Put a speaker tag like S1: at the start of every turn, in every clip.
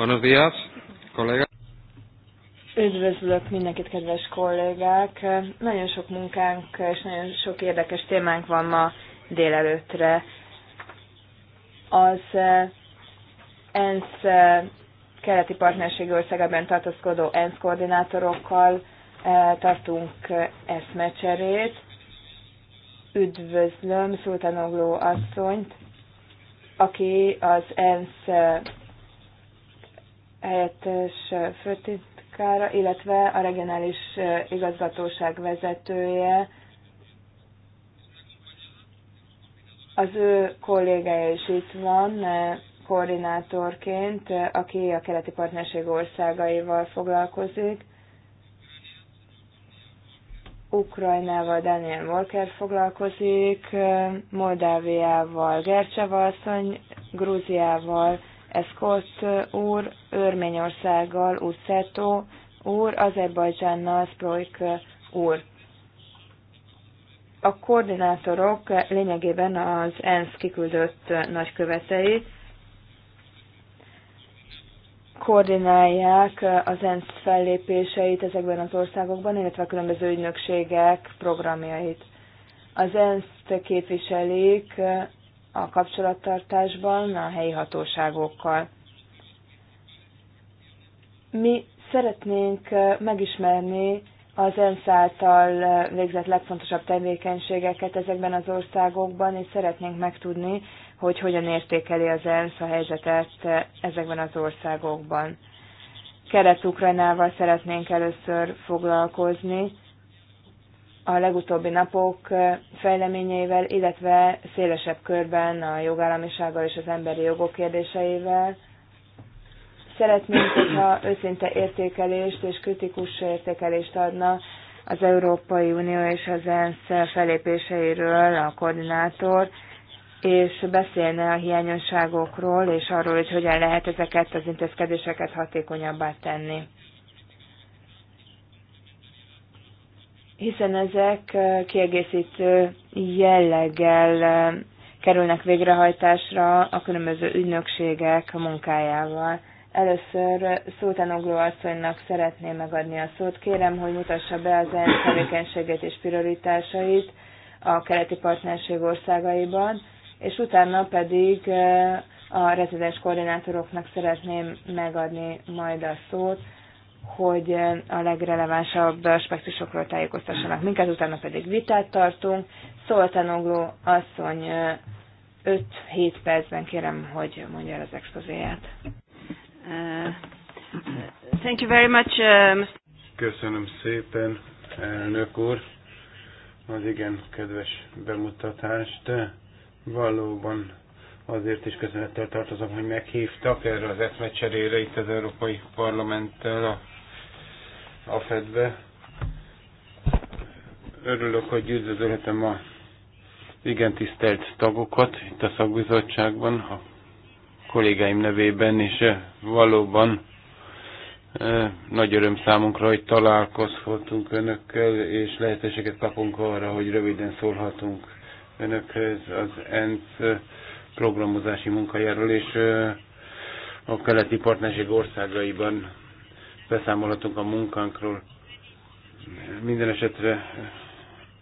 S1: Buenos días,
S2: kollega. Üdvözlök mindenkit, kedves kollégák! Nagyon sok munkánk és nagyon sok érdekes témánk van ma délelőttre. Az eh, ENSZ eh, keleti partnerségi országában tartózkodó ENSZ koordinátorokkal eh, tartunk eszmecserét. Üdvözlöm Szultánogló asszonyt, aki az ENSZ helyettes főtitkára, illetve a regionális igazgatóság vezetője, az ő kollégája is itt van, koordinátorként, aki a keleti partnerség országaival foglalkozik. Ukrajnával Daniel Volker foglalkozik, Moldáviával Gercseva asszony, Grúziával Eszkott úr, Örményországgal Uszetó úr, Azerbajdzsánnal Sprojk úr. A koordinátorok lényegében az ENSZ kiküldött nagykövetei koordinálják az ENSZ fellépéseit ezekben az országokban, illetve a különböző ügynökségek programjait. Az ENSZ-t képviselik a kapcsolattartásban a helyi hatóságokkal. Mi szeretnénk megismerni az ENSZ által végzett legfontosabb tevékenységeket ezekben az országokban, és szeretnénk megtudni, hogy hogyan értékeli az ENSZ a helyzetet ezekben az országokban. Kelet-Ukrajnával szeretnénk először foglalkozni, a legutóbbi napok fejleményeivel, illetve szélesebb körben a jogállamisággal és az emberi jogok kérdéseivel. Szeretnénk, hogyha őszinte értékelést és kritikus értékelést adna az Európai Unió és az ENSZ felépéseiről a koordinátor, és beszélne a hiányosságokról, és arról, hogy hogyan lehet ezeket az intézkedéseket hatékonyabbá tenni. hiszen ezek kiegészítő jelleggel kerülnek végrehajtásra a különböző ügynökségek munkájával. Először Szóten Ogló asszonynak szeretném megadni a szót. Kérem, hogy mutassa be az ENSZ tevékenységét és prioritásait a keleti partnerség országaiban, és utána pedig a rezidens koordinátoroknak szeretném megadni majd a szót, hogy a legrelevánsabb aspektusokról tájékoztassanak minket, utána pedig vitát tartunk. Szoltanogló asszony 5-7 percben kérem, hogy mondja el az expozéját. Uh,
S3: thank you very much. Uh,
S4: Köszönöm szépen, elnök úr, az igen kedves bemutatást. Valóban azért is köszönettel tartozom, hogy meghívtak erre az eszmecserére itt az Európai Parlamenttel a a fedve. Örülök, hogy üdvözölhetem a igen tisztelt tagokat itt a szakbizottságban, a kollégáim nevében, és eh, valóban eh, nagy öröm számunkra, hogy találkozhatunk önökkel, és lehetőséget kapunk arra, hogy röviden szólhatunk önökhöz az ENSZ eh, programozási munkájáról, és a keleti partnerség országaiban beszámolhatunk a munkánkról. Minden esetre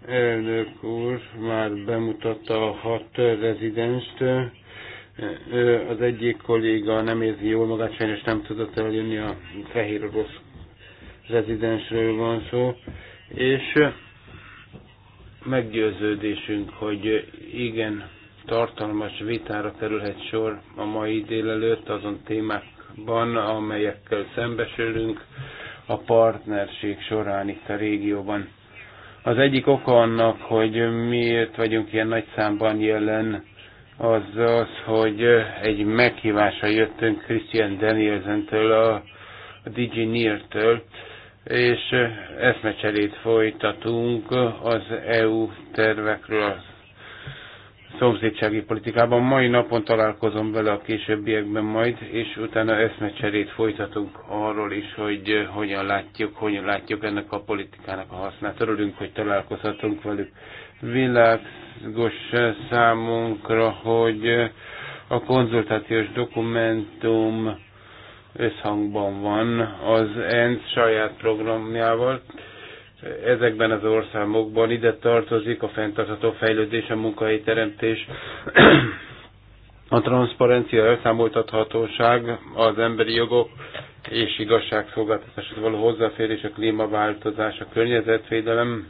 S4: elnök úr már bemutatta a hat rezidenst. Az egyik kolléga nem érzi jól magát, sajnos nem tudott eljönni a fehér rossz rezidensről van szó, és meggyőződésünk, hogy igen, tartalmas vitára kerülhet sor a mai délelőtt azon témák kihívásokban, amelyekkel szembesülünk a partnerség során itt a régióban. Az egyik oka annak, hogy miért vagyunk ilyen nagy számban jelen, az az, hogy egy meghívásra jöttünk Christian Danielsentől, a, a Digineer-től, és eszmecserét folytatunk az EU tervekről, a szomszédsági politikában. Mai napon találkozom vele a későbbiekben majd, és utána eszmecserét folytatunk arról is, hogy eh, hogyan látjuk, hogyan látjuk ennek a politikának a hasznát. Örülünk, hogy találkozhatunk velük. Világos eh, számunkra, hogy eh, a konzultációs dokumentum összhangban van az ENSZ saját programjával, ezekben az országokban. Ide tartozik a fenntartható fejlődés, a munkahelyteremtés, a transzparencia, elszámoltathatóság, az emberi jogok és igazságszolgáltatáshoz való hozzáférés, a klímaváltozás, a környezetvédelem,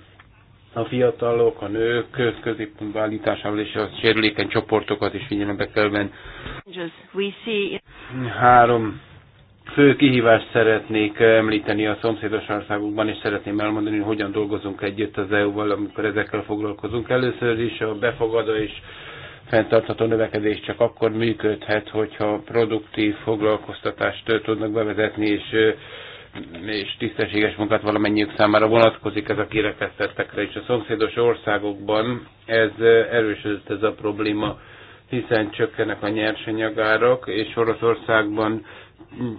S4: a fiatalok, a nők középpontba állításával és a sérülékeny csoportokat is figyelembe kell venni. Három fő kihívást szeretnék említeni a szomszédos országokban, és szeretném elmondani, hogy hogyan dolgozunk együtt az EU-val, amikor ezekkel foglalkozunk. Először is a befogadó és fenntartható növekedés csak akkor működhet, hogyha produktív foglalkoztatást tudnak bevezetni, és és tisztességes munkát valamennyiük számára vonatkozik ez a kirekesztettekre is. A szomszédos országokban ez erősödött ez a probléma, hiszen csökkenek a nyersanyagárak, és Oroszországban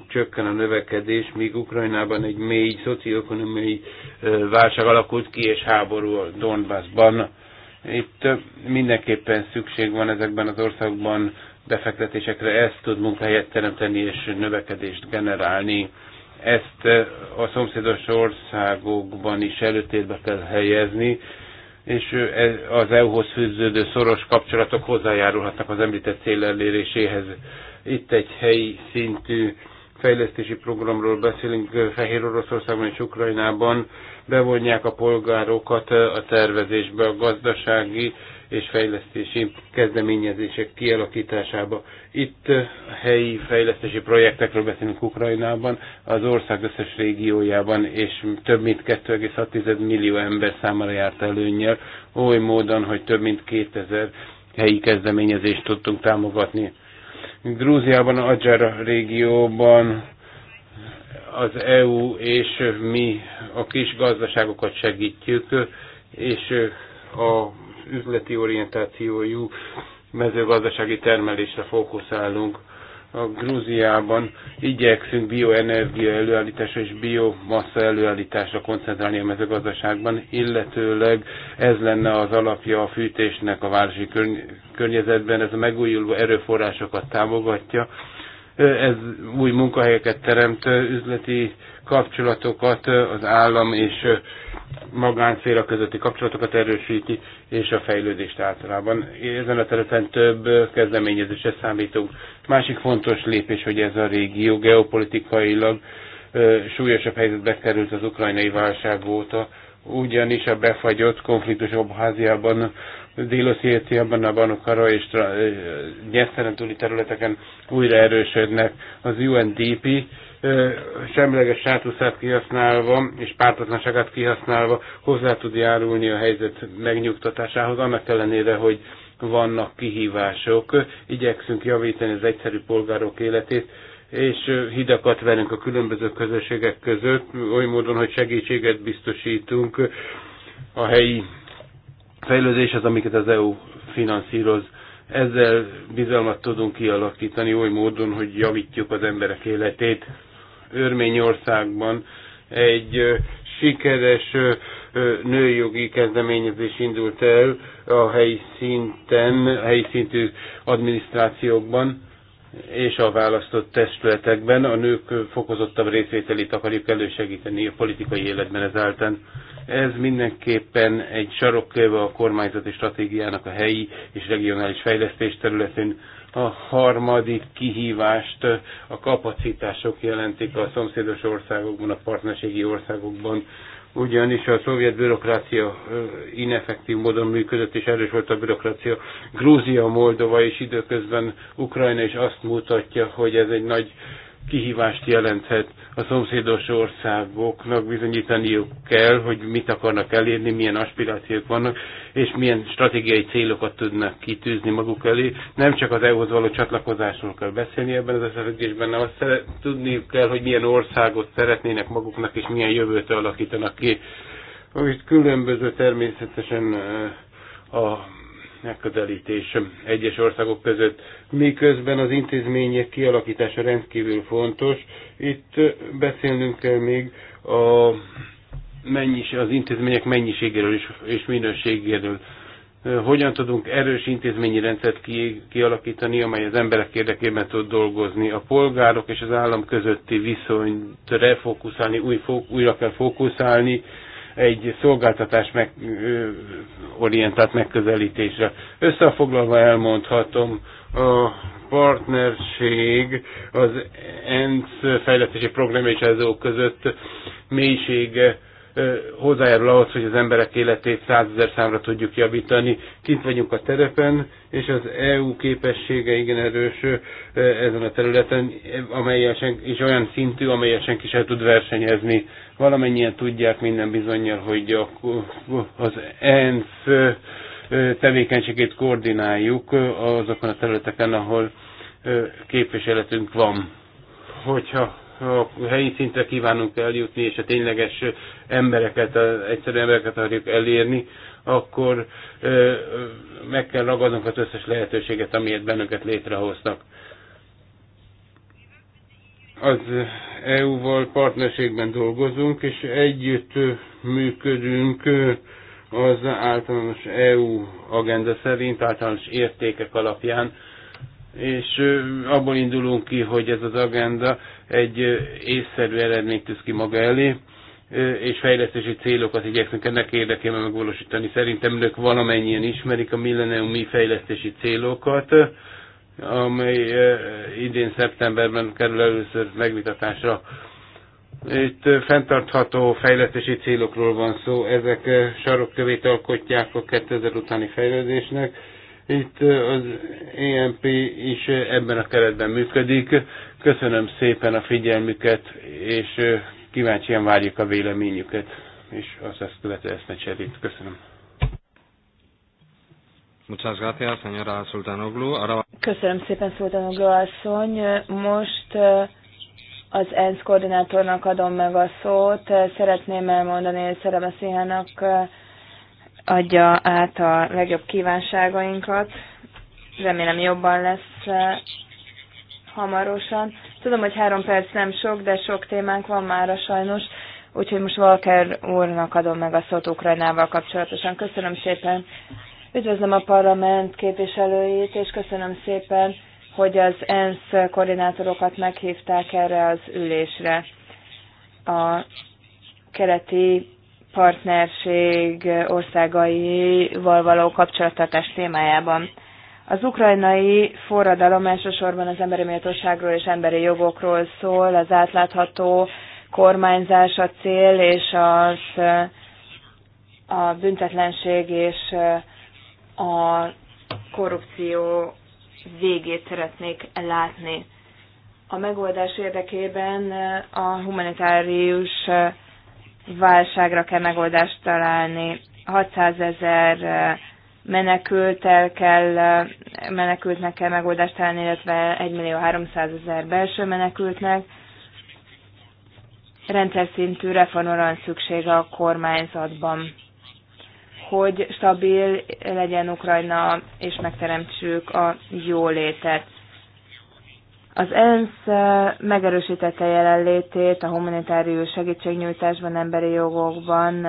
S4: csökken a növekedés, míg Ukrajnában egy mély szocioekonomiai válság alakult ki, és háború a Donbassban. Itt mindenképpen szükség van ezekben az országban befektetésekre, ez tud munkahelyet teremteni és növekedést generálni. Ezt a szomszédos országokban is előtérbe kell helyezni, és e, az EU-hoz fűződő szoros kapcsolatok hozzájárulhatnak az említett cél eléréséhez. Itt egy helyi szintű fejlesztési programról beszélünk Fehér Oroszországban és Ukrajnában, bevonják a polgárokat a tervezésbe, a gazdasági és fejlesztési kezdeményezések kialakításába. Itt helyi fejlesztési projektekről beszélünk Ukrajnában, az ország összes régiójában, és több mint 2,6 millió ember számára járt előnyel, oly módon, hogy több mint 2000 helyi kezdeményezést tudtunk támogatni. Grúziában, Adzsara régióban az EU és mi a kis gazdaságokat segítjük, és a üzleti orientációjú mezőgazdasági termelésre fókuszálunk a Grúziában igyekszünk bioenergia előállításra és biomassa előállításra koncentrálni a mezőgazdaságban, illetőleg ez lenne az alapja a fűtésnek a városi környezetben, ez a megújuló erőforrásokat támogatja, ez új munkahelyeket teremt, üzleti kapcsolatokat, az állam és magánszféra közötti kapcsolatokat erősíti, és a fejlődést általában. Ezen a területen több kezdeményezésre számítunk. Másik fontos lépés, hogy ez a régió geopolitikailag súlyosabb helyzetbe került az ukrajnai válság óta, ugyanis a befagyott konfliktus abháziában dél a Banabanokhara és Nyeszteren túli területeken újra erősödnek. Az UNDP semleges státuszát kihasználva és pártatlanságát kihasználva hozzá tud járulni a helyzet megnyugtatásához, annak ellenére, hogy vannak kihívások, igyekszünk javítani az egyszerű polgárok életét, és hidakat velünk a különböző közösségek között, oly módon, hogy segítséget biztosítunk a helyi fejlődés az, amiket az EU finanszíroz. Ezzel bizalmat tudunk kialakítani oly módon, hogy javítjuk az emberek életét. Örményországban egy sikeres nőjogi kezdeményezés indult el a helyi szinten, a helyi szintű adminisztrációkban és a választott testületekben a nők fokozottabb részvételét akarjuk elősegíteni a politikai életben ezáltal. Ez mindenképpen egy sarokköve a kormányzati stratégiának a helyi és regionális fejlesztés területén. A harmadik kihívást a kapacitások jelentik a szomszédos országokban, a partnerségi országokban ugyanis a szovjet bürokrácia ineffektív módon működött, és erős volt a bürokrácia. Grúzia, Moldova és időközben Ukrajna is azt mutatja, hogy ez egy nagy kihívást jelenthet. A szomszédos országoknak bizonyítaniuk kell, hogy mit akarnak elérni, milyen aspirációk vannak, és milyen stratégiai célokat tudnak kitűzni maguk elé. Nem csak az EU-hoz való csatlakozásról kell beszélni ebben az összefüggésben, hanem azt szeret, tudniuk kell, hogy milyen országot szeretnének maguknak, és milyen jövőt alakítanak ki. Amit különböző természetesen eh, a megközelítés egyes országok között, miközben az intézmények kialakítása rendkívül fontos. Itt beszélnünk kell még a mennyis, az intézmények mennyiségéről és, és minőségéről. Hogyan tudunk erős intézményi rendszert ki, kialakítani, amely az emberek érdekében tud dolgozni. A polgárok és az állam közötti viszonyt refókuszálni, új, újra kell fókuszálni, egy szolgáltatás meg, ö, orientált megközelítésre. Összefoglalva elmondhatom, a partnerség az ENSZ fejlesztési program és azok között mélysége hozzájárul ahhoz, hogy az emberek életét százezer számra tudjuk javítani. Kint vagyunk a terepen, és az EU képessége igen erős ezen a területen, amely és olyan szintű, amelyet senki sem tud versenyezni. Valamennyien tudják minden bizonyal, hogy a, az ENSZ tevékenységét koordináljuk azokon a területeken, ahol képviseletünk van. Hogyha a helyi szintre kívánunk eljutni, és a tényleges embereket, az egyszerű embereket akarjuk elérni, akkor meg kell ragadnunk az összes lehetőséget, amiért bennünket létrehoznak. Az EU-val partnerségben dolgozunk, és együtt működünk az általános EU agenda szerint, általános értékek alapján és abból indulunk ki, hogy ez az agenda egy észszerű eredményt tűz ki maga elé, és fejlesztési célokat igyekszünk ennek érdekében megvalósítani. Szerintem önök valamennyien ismerik a milleniumi fejlesztési célokat, amely idén szeptemberben kerül először megvitatásra. Itt fenntartható fejlesztési célokról van szó, ezek sarokkövét alkotják a 2000 utáni fejlődésnek itt az EMP is ebben a keretben működik. Köszönöm szépen a figyelmüket, és kíváncsian várjuk a véleményüket, és az ezt követő eszmecserét. Köszönöm.
S1: Köszönöm
S2: szépen, Sultanoglu asszony. Most az ENSZ koordinátornak adom meg a szót. Szeretném elmondani a Szihának, adja át a legjobb kívánságainkat. Remélem jobban lesz eh, hamarosan. Tudom, hogy három perc nem sok, de sok témánk van mára sajnos, úgyhogy most Walker úrnak adom meg a szót Ukrajnával kapcsolatosan. Köszönöm szépen. Üdvözlöm a parlament képviselőit, és köszönöm szépen, hogy az ENSZ koordinátorokat meghívták erre az ülésre. A keleti partnerség országaival való kapcsolattartás témájában. Az ukrajnai forradalom elsősorban az emberi méltóságról és emberi jogokról szól, az átlátható kormányzás a cél, és az a büntetlenség és a korrupció végét szeretnék látni. A megoldás érdekében a humanitárius válságra kell megoldást találni. 600 ezer menekültel kell, menekültnek kell megoldást találni, illetve 1 millió 300 ezer belső menekültnek. Rendszer szintű reformra van szükség a kormányzatban, hogy stabil legyen Ukrajna, és megteremtsük a jólétet. Az ENSZ megerősítette jelenlétét a humanitárius segítségnyújtásban, emberi jogokban,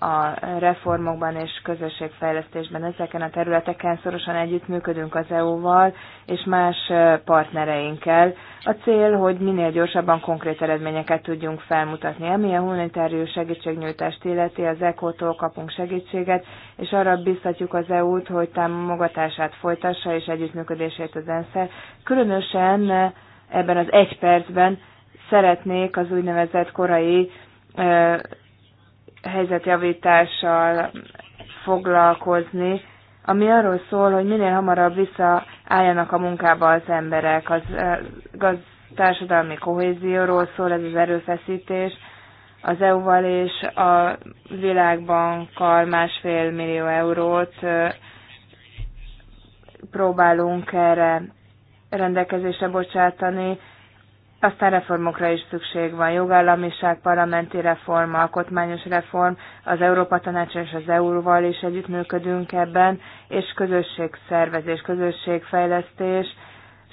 S2: a reformokban és közösségfejlesztésben. Ezeken a területeken szorosan együttműködünk az EU-val és más partnereinkkel. A cél, hogy minél gyorsabban konkrét eredményeket tudjunk felmutatni. Ami a humanitárius segítségnyújtást illeti, az ECO-tól kapunk segítséget, és arra biztatjuk az EU-t, hogy támogatását folytassa és együttműködését az ENSZ-el. Különösen ebben az egy percben szeretnék az úgynevezett korai helyzetjavítással foglalkozni, ami arról szól, hogy minél hamarabb visszaálljanak a munkába az emberek. Az, az társadalmi kohézióról szól ez az erőfeszítés, az EU-val és a világbankkal másfél millió eurót próbálunk erre rendelkezésre bocsátani, aztán reformokra is szükség van, jogállamiság, parlamenti reform, alkotmányos reform, az Európa Tanács és az EU-val is együttműködünk ebben, és közösségszervezés, közösségfejlesztés,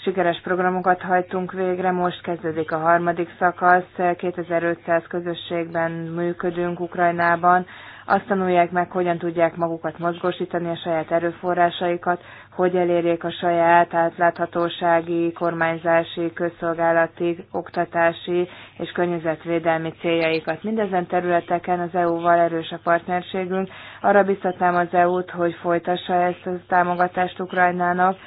S2: sikeres programokat hajtunk végre, most kezdődik a harmadik szakasz, 2500 közösségben működünk Ukrajnában, azt tanulják meg, hogyan tudják magukat mozgósítani, a saját erőforrásaikat, hogy elérjék a saját átláthatósági, kormányzási, közszolgálati, oktatási és környezetvédelmi céljaikat. Mindezen területeken az EU-val erős a partnerségünk. Arra biztatnám az EU-t, hogy folytassa ezt a támogatást Ukrajnának,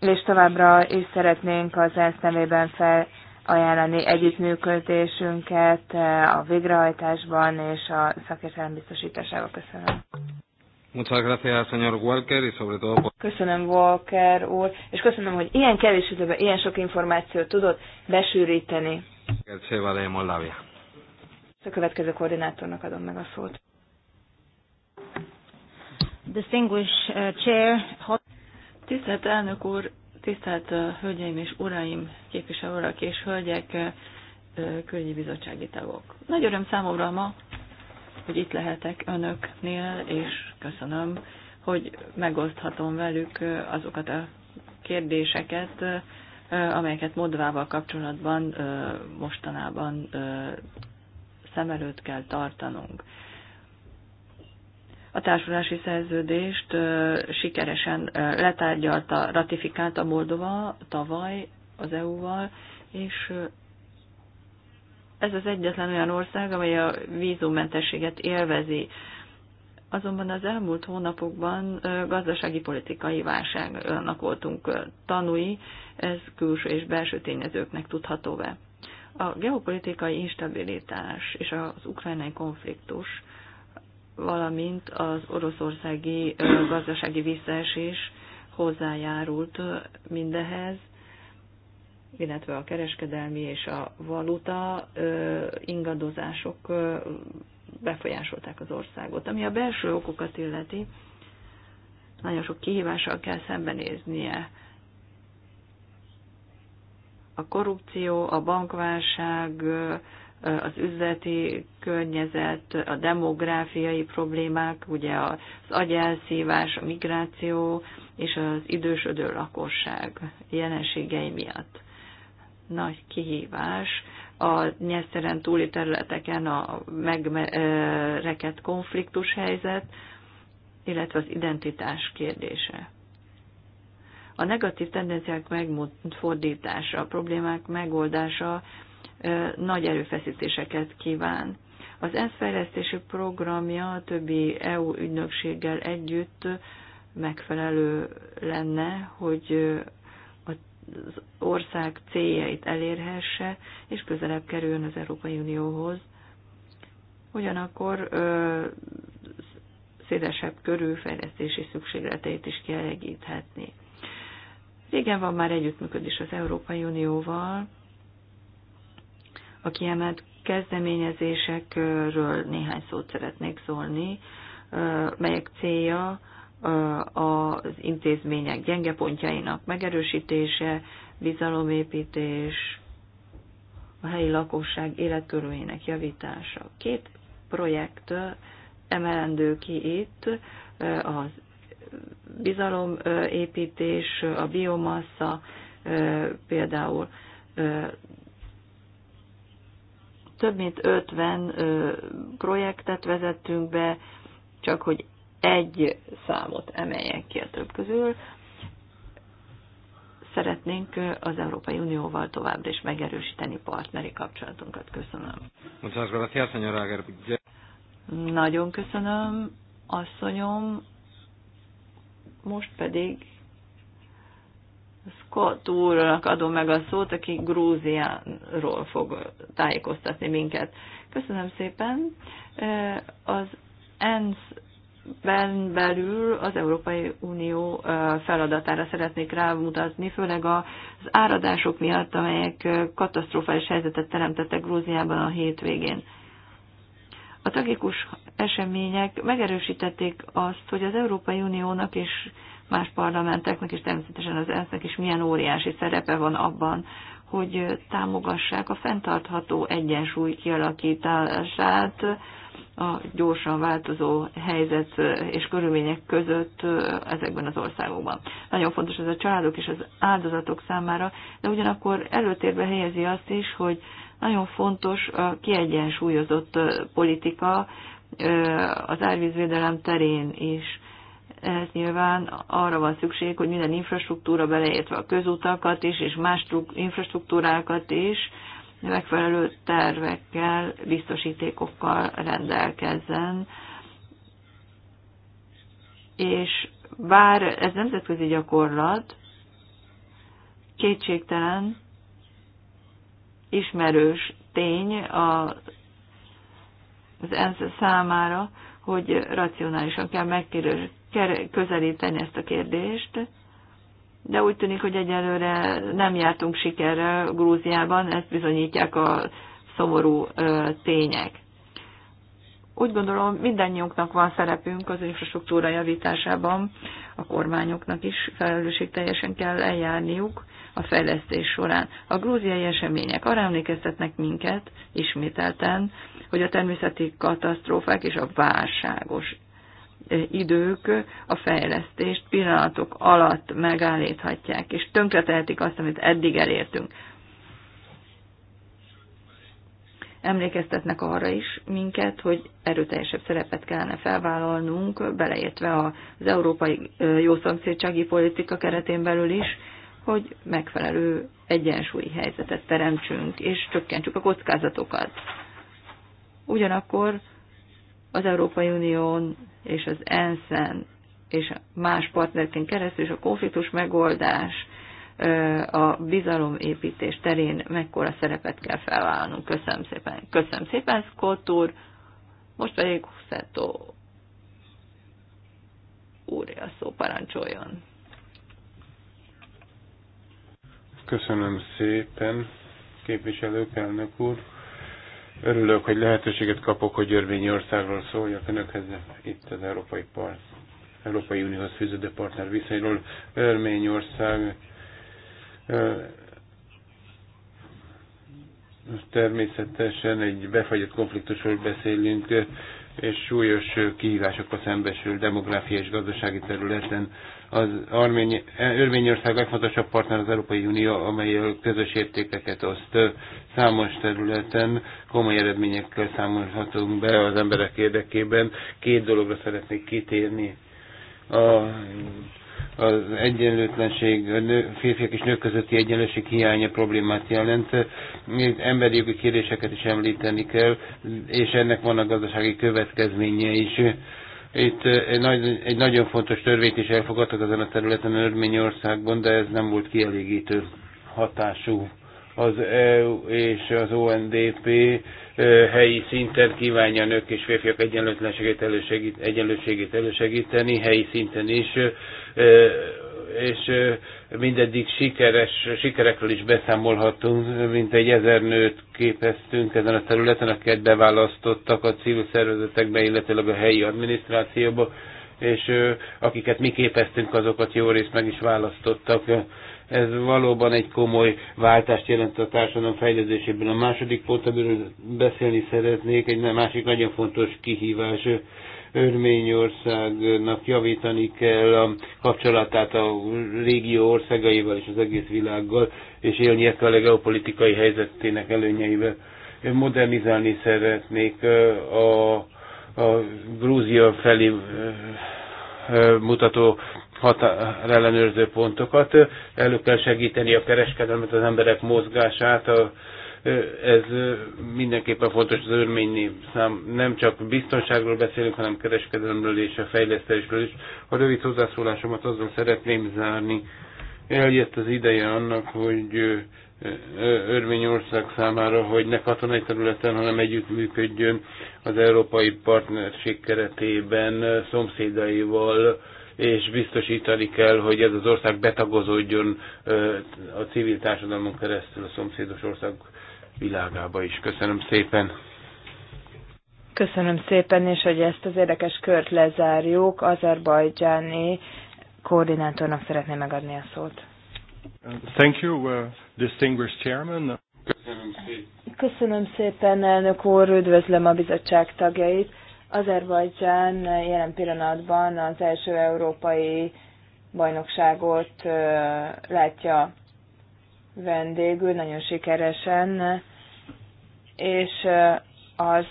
S2: és továbbra is szeretnénk az ENSZ nevében fel ajánlani együttműködésünket eh, a végrehajtásban és a szakértelem biztosításával Köszönöm.
S1: Muchas gracias, señor Walker, y sobre todo...
S2: Köszönöm, Walker úr, és köszönöm, hogy ilyen kevés időben ilyen sok információt tudott besűríteni.
S3: A következő koordinátornak adom meg a szót. Distinguished uh, Chair... Tisztelt elnök úr, Tisztelt Hölgyeim és Uraim, képviselő urak és hölgyek, külügyi bizottsági tagok. Nagy öröm számomra ma, hogy itt lehetek önöknél, és köszönöm, hogy megoszthatom velük azokat a kérdéseket, amelyeket Modvával kapcsolatban mostanában szem előtt kell tartanunk a társulási szerződést sikeresen letárgyalta, ratifikálta Moldova tavaly az EU-val, és ez az egyetlen olyan ország, amely a vízummentességet élvezi. Azonban az elmúlt hónapokban gazdasági politikai válságnak voltunk tanúi, ez külső és belső tényezőknek tudható be. A geopolitikai instabilitás és az ukrajnai konfliktus valamint az oroszországi gazdasági visszaesés hozzájárult mindehez, illetve a kereskedelmi és a valuta ingadozások befolyásolták az országot. Ami a belső okokat illeti, nagyon sok kihívással kell szembenéznie. A korrupció, a bankválság, az üzleti környezet, a demográfiai problémák, ugye az agyelszívás, a migráció és az idősödő lakosság jelenségei miatt. Nagy kihívás a nyeszteren túli területeken a megrekedt konfliktus helyzet, illetve az identitás kérdése. A negatív tendenciák megfordítása, a problémák megoldása nagy erőfeszítéseket kíván. Az ENSZ fejlesztési programja a többi EU ügynökséggel együtt megfelelő lenne, hogy az ország céljait elérhesse, és közelebb kerüljön az Európai Unióhoz. Ugyanakkor szélesebb körű fejlesztési szükségleteit is kielégíthetni. Régen van már együttműködés az Európai Unióval, a kiemelt kezdeményezésekről néhány szót szeretnék szólni, melyek célja az intézmények gyenge pontjainak megerősítése, bizalomépítés, a helyi lakosság életkörülmények javítása. Két projekt emelendő ki itt, az bizalomépítés, a biomassa például több mint 50 projektet vezettünk be, csak hogy egy számot emeljek ki a több közül. Szeretnénk az Európai Unióval továbbra is megerősíteni partneri kapcsolatunkat. Köszönöm. Nagyon köszönöm, asszonyom. Most pedig Scott úrnak adom meg a szót, aki Grúziáról fog tájékoztatni minket. Köszönöm szépen. Az ENSZ ben belül az Európai Unió feladatára szeretnék rámutatni, főleg az áradások miatt, amelyek katasztrofális helyzetet teremtettek Grúziában a hétvégén. A tragikus események megerősítették azt, hogy az Európai Uniónak és más parlamenteknek, és természetesen az ENSZ-nek is milyen óriási szerepe van abban, hogy támogassák a fenntartható egyensúly kialakítását a gyorsan változó helyzet és körülmények között ezekben az országokban. Nagyon fontos ez a családok és az áldozatok számára, de ugyanakkor előtérbe helyezi azt is, hogy nagyon fontos a kiegyensúlyozott politika az árvízvédelem terén is ehhez nyilván arra van szükség, hogy minden infrastruktúra, beleértve a közutakat is, és más infrastruktúrákat is, megfelelő tervekkel, biztosítékokkal rendelkezzen. És bár ez nemzetközi gyakorlat, kétségtelen ismerős tény a, az ENSZ számára, hogy racionálisan kell megkérdezni közelíteni ezt a kérdést, de úgy tűnik, hogy egyelőre nem jártunk sikerre Grúziában, ezt bizonyítják a szomorú tények. Úgy gondolom, mindannyiunknak van szerepünk az infrastruktúra javításában, a kormányoknak is teljesen kell eljárniuk a fejlesztés során. A grúziai események arra emlékeztetnek minket ismételten, hogy a természeti katasztrófák és a válságos idők a fejlesztést pillanatok alatt megállíthatják, és tönkretehetik azt, amit eddig elértünk. Emlékeztetnek arra is minket, hogy erőteljesebb szerepet kellene felvállalnunk, beleértve az európai jószomszédsági politika keretén belül is, hogy megfelelő egyensúlyi helyzetet teremtsünk, és csökkentsük a kockázatokat. Ugyanakkor az Európai Unión és az ENSZ-en és más partnerként keresztül, és a konfliktus megoldás, a bizalomépítés terén mekkora szerepet kell felvállalnunk. Köszönöm szépen. Köszönöm szépen, Scott úr. Most pedig Szeto úr, a szó parancsoljon.
S4: Köszönöm szépen,
S3: képviselők,
S4: elnök úr. Örülök, hogy lehetőséget kapok, hogy országról szóljak önökhez itt az Európai, Par Európai Unióhoz fűződő partner viszonyról. Ország természetesen egy befagyott konfliktusról beszélünk, és súlyos kihívásokkal szembesül demográfiai és gazdasági területen. Az Armény, Örményország legfontosabb partner az Európai Unió, amely a közös értékeket oszt számos területen. Komoly eredményekkel számolhatunk be az emberek érdekében. Két dologra szeretnék kitérni. A az egyenlőtlenség, a nő, férfiak és nők közötti egyenlőség hiánya problémát jelent. Emberi jogi kérdéseket is említeni kell, és ennek vannak gazdasági következménye is. Itt egy, nagy, egy nagyon fontos törvényt is elfogadtak ezen a területen Örményországban, de ez nem volt kielégítő hatású. Az EU és az ONDP helyi szinten kívánja nők és férfiak egyenlőtlenségét elősegít, egyenlőségét elősegíteni, helyi szinten is, és mindeddig sikeres, sikerekről is beszámolhatunk, mint egy ezer nőt képeztünk ezen a területen, akiket beválasztottak a civil szervezetekbe, illetőleg a helyi adminisztrációba, és akiket mi képeztünk, azokat jó részt meg is választottak. Ez valóban egy komoly váltást jelent a társadalom fejlődésében. A második pont, amiről beszélni szeretnék, egy másik nagyon fontos kihívás, Örményországnak javítani kell a kapcsolatát a régió országaival és az egész világgal, és élnie kell a geopolitikai helyzetének előnyeivel. Modernizálni szeretnék a, a Grúzia felé mutató határellenőrző pontokat. Elő kell segíteni a kereskedelmet, az emberek mozgását, a ez mindenképpen fontos az örményi szám. Nem csak biztonságról beszélünk, hanem kereskedelemről és a fejlesztésről is. A rövid hozzászólásomat azzal szeretném zárni. Eljött az ideje annak, hogy Örményország számára, hogy ne katonai területen, hanem együttműködjön az európai partnerség keretében szomszédaival, és biztosítani kell, hogy ez az ország betagozódjon a civil társadalmon keresztül a szomszédos országok világába is. Köszönöm szépen!
S2: Köszönöm szépen, és hogy ezt az érdekes kört lezárjuk, azerbajdzsáni koordinátornak szeretném megadni a szót.
S1: Thank you, uh, distinguished chairman. Köszönöm szépen.
S2: Köszönöm szépen, elnök úr, üdvözlöm a bizottság tagjait. Azerbajdzsán jelen pillanatban az első európai bajnokságot látja vendégül, nagyon sikeresen, és az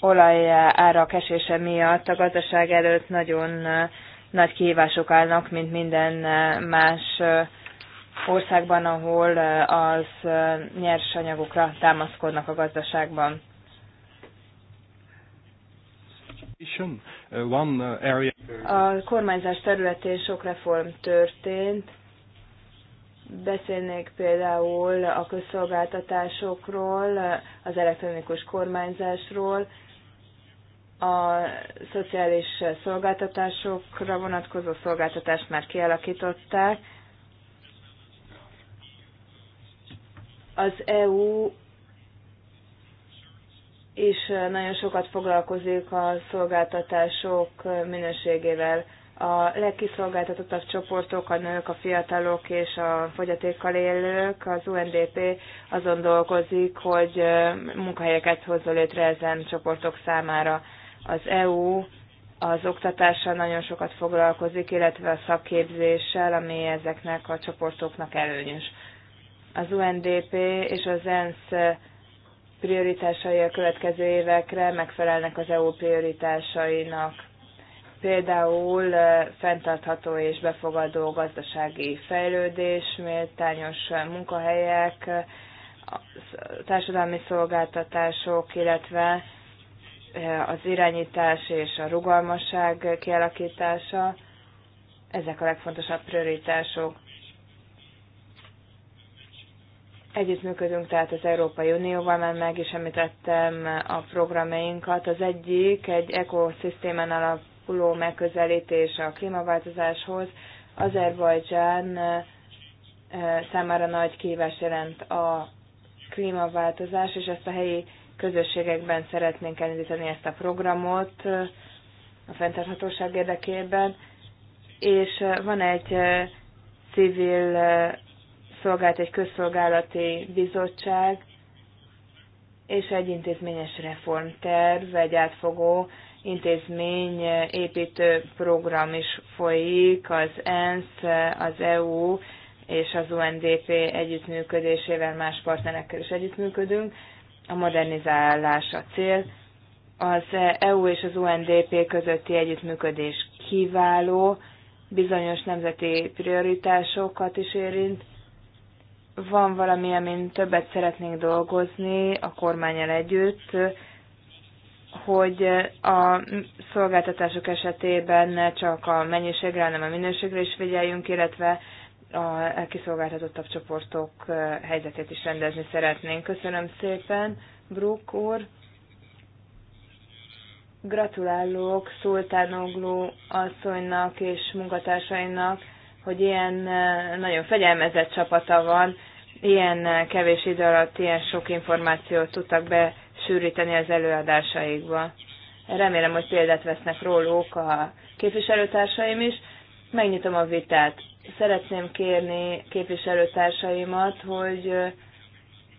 S2: olaj árak esése miatt a gazdaság előtt nagyon nagy kihívások állnak, mint minden más országban, ahol az nyersanyagokra támaszkodnak a gazdaságban. Uh, a kormányzás területén sok reform történt, Beszélnék például a közszolgáltatásokról, az elektronikus kormányzásról, a szociális szolgáltatásokra vonatkozó szolgáltatást már kialakították. Az EU és nagyon sokat foglalkozik a szolgáltatások minőségével a legkiszolgáltatottabb csoportok, a nők, a fiatalok és a fogyatékkal élők, az UNDP azon dolgozik, hogy munkahelyeket hozzon létre ezen csoportok számára. Az EU az oktatással nagyon sokat foglalkozik, illetve a szakképzéssel, ami ezeknek a csoportoknak előnyös. Az UNDP és az ENSZ prioritásai a következő évekre megfelelnek az EU prioritásainak például eh, fenntartható és befogadó gazdasági fejlődés, méltányos munkahelyek, eh, társadalmi szolgáltatások, illetve eh, az irányítás és a rugalmasság kialakítása. Ezek a legfontosabb prioritások. Együttműködünk tehát az Európai Unióval, mert meg is említettem a programjainkat. Az egyik egy ekoszisztémán alap alakuló megközelítés a klímaváltozáshoz Azerbajdzsán számára nagy kívás jelent a klímaváltozás, és ezt a helyi közösségekben szeretnénk elindítani ezt a programot a fenntarthatóság érdekében. És van egy civil szolgált, egy közszolgálati bizottság, és egy intézményes reformterv, egy átfogó intézmény eh, építő program is folyik, az ENSZ, eh, az EU és az UNDP együttműködésével más partnerekkel is együttműködünk. A modernizálás a cél. Az EU és az UNDP közötti együttműködés kiváló, bizonyos nemzeti prioritásokat is érint. Van valami, amin többet szeretnénk dolgozni a kormányal együtt, hogy a szolgáltatások esetében csak a mennyiségre, hanem a minőségre is figyeljünk, illetve a kiszolgáltatottabb csoportok helyzetét is rendezni szeretnénk. Köszönöm szépen, Brook úr! Gratulálok Szultánogló asszonynak és munkatársainak, hogy ilyen nagyon fegyelmezett csapata van, ilyen kevés idő alatt ilyen sok információt tudtak be sűríteni az előadásaikba. Remélem, hogy példát vesznek róluk a képviselőtársaim is. Megnyitom a vitát. Szeretném kérni képviselőtársaimat, hogy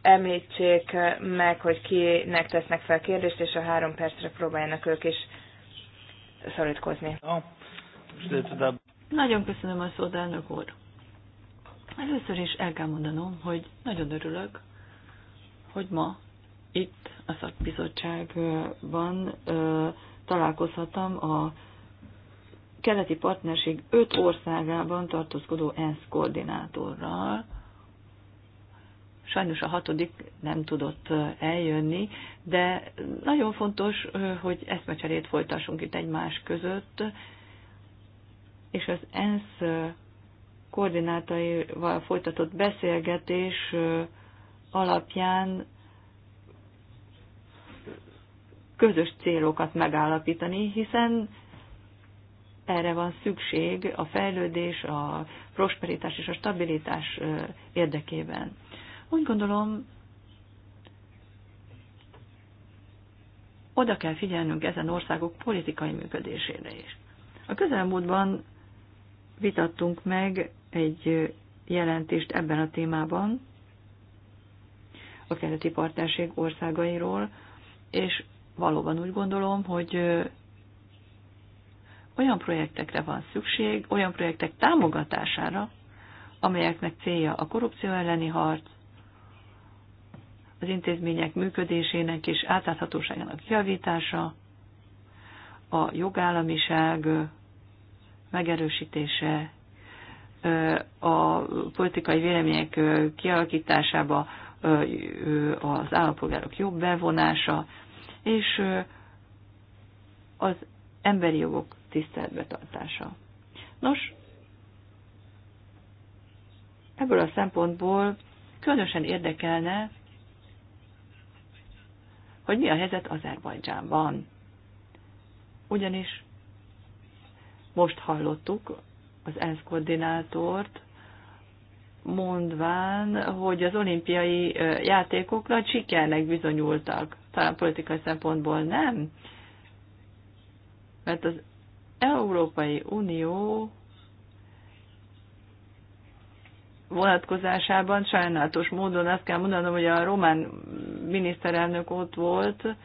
S2: említsék meg, hogy kinek tesznek fel kérdést, és a három percre próbáljanak ők is szorítkozni.
S3: Nagyon köszönöm a szót, elnök úr. Először is el kell mondanom, hogy nagyon örülök, hogy ma itt a szakbizottságban találkozhattam a keleti partnerség öt országában tartózkodó ENSZ koordinátorral. Sajnos a hatodik nem tudott eljönni, de nagyon fontos, hogy eszmecserét folytassunk itt egymás között, és az ENSZ koordinátaival folytatott beszélgetés alapján közös célokat megállapítani, hiszen erre van szükség a fejlődés, a prosperitás és a stabilitás érdekében. Úgy gondolom, oda kell figyelnünk ezen országok politikai működésére is. A közelmúltban vitattunk meg egy jelentést ebben a témában, a keleti partnerség országairól, és valóban úgy gondolom, hogy olyan projektekre van szükség, olyan projektek támogatására, amelyeknek célja a korrupció elleni harc, az intézmények működésének és átláthatóságának javítása, a jogállamiság megerősítése, a politikai vélemények kialakításába az állampolgárok jobb bevonása, és az emberi jogok tiszteletbe tartása. Nos, ebből a szempontból különösen érdekelne, hogy mi a helyzet Azerbajdzsánban. Ugyanis most hallottuk az ENSZ koordinátort, mondván, hogy az olimpiai játékok nagy sikernek bizonyultak talán politikai szempontból nem, mert az Európai Unió vonatkozásában sajnálatos módon azt kell mondanom, hogy a román miniszterelnök ott volt,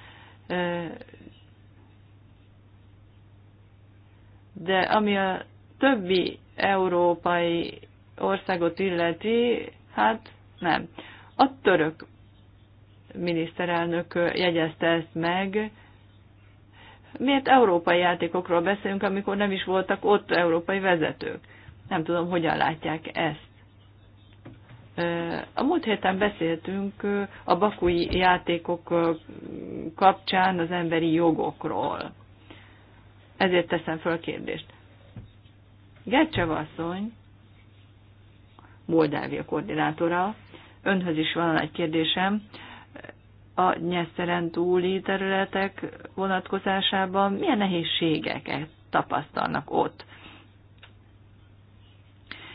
S3: de ami a többi európai országot illeti, hát nem. A török miniszterelnök jegyezte ezt meg. Miért európai játékokról beszélünk, amikor nem is voltak ott európai vezetők? Nem tudom, hogyan látják ezt. A múlt héten beszéltünk a bakui játékok kapcsán az emberi jogokról. Ezért teszem föl a kérdést. Gercsev asszony, Moldávia koordinátora, önhöz is van egy kérdésem a nyeszeren túli területek vonatkozásában milyen nehézségeket tapasztalnak ott.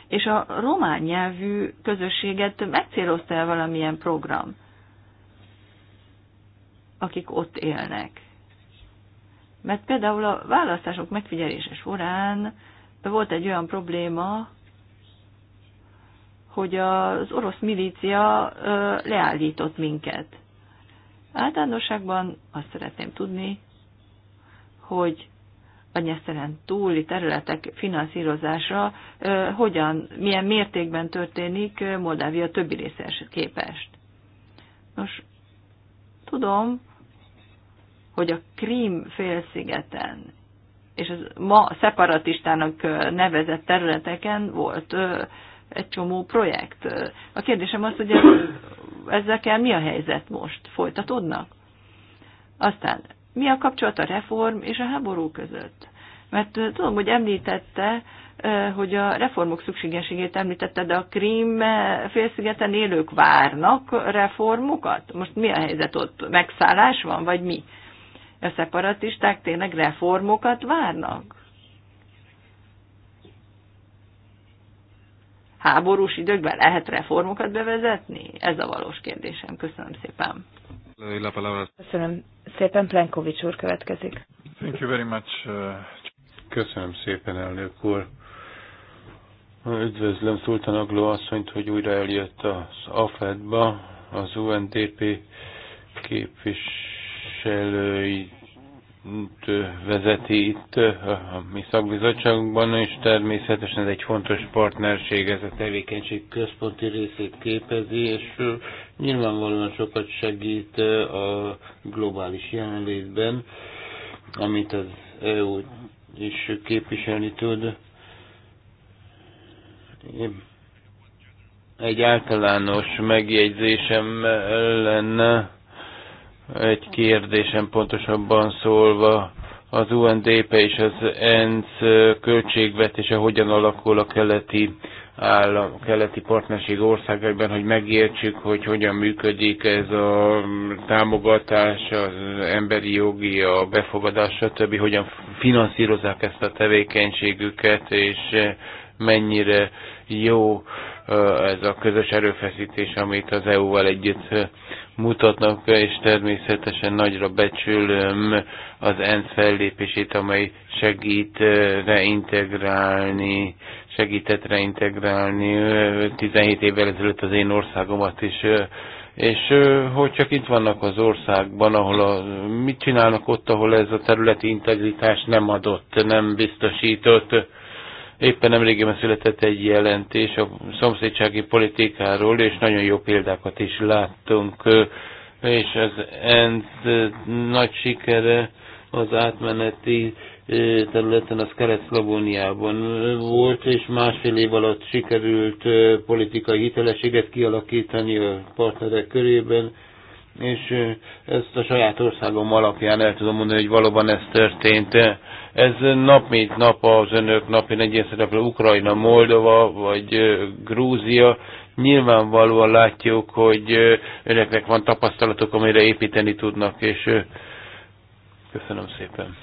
S3: És a román nyelvű közösséget megcélozta el valamilyen program, akik ott élnek. Mert például a választások megfigyelése során volt egy olyan probléma, hogy az orosz milícia leállított minket. Általánosságban azt szeretném tudni, hogy a nyeszteren túli területek finanszírozása hogyan, milyen mértékben történik Moldávia többi része képest. Nos, tudom, hogy a Krím félszigeten és az ma szeparatistának nevezett területeken volt egy csomó projekt. A kérdésem az, hogy ezekkel mi a helyzet most? Folytatódnak? Aztán, mi a kapcsolat a reform és a háború között? Mert tudom, hogy említette, hogy a reformok szükségességét említette, de a Krím félszigeten élők várnak reformokat? Most mi a helyzet ott? Megszállás van, vagy mi? A szeparatisták tényleg reformokat várnak? háborús időkben lehet reformokat bevezetni? Ez a valós kérdésem. Köszönöm szépen. Köszönöm szépen.
S2: Plenkovics úr következik. Thank
S1: you very much. Uh,
S4: Köszönöm szépen, elnök úr. Üdvözlöm Szultán Agló asszonyt, hogy újra eljött az AFED-ba, az UNDP képviselői vezeti itt a mi szakbizottságunkban, és természetesen ez egy fontos partnerség, ez a tevékenység központi részét képezi, és nyilvánvalóan sokat segít a globális jelenlétben, amit az EU is képviselni tud. Egy általános megjegyzésem lenne, egy kérdésem pontosabban szólva, az UNDP és az ENSZ költségvetése hogyan alakul a keleti állam, keleti partnerség országaiban, hogy megértsük, hogy hogyan működik ez a támogatás, az emberi jogi, a befogadás, stb., hogyan finanszírozzák ezt a tevékenységüket, és mennyire jó ez a közös erőfeszítés, amit az EU-val együtt mutatnak, és természetesen nagyra becsülöm az ENSZ fellépését, amely segít reintegrálni, segített reintegrálni 17 évvel ezelőtt az én országomat is. És hogy csak itt vannak az országban, ahol a, mit csinálnak ott, ahol ez a területi integritás nem adott, nem biztosított, Éppen nemrégében született egy jelentés a szomszédsági politikáról, és nagyon jó példákat is láttunk, és az ENSZ nagy sikere az átmeneti területen, az Kelet-Szlavóniában volt, és másfél év alatt sikerült politikai hitelességet kialakítani a partnerek körében, és ezt a saját országom alapján el tudom mondani, hogy valóban ez történt. Ez nap mint nap az önök napi egyes szereplő Ukrajna, Moldova vagy Grúzia. Nyilvánvalóan látjuk, hogy önöknek van tapasztalatok, amire építeni tudnak, és
S1: köszönöm szépen.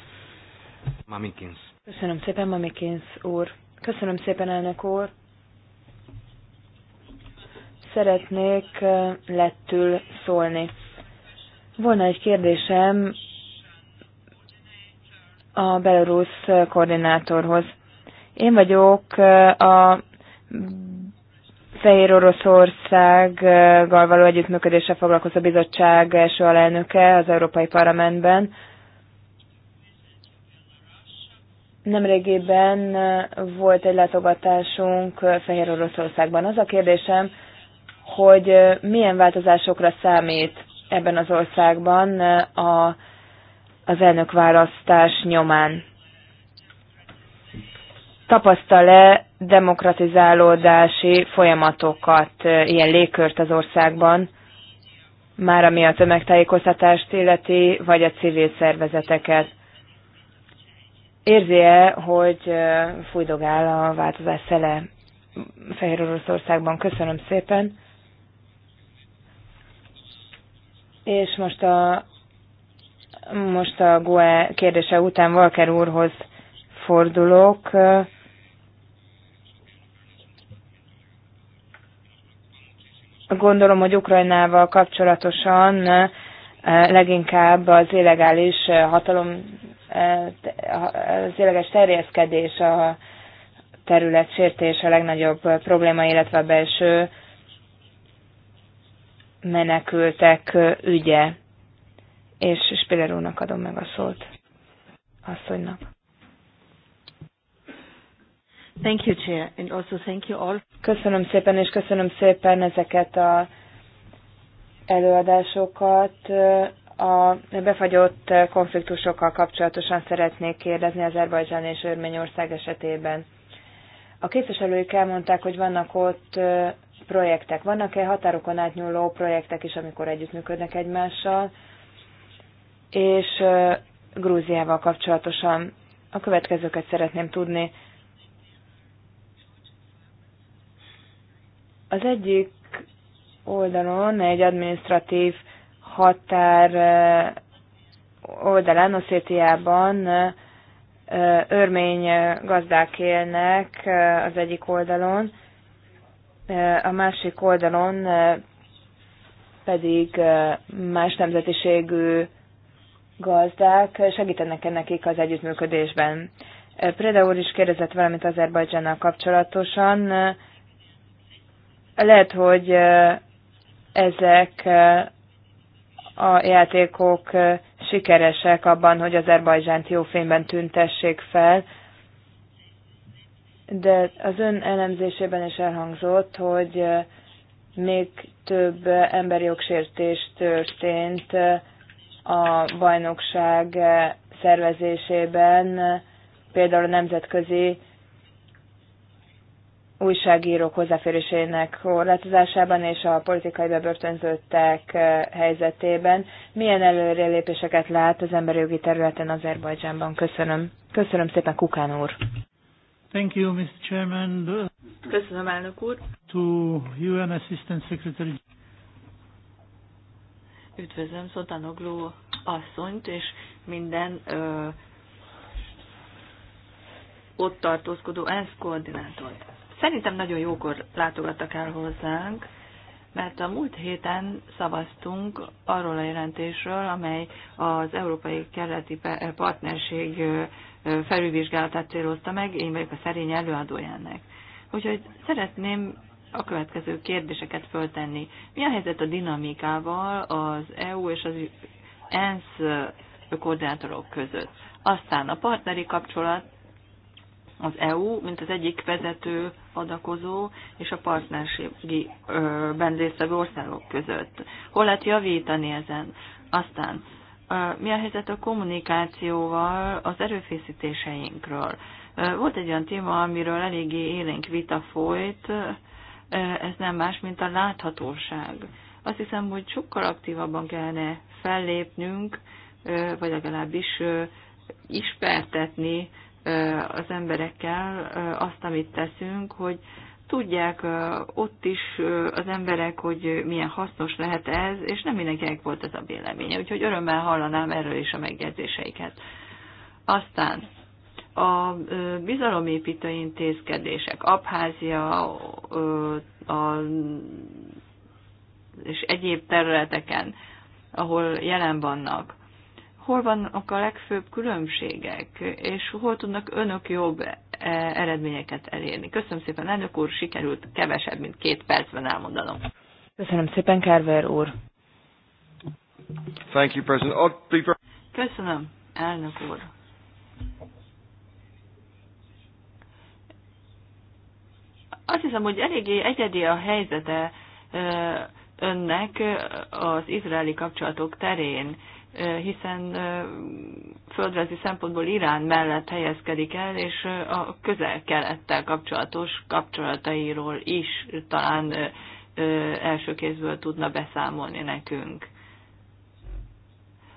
S1: Mamikins.
S2: Köszönöm szépen, Mamikins úr. Köszönöm szépen, elnök úr szeretnék lettül szólni. Volna egy kérdésem a belorusz koordinátorhoz. Én vagyok eh, a Fehér Oroszországgal való együttműködésre foglalkozó bizottság első alelnöke az Európai Parlamentben. Nemrégében eh, volt egy látogatásunk Fehér Oroszországban. Az a kérdésem, hogy eh, milyen változásokra számít ebben az országban a, az elnökválasztás nyomán. Tapasztal-e demokratizálódási folyamatokat, ilyen légkört az országban, már ami a tömegtájékoztatást illeti, vagy a civil szervezeteket? Érzi-e, hogy fújdogál a változás szele Fehér Oroszországban? Köszönöm szépen! És most a, most a GOE kérdése után Walker úrhoz fordulok. Gondolom, hogy Ukrajnával kapcsolatosan eh, leginkább az illegális eh, hatalom, eh, az illegális terjeszkedés a terület sértése a legnagyobb probléma, illetve a belső menekültek ügye. És Spiller úrnak adom meg a szót. Asszonynak. Thank you, Chair, and also thank you all. Köszönöm szépen, és köszönöm szépen ezeket a előadásokat. A befagyott konfliktusokkal kapcsolatosan szeretnék kérdezni Azerbajdzsán és Örményország esetében. A képviselőik elmondták, hogy vannak ott projektek. Vannak-e határokon átnyúló projektek is, amikor együttműködnek egymással? És Grúziával kapcsolatosan a következőket szeretném tudni. Az egyik oldalon egy administratív határ oldalán, Oszétiában örmény gazdák élnek az egyik oldalon, a másik oldalon pedig más nemzetiségű gazdák segítenek nekik az együttműködésben. Preda úr is kérdezett valamit Azerbajdzsánnal kapcsolatosan. Lehet, hogy ezek a játékok sikeresek abban, hogy Azerbajdzsánt jó fényben tüntessék fel, de az ön elemzésében is elhangzott, hogy még több jogsértés történt a bajnokság szervezésében, például a nemzetközi újságírók hozzáférésének korlátozásában és a politikai bebörtönzöttek helyzetében. Milyen előrelépéseket lát az emberi jogi területen Azerbajdzsánban? Köszönöm. Köszönöm szépen, Kukán úr.
S3: Thank you, Mr. Chairman. Köszönöm, elnök úr.
S2: To UN Assistant Secretary.
S3: Üdvözlöm Szotanoglu asszonyt, és minden ö, ott tartózkodó ENSZ koordinátort. Szerintem nagyon jókor látogattak el hozzánk, mert a múlt héten szavaztunk arról a jelentésről, amely az Európai Keleti Partnerség felülvizsgálatát célozta meg, én vagyok a szerény előadója ennek. Úgyhogy szeretném a következő kérdéseket föltenni. Mi a helyzet a dinamikával az EU és az ENSZ koordinátorok között? Aztán a partneri kapcsolat az EU, mint az egyik vezető adakozó és a partnerségi résztvevő országok között. Hol lehet javítani ezen? Aztán mi a helyzet a kommunikációval, az erőfészítéseinkről. Volt egy olyan téma, amiről eléggé élénk vita folyt, ez nem más, mint a láthatóság. Azt hiszem, hogy sokkal aktívabban kellene fellépnünk, vagy legalábbis ismertetni az emberekkel azt, amit teszünk, hogy tudják ott is az emberek, hogy milyen hasznos lehet ez, és nem mindenkinek volt ez a véleménye, úgyhogy örömmel hallanám erről is a megjegyzéseiket. Aztán a bizalomépítő intézkedések, Abházia a, és egyéb területeken, ahol jelen vannak, hol vannak a legfőbb különbségek, és hol tudnak önök jobb E, eredményeket elérni. Köszönöm szépen, elnök úr, sikerült kevesebb, mint két percben elmondanom.
S2: Köszönöm szépen,
S3: Carver úr.
S2: Thank
S1: you, President.
S3: Oh, be... Köszönöm, elnök úr. Azt hiszem, hogy eléggé egyedi a helyzete e, önnek az izraeli kapcsolatok terén hiszen földrajzi szempontból Irán mellett helyezkedik el, és a közel-kelettel kapcsolatos kapcsolatairól is talán első kézből tudna beszámolni nekünk.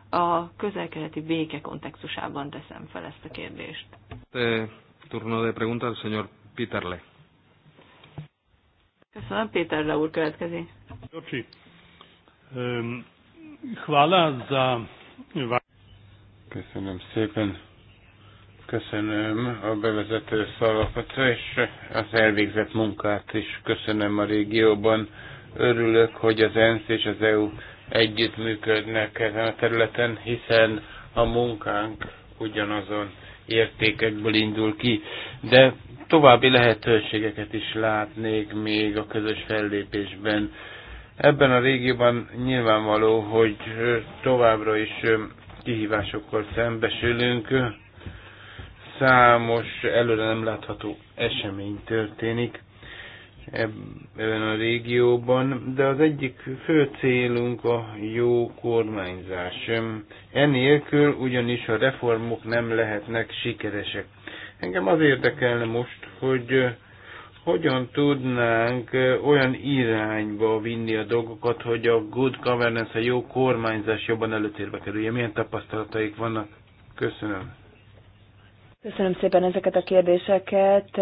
S3: A közel-keleti béke kontextusában teszem fel ezt a kérdést.
S1: Turno de pregunta al señor Peterle.
S3: Köszönöm, Péterle úr következik.
S1: Hvala za...
S4: Köszönöm szépen. Köszönöm a bevezető szavakat, és az elvégzett munkát is köszönöm a régióban. Örülök, hogy az ENSZ és az EU együttműködnek ezen a területen, hiszen a munkánk ugyanazon értékekből indul ki, de további lehetőségeket is látnék még a közös fellépésben Ebben a régióban nyilvánvaló, hogy továbbra is kihívásokkal szembesülünk. Számos előre nem látható esemény történik ebben a régióban, de az egyik fő célunk a jó kormányzás. Enélkül ugyanis a reformok nem lehetnek sikeresek. Engem az érdekelne most, hogy hogyan tudnánk olyan irányba vinni a dolgokat, hogy a good governance, a jó kormányzás jobban előtérbe kerülje. Milyen tapasztalataik vannak?
S2: Köszönöm. Köszönöm szépen ezeket a kérdéseket.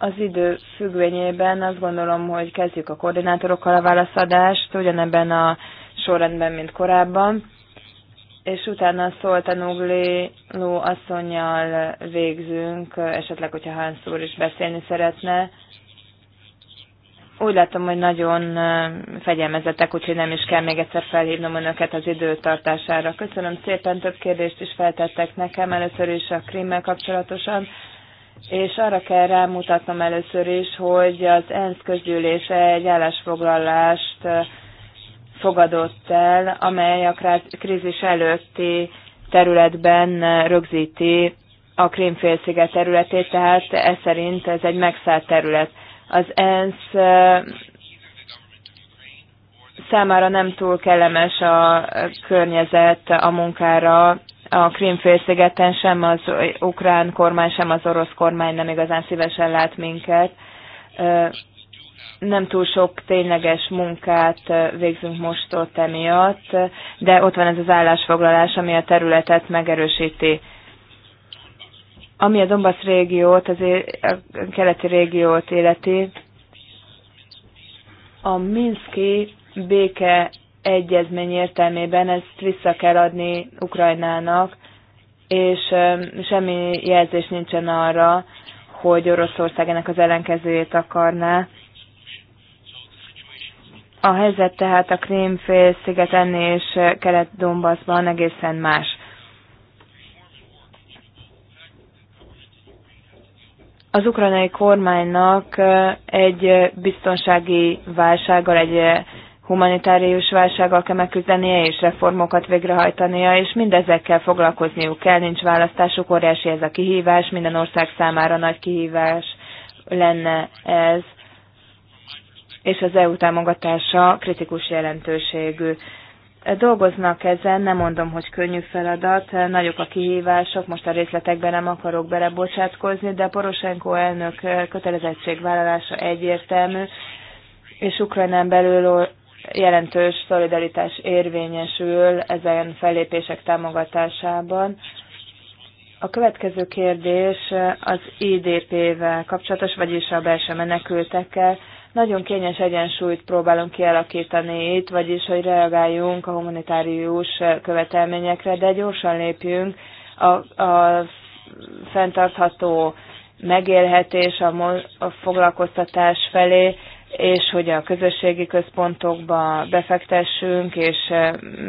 S2: Az idő függvényében azt gondolom, hogy kezdjük a koordinátorokkal a válaszadást, ugyanebben a sorrendben, mint korábban és utána szólt a Nugli Ló asszonyjal végzünk, esetleg, hogyha Hans úr is beszélni szeretne. Úgy látom, hogy nagyon fegyelmezettek, úgyhogy nem is kell még egyszer felhívnom önöket az időtartására. Köszönöm szépen, több kérdést is feltettek nekem, először is a Krimmel kapcsolatosan, és arra kell rámutatnom először is, hogy az ENSZ közgyűlése egy állásfoglalást fogadott el, amely a krízis előtti területben rögzíti a Krímfélsziget területét, tehát ez szerint ez egy megszállt terület. Az ENSZ számára nem túl kellemes a környezet a munkára a Krímfélszigeten, sem az ukrán kormány, sem az orosz kormány nem igazán szívesen lát minket nem túl sok tényleges munkát végzünk most ott emiatt, de ott van ez az állásfoglalás, ami a területet megerősíti. Ami a Dombasz régiót, az a keleti régiót életi, a Minszki béke egyezmény értelmében ezt vissza kell adni Ukrajnának, és semmi jelzés nincsen arra, hogy Oroszország ennek az ellenkezőjét akarná a helyzet tehát a Krímfélszigeten és Kelet-Dombaszban egészen más. Az ukrajnai kormánynak egy biztonsági válsággal, egy humanitárius válsággal kell megküzdenie, és reformokat végrehajtania, és mindezekkel foglalkozniuk kell, nincs választásuk, óriási ez a kihívás, minden ország számára nagy kihívás lenne ez és az EU támogatása kritikus jelentőségű. Dolgoznak ezen, nem mondom, hogy könnyű feladat, nagyok a kihívások, most a részletekben nem akarok belebocsátkozni, de Poroshenko elnök kötelezettségvállalása egyértelmű, és Ukrajnán belül jelentős szolidaritás érvényesül ezen fellépések támogatásában. A következő kérdés az IDP-vel kapcsolatos, vagyis a belső menekültekkel. Nagyon kényes egyensúlyt próbálunk kialakítani itt, vagyis hogy reagáljunk a humanitárius követelményekre, de gyorsan lépjünk a, a fenntartható megélhetés, a, a foglalkoztatás felé, és hogy a közösségi központokba befektessünk, és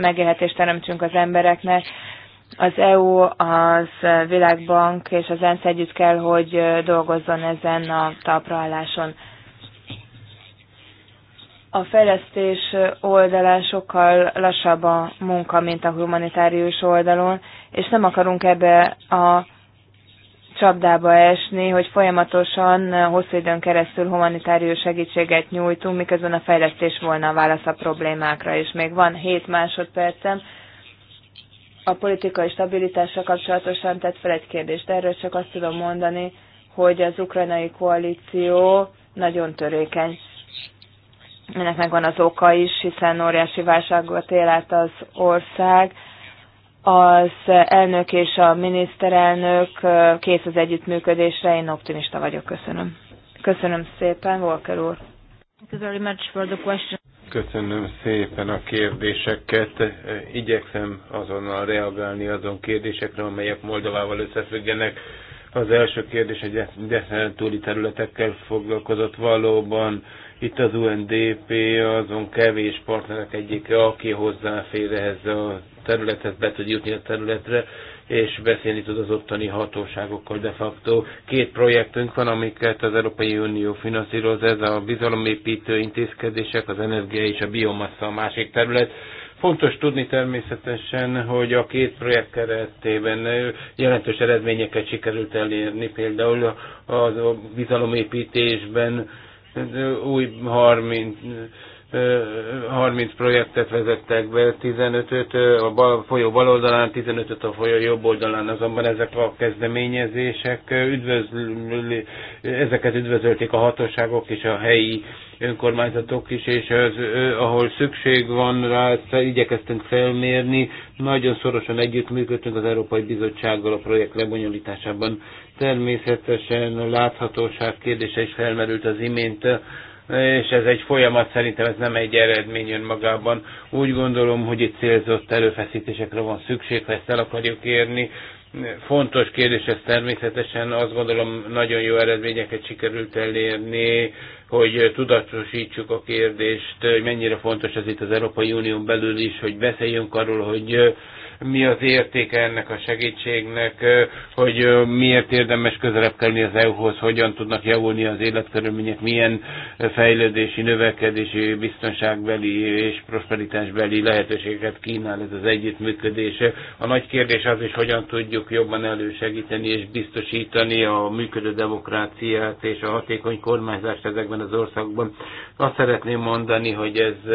S2: megélhetést teremtsünk az embereknek. Az EU, az Világbank és az ENSZ együtt kell, hogy dolgozzon ezen a talpraálláson a fejlesztés oldalán sokkal lassabb a munka, mint a humanitárius oldalon, és nem akarunk ebbe a csapdába esni, hogy folyamatosan hosszú időn keresztül humanitárius segítséget nyújtunk, miközben a fejlesztés volna a válasz a problémákra, és még van 7 másodpercem. A politikai stabilitással kapcsolatosan tett fel egy kérdést, erről csak azt tudom mondani, hogy az ukrajnai koalíció nagyon törékeny ennek megvan az oka is, hiszen óriási válságot él át az ország. Az elnök és a miniszterelnök kész az együttműködésre, én optimista vagyok, köszönöm. Köszönöm szépen, Volker úr.
S4: Köszönöm szépen a kérdéseket. Igyekszem azonnal reagálni azon kérdésekre, amelyek Moldovával összefüggenek. Az első kérdés, hogy túli területekkel foglalkozott valóban itt az UNDP azon kevés partnerek egyike aki hozzáfér ehhez a területhez, be tud jutni a területre, és beszélni tud az ottani hatóságokkal de facto. Két projektünk van, amiket az Európai Unió finanszíroz, ez a bizalomépítő intézkedések, az energia és a biomassa a másik terület. Fontos tudni természetesen, hogy a két projekt keretében jelentős eredményeket sikerült elérni, például a bizalomépítésben új 30 30 projektet vezettek be, 15-öt a bal, folyó bal oldalán, 15-öt a folyó jobb oldalán, azonban ezek a kezdeményezések, üdvözl, ezeket üdvözölték a hatóságok és a helyi önkormányzatok is, és az, ahol szükség van rá, ezt igyekeztünk felmérni. Nagyon szorosan együttműködtünk az Európai Bizottsággal a projekt lebonyolításában. Természetesen a láthatóság kérdése is felmerült az imént és ez egy folyamat, szerintem ez nem egy eredmény önmagában. Úgy gondolom, hogy itt célzott előfeszítésekre van szükség, ha ezt el akarjuk érni. Fontos kérdés ez természetesen, azt gondolom nagyon jó eredményeket sikerült elérni, hogy tudatosítsuk a kérdést, mennyire fontos ez itt az Európai Unión belül is, hogy beszéljünk arról, hogy mi az értéke ennek a segítségnek, hogy miért érdemes közelebb kerülni az EU-hoz, hogyan tudnak javulni az életkörülmények, milyen fejlődési, növekedési, biztonságbeli és prosperitásbeli lehetőséget kínál ez az együttműködés. A nagy kérdés az is, hogyan tudjuk jobban elősegíteni és biztosítani a működő demokráciát és a hatékony kormányzást ezekben az országban. Azt szeretném mondani, hogy ez,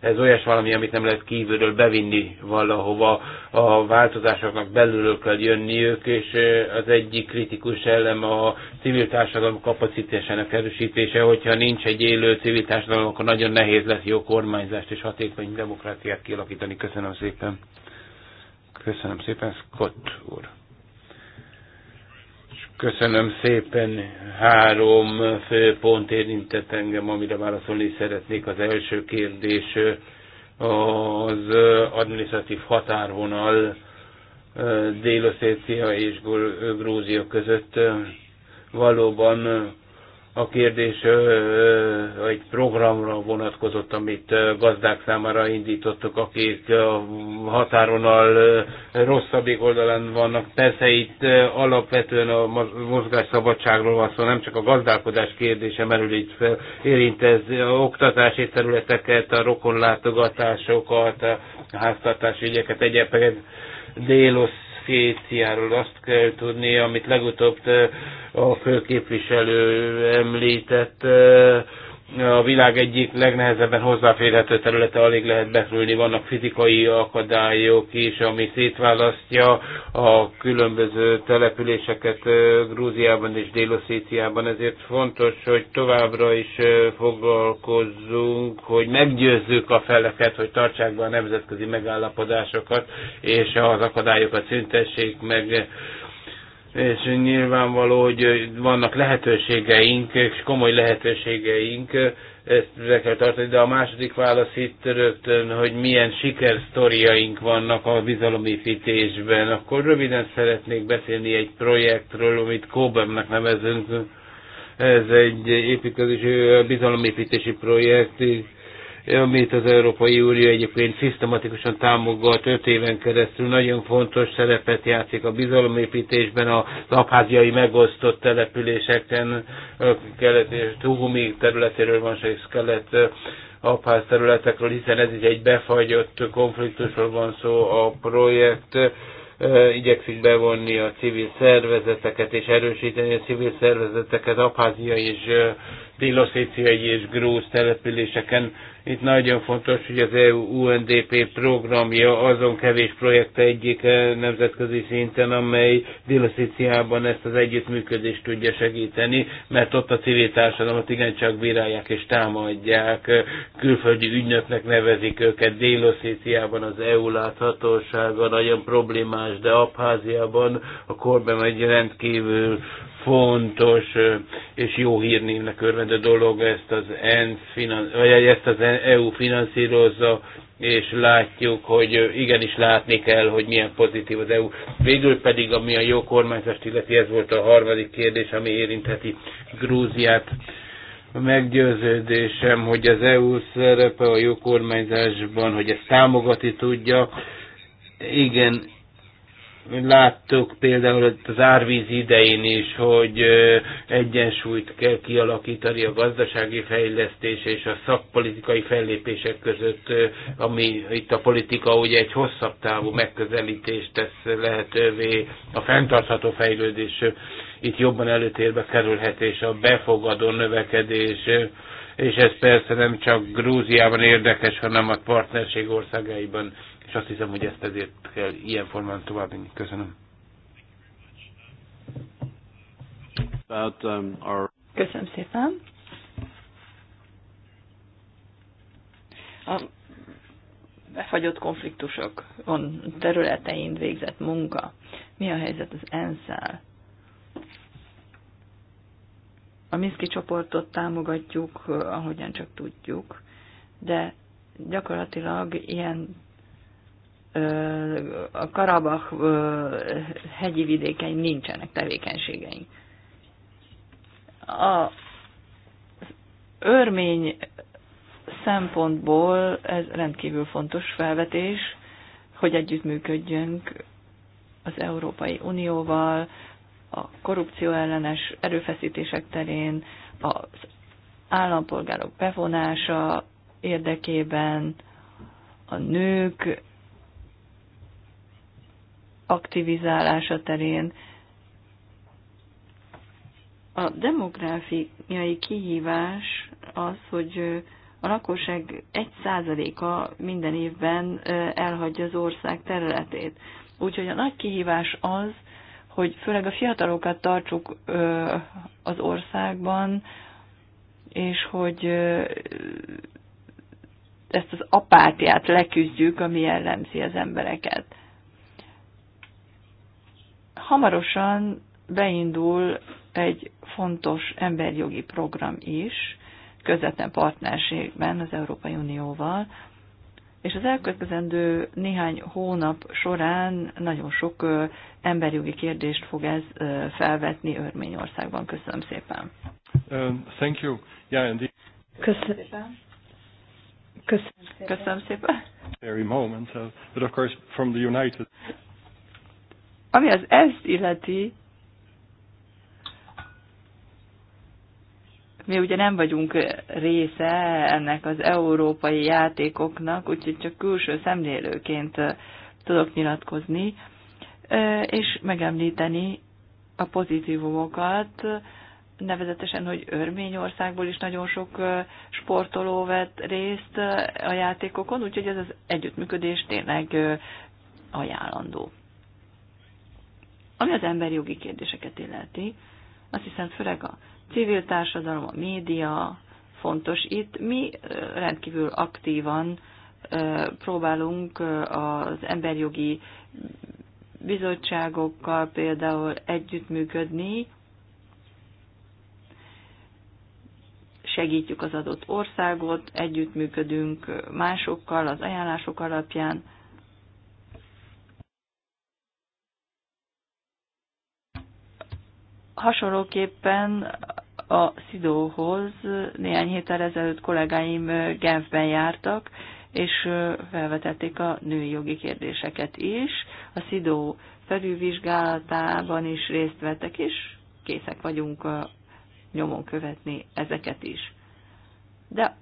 S4: ez olyas valami, amit nem lehet kívülről bevinni valahova, a változásoknak belülről kell jönniük, és az egyik kritikus elem a civil társadalom kapacitásának erősítése, hogyha nincs egy élő civil társadalom, akkor nagyon nehéz lesz jó kormányzást és hatékony demokráciát kialakítani. Köszönöm szépen. Köszönöm szépen, Scott úr. Köszönöm szépen. Három fő pont érintett engem, amire válaszolni szeretnék. Az első kérdés az administratív határvonal Dél-Oszécia és Grúzia között valóban a kérdés egy programra vonatkozott, amit gazdák számára indítottuk, akik a határvonal rosszabbik oldalán vannak. Persze itt alapvetően a mozgásszabadságról van szó, nem csak a gazdálkodás kérdése merül itt fel, érint ez oktatási területeket, a rokonlátogatásokat, a háztartási ügyeket, egyébként Délos szétjáról azt kell tudni, amit legutóbb eh, a főképviselő említett, eh, a világ egyik legnehezebben hozzáférhető területe, alig lehet befülni, vannak fizikai akadályok is, ami szétválasztja a különböző településeket Grúziában és Délosszíciában, ezért fontos, hogy továbbra is foglalkozzunk, hogy meggyőzzük a feleket, hogy tartsák be a nemzetközi megállapodásokat, és az akadályokat szüntessék meg, és nyilvánvaló, hogy vannak lehetőségeink, és komoly lehetőségeink, ezt le kell tartani, de a második válasz itt rögtön, hogy milyen sikersztoriaink vannak a bizalomépítésben. Akkor röviden szeretnék beszélni egy projektről, amit Kóbemnek nevezünk. Ez egy építkezési bizalomépítési projekt, amit az Európai Unió egyébként szisztematikusan támogat öt éven keresztül. Nagyon fontos szerepet játszik a bizalomépítésben, a abháziai megosztott településeken, kelet és Tuhumi területéről van se és kelet apház területekről, hiszen ez is egy befagyott konfliktusról van szó a projekt igyekszik bevonni a civil szervezeteket és erősíteni a civil szervezeteket abháziai és déloszéciai és grúz településeken itt nagyon fontos, hogy az EU UNDP programja azon kevés projekt egyik eh, nemzetközi szinten, amely Dilasziciában ezt az együttműködést tudja segíteni, mert ott a civil társadalmat igencsak bírálják és támadják, külföldi ügynöknek nevezik őket. Délosszíciában az EU láthatósága nagyon problémás, de Abháziában a korban egy rendkívül fontos és jó hírnévnek örvendő dolog, ezt az, EN finansz, vagy ezt az EU e finanszírozza, és látjuk, hogy igenis látni kell, hogy milyen pozitív az EU. Végül pedig, ami a jó kormányzást illeti, ez volt a harmadik kérdés, ami érintheti Grúziát. A meggyőződésem, hogy az EU szerepe a jó kormányzásban, hogy ezt támogatni tudja, igen, Láttuk például az árvíz idején is, hogy egyensúlyt kell kialakítani a gazdasági fejlesztés és a szakpolitikai fellépések között, ami itt a politika ugye egy hosszabb távú megközelítést tesz lehetővé a fenntartható fejlődés itt jobban előtérbe kerülhet, és a befogadó növekedés, és ez persze nem csak Grúziában érdekes, hanem a partnerség országaiban és azt hiszem, hogy ezt ezért kell ilyen formán továbbvinni.
S1: Köszönöm. Um,
S3: Köszönöm szépen. A befagyott konfliktusok on területein végzett munka. Mi a helyzet az ENSZ-el? A Minszki csoportot támogatjuk, ahogyan csak tudjuk, de gyakorlatilag ilyen a Karabach hegyi vidékein nincsenek tevékenységeink. A örmény szempontból ez rendkívül fontos felvetés, hogy együttműködjünk az Európai Unióval, a korrupció ellenes erőfeszítések terén, az állampolgárok bevonása érdekében, a nők aktivizálása terén. A demográfiai kihívás az, hogy a lakosság 1%-a minden évben elhagyja az ország területét. Úgyhogy a nagy kihívás az, hogy főleg a fiatalokat tartsuk az országban, és hogy ezt az apátiát leküzdjük, ami jellemzi az embereket. Hamarosan beindul egy fontos emberjogi program is, közvetlen partnerségben az Európai Unióval, és az elkövetkezendő néhány hónap során nagyon sok emberjogi kérdést fog ez felvetni Örményországban. Köszönöm szépen.
S1: Um, thank you. Yeah, and
S5: Köszönöm
S3: szépen. Köszönöm szépen. Köszönöm szépen.
S1: Very moment, uh, but of course from the United
S3: ami az ezt illeti, mi ugye nem vagyunk része ennek az európai játékoknak, úgyhogy csak külső szemlélőként tudok nyilatkozni, és megemlíteni a pozitívumokat, nevezetesen, hogy Örményországból is nagyon sok sportoló vett részt a játékokon, úgyhogy ez az együttműködés tényleg ajánlandó. Ami az emberi jogi kérdéseket illeti, azt hiszem főleg a civil társadalom, a média fontos itt. Mi rendkívül aktívan próbálunk az emberjogi bizottságokkal például együttműködni, segítjük az adott országot, együttműködünk másokkal az ajánlások alapján, Hasonlóképpen a Szidóhoz néhány héttel ezelőtt kollégáim Genfben jártak, és felvetették a női jogi kérdéseket is. A Szidó felülvizsgálatában is részt vettek, és készek vagyunk uh, nyomon követni ezeket is. De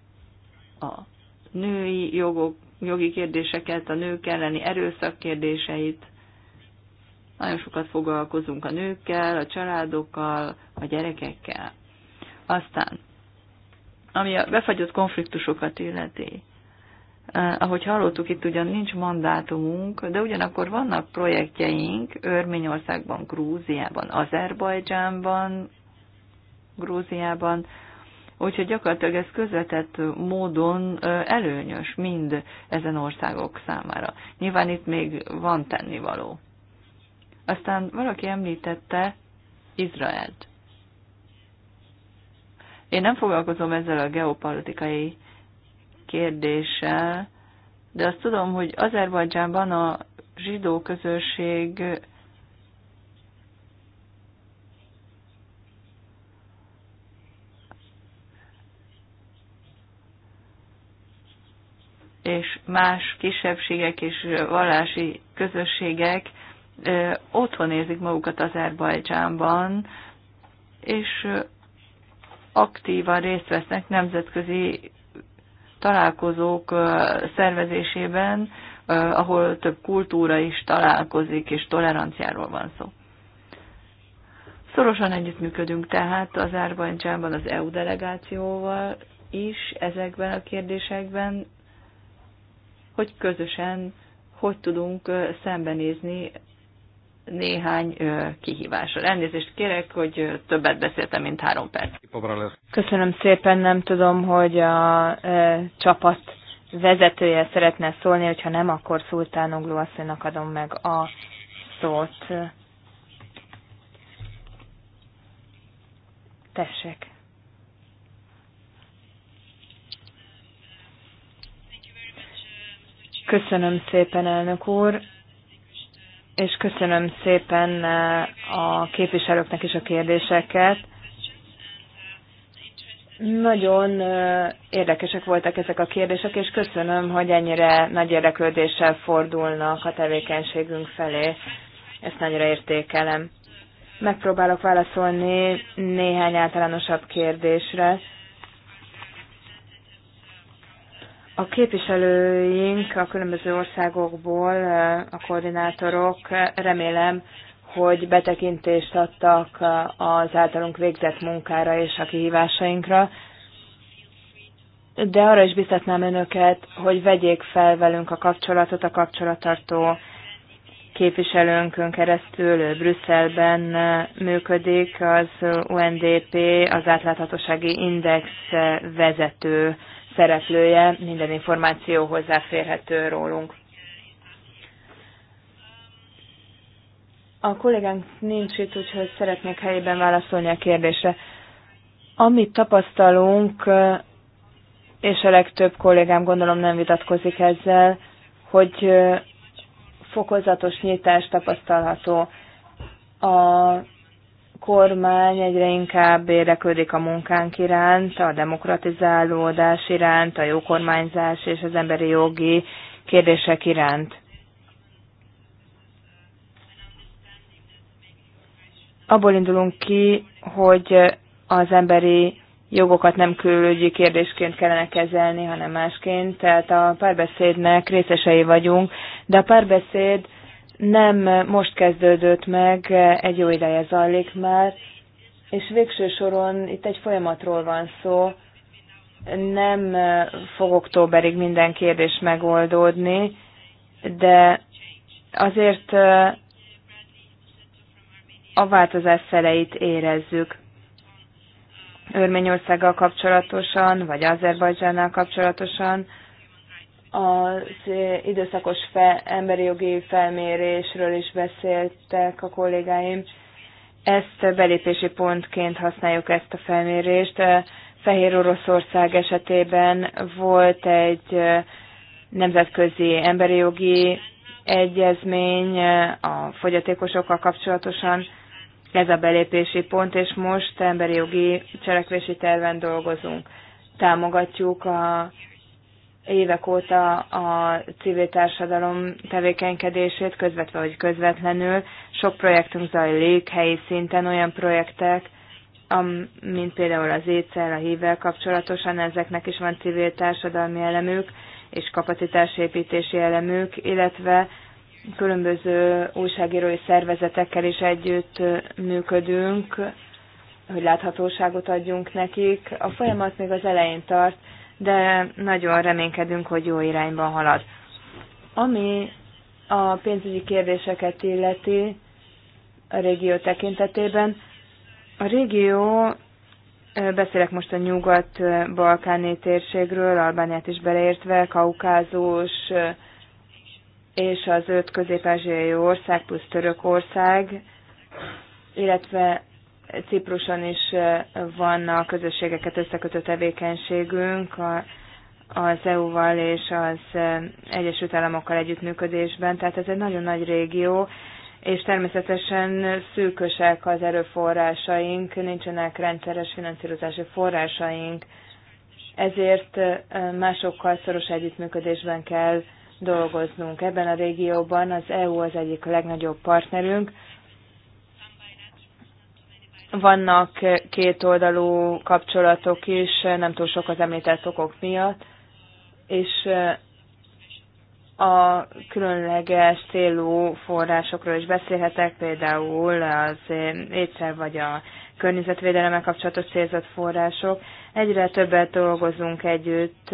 S3: a női jogok, jogi kérdéseket, a nők elleni erőszak kérdéseit nagyon sokat foglalkozunk a nőkkel, a családokkal, a gyerekekkel. Aztán, ami a befagyott konfliktusokat illeti, eh, ahogy hallottuk, itt ugyan nincs mandátumunk, de ugyanakkor vannak projektjeink Örményországban, Grúziában, Azerbajdzsánban, Grúziában, úgyhogy gyakorlatilag ez közvetett módon eh, előnyös mind ezen országok számára. Nyilván itt még van tennivaló. Aztán valaki említette Izraelt. Én nem foglalkozom ezzel a geopolitikai kérdéssel, de azt tudom, hogy Azerbajdzsánban a zsidó közösség és más kisebbségek és vallási közösségek otthon érzik magukat Azerbajdzsánban, és aktívan részt vesznek nemzetközi találkozók szervezésében, ahol több kultúra is találkozik, és toleranciáról van szó. Szorosan együttműködünk tehát az Árbajcsánban e az EU delegációval is ezekben a kérdésekben, hogy közösen hogy tudunk szembenézni néhány kihívásra. Elnézést kérek, hogy többet beszéltem, mint három perc.
S2: Köszönöm szépen, nem tudom, hogy a e, csapat vezetője szeretne szólni, hogyha nem, akkor Szultán Ugló asszonynak adom meg a szót. Tessék. Köszönöm szépen, elnök úr és köszönöm szépen eh, a képviselőknek is a kérdéseket. Nagyon eh, érdekesek voltak ezek a kérdések, és köszönöm, hogy ennyire nagy érdeklődéssel fordulnak a tevékenységünk felé. Ezt nagyra értékelem. Megpróbálok válaszolni néhány általánosabb kérdésre. A képviselőink a különböző országokból, eh, a koordinátorok eh, remélem, hogy betekintést adtak eh, az általunk végzett munkára és a kihívásainkra, de arra is biztatnám önöket, hogy vegyék fel velünk a kapcsolatot a kapcsolattartó képviselőnkön keresztül Brüsszelben működik az UNDP, az átláthatósági index vezető szereplője, minden információ hozzáférhető rólunk. A kollégánk nincs itt, úgyhogy szeretnék helyében válaszolni a kérdésre. Amit tapasztalunk, és a legtöbb kollégám gondolom nem vitatkozik ezzel, hogy fokozatos nyitás tapasztalható. A kormány egyre inkább érdeklődik a munkánk iránt, a demokratizálódás iránt, a jó kormányzás és az emberi jogi kérdések iránt. Abból indulunk ki, hogy az emberi jogokat nem külügyi kérdésként kellene kezelni, hanem másként. Tehát a párbeszédnek részesei vagyunk, de a párbeszéd nem most kezdődött meg, egy jó ideje zajlik már, és végső soron itt egy folyamatról van szó, nem fog októberig minden kérdés megoldódni, de azért a változás szeleit érezzük. Örményországgal kapcsolatosan, vagy Azerbajdzsánnal kapcsolatosan, az időszakos fe, emberi jogi felmérésről is beszéltek a kollégáim. Ezt belépési pontként használjuk ezt a felmérést. Fehér Oroszország esetében volt egy nemzetközi emberi jogi egyezmény a fogyatékosokkal kapcsolatosan, ez a belépési pont, és most emberi jogi cselekvési terven dolgozunk. Támogatjuk a évek óta a civil társadalom tevékenykedését, közvetve vagy közvetlenül. Sok projektünk zajlik helyi szinten, olyan projektek, mint például az étszel, a hívvel kapcsolatosan, ezeknek is van civil társadalmi elemük és kapacitásépítési elemük, illetve különböző újságírói szervezetekkel is együtt működünk, hogy láthatóságot adjunk nekik. A folyamat még az elején tart, de nagyon reménykedünk, hogy jó irányba halad. Ami a pénzügyi kérdéseket illeti a régió tekintetében, a régió, beszélek most a nyugat-balkáni térségről, Albániát is beleértve, Kaukázus és az öt közép-ázsiai ország plusz Törökország, illetve Cipruson is van a közösségeket összekötő tevékenységünk a, az EU-val és az Egyesült Államokkal együttműködésben, tehát ez egy nagyon nagy régió, és természetesen szűkösek az erőforrásaink, nincsenek rendszeres finanszírozási forrásaink, ezért másokkal szoros együttműködésben kell dolgoznunk. Ebben a régióban az EU az egyik legnagyobb partnerünk, vannak eh, kétoldalú kapcsolatok is, eh, nem túl sok az említett okok miatt, és eh, a különleges célú forrásokról is beszélhetek, például az étszer vagy a környezetvédelemmel kapcsolatos célzott források. Egyre többet dolgozunk együtt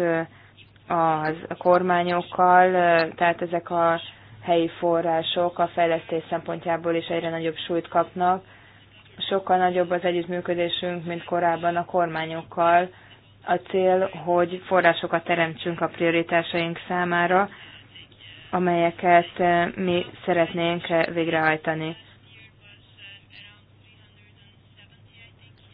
S2: a kormányokkal, tehát ezek a helyi források a fejlesztés szempontjából is egyre nagyobb súlyt kapnak sokkal nagyobb az együttműködésünk, mint korábban a kormányokkal. A cél, hogy forrásokat teremtsünk a prioritásaink számára, amelyeket eh, mi szeretnénk eh, végrehajtani.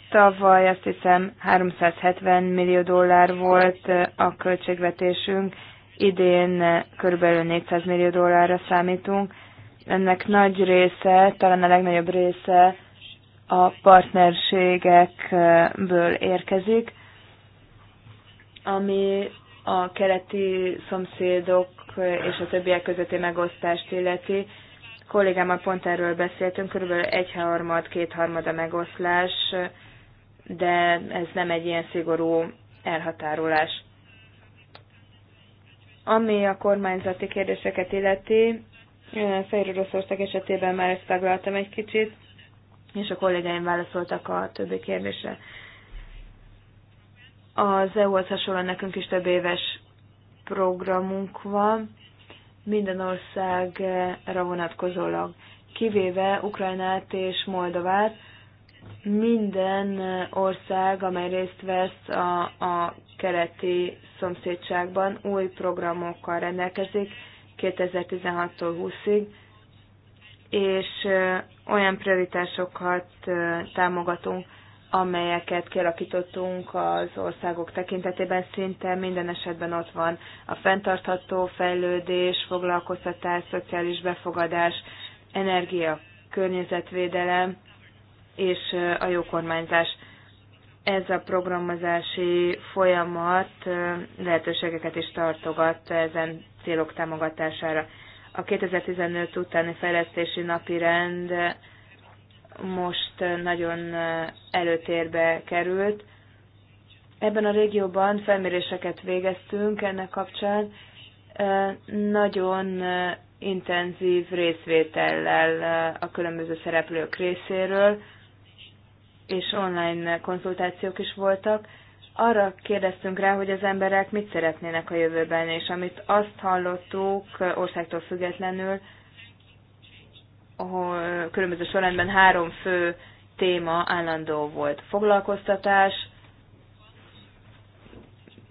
S2: Tavaly azt hiszem 370 millió dollár volt eh, a költségvetésünk, idén körülbelül 400 millió dollárra számítunk. Ennek nagy része, talán a legnagyobb része a partnerségekből érkezik, ami a keleti szomszédok és a többiek közötti megosztást illeti. Kollégámmal pont erről beszéltünk, körülbelül egyharmad, kétharmad a megoszlás, de ez nem egy ilyen szigorú elhatárolás. Ami a kormányzati kérdéseket illeti, Fejről Oroszország esetében már ezt taglaltam egy kicsit, és a kollégáim válaszoltak a többi kérdésre. Az EU-hoz hasonlóan nekünk is több éves programunk van, minden országra vonatkozólag, kivéve Ukrajnát és Moldovát, minden ország, amely részt vesz a, a keleti szomszédságban, új programokkal rendelkezik 2016-tól 20-ig, és olyan prioritásokat támogatunk, amelyeket kialakítottunk az országok tekintetében, szinte minden esetben ott van a fenntartható fejlődés, foglalkoztatás, szociális befogadás, energia, környezetvédelem és a jó kormányzás. Ez a programozási folyamat lehetőségeket is tartogat ezen célok támogatására. A 2015 utáni fejlesztési rend most nagyon előtérbe került. Ebben a régióban felméréseket végeztünk ennek kapcsán, nagyon intenzív részvétellel a különböző szereplők részéről, és online konzultációk is voltak arra kérdeztünk rá, hogy az emberek mit szeretnének a jövőben, és amit azt hallottuk országtól függetlenül, ahol különböző sorrendben három fő téma állandó volt. Foglalkoztatás,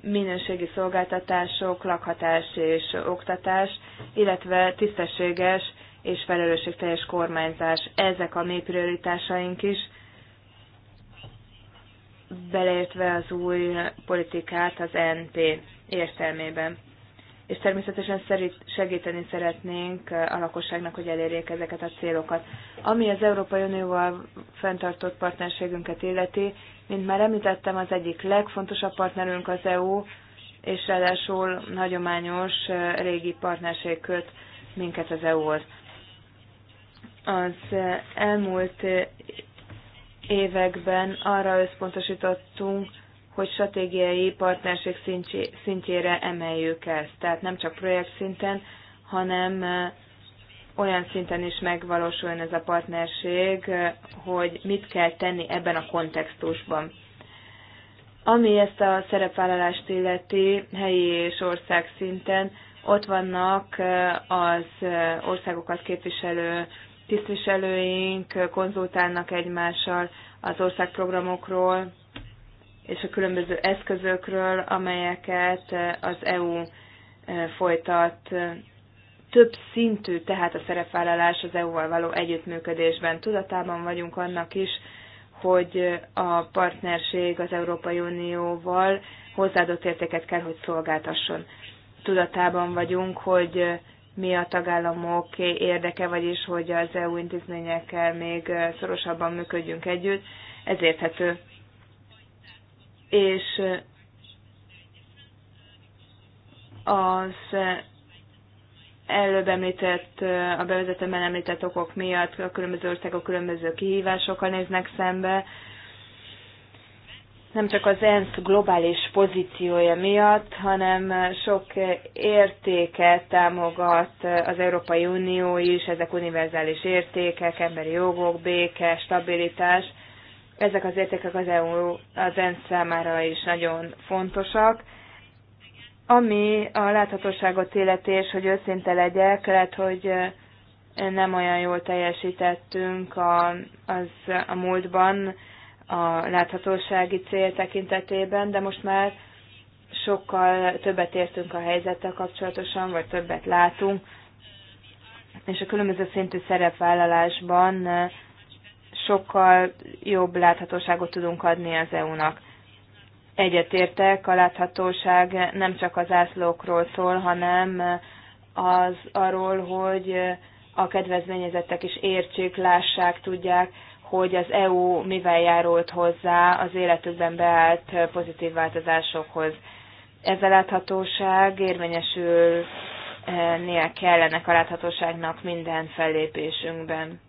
S2: minőségi szolgáltatások, lakhatás és oktatás, illetve tisztességes és felelősségteljes kormányzás. Ezek a mi prioritásaink is beleértve az új politikát az NP értelmében. És természetesen segíteni szeretnénk a lakosságnak, hogy elérjék ezeket a célokat. Ami az Európai Unióval fenntartott partnerségünket illeti, mint már említettem, az egyik legfontosabb partnerünk az EU, és ráadásul hagyományos régi partnerség köt minket az EU-hoz. Az elmúlt években arra összpontosítottunk, hogy stratégiai partnerség szintjére emeljük ezt. Tehát nem csak projekt szinten, hanem olyan szinten is megvalósuljon ez a partnerség, hogy mit kell tenni ebben a kontextusban. Ami ezt a szerepvállalást illeti helyi és ország szinten, ott vannak az országokat képviselő tisztviselőink konzultálnak egymással az országprogramokról és a különböző eszközökről, amelyeket az EU e, folytat több szintű, tehát a szerepvállalás az EU-val való együttműködésben. Tudatában vagyunk annak is, hogy a partnerség az Európai Unióval hozzáadott értéket kell, hogy szolgáltasson. Tudatában vagyunk, hogy mi a tagállamok érdeke, vagyis hogy az EU intézményekkel még szorosabban működjünk együtt, ez érthető. És az előbb említett, a bevezetőben említett okok miatt a különböző országok különböző kihívásokkal néznek szembe, nem csak az ENSZ globális pozíciója miatt, hanem sok értéket támogat az Európai Unió is, ezek univerzális értékek, emberi jogok, béke, stabilitás. Ezek az értékek az, EU, az ENSZ számára is nagyon fontosak. Ami a láthatóságot illeti, és hogy őszinte legyek, lehet, hogy nem olyan jól teljesítettünk a, az, a múltban, a láthatósági cél tekintetében, de most már sokkal többet értünk a helyzettel kapcsolatosan, vagy többet látunk, és a különböző szintű szerepvállalásban eh, sokkal jobb láthatóságot tudunk adni az EU-nak. Egyetértek, a láthatóság nem csak az ászlókról szól, hanem eh, az arról, hogy eh, a kedvezményezettek is értsék, lássák, tudják, hogy az EU mivel járult hozzá az életükben beállt pozitív változásokhoz. Ez a láthatóság érvényesülnie kellene a láthatóságnak minden fellépésünkben,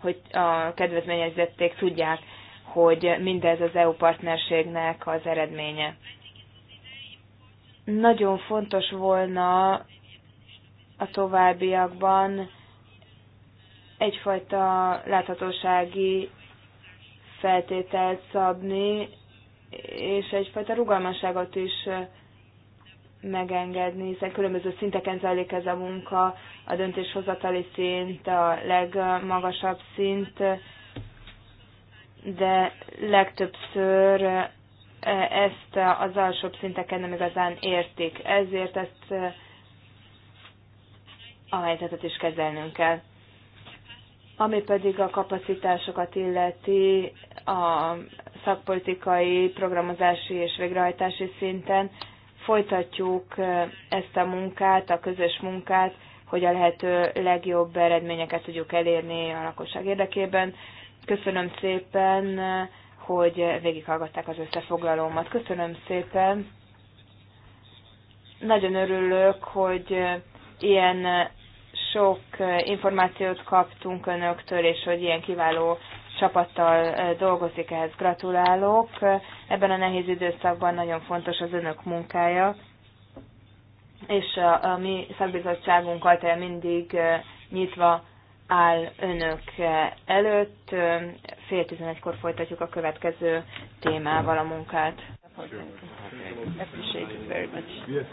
S2: hogy a kedvezményezették tudják, hogy mindez az EU partnerségnek az eredménye. Nagyon fontos volna a továbbiakban egyfajta láthatósági feltételt szabni, és egyfajta rugalmasságot is megengedni, hiszen különböző szinteken zajlik ez a munka, a döntéshozatali szint, a legmagasabb szint, de legtöbbször ezt az alsóbb szinteken nem igazán értik. Ezért ezt a helyzetet is kezelnünk kell. Ami pedig a kapacitásokat illeti a szakpolitikai, programozási és végrehajtási szinten, folytatjuk ezt a munkát, a közös munkát, hogy a lehető legjobb eredményeket tudjuk elérni a lakosság érdekében. Köszönöm szépen, hogy végighallgatták az összefoglalómat. Köszönöm szépen. Nagyon örülök, hogy ilyen sok információt kaptunk önöktől, és hogy ilyen kiváló csapattal dolgozik, ehhez gratulálok. Ebben a nehéz időszakban nagyon fontos az önök munkája, és a, a mi szakbizottságunk ajtaja mindig nyitva áll önök előtt. Fél tizenegykor folytatjuk a következő témával a munkát. Appreciate it very
S5: much. Yes.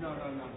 S5: no, no, no.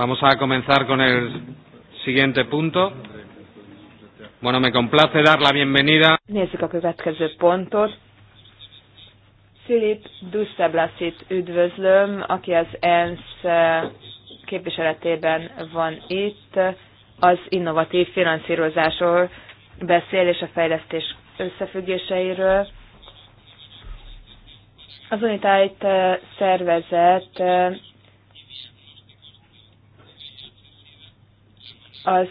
S1: Vamos a comenzar con el siguiente punto. Bueno, me complace dar la bienvenida.
S2: Nézzük a következő pontot. Philip Dusseblasit üdvözlöm, aki az ENSZ eh, képviseletében van itt, az innovatív finanszírozásról beszél és a fejlesztés összefüggéseiről. Az unitájt eh, szervezet eh, Az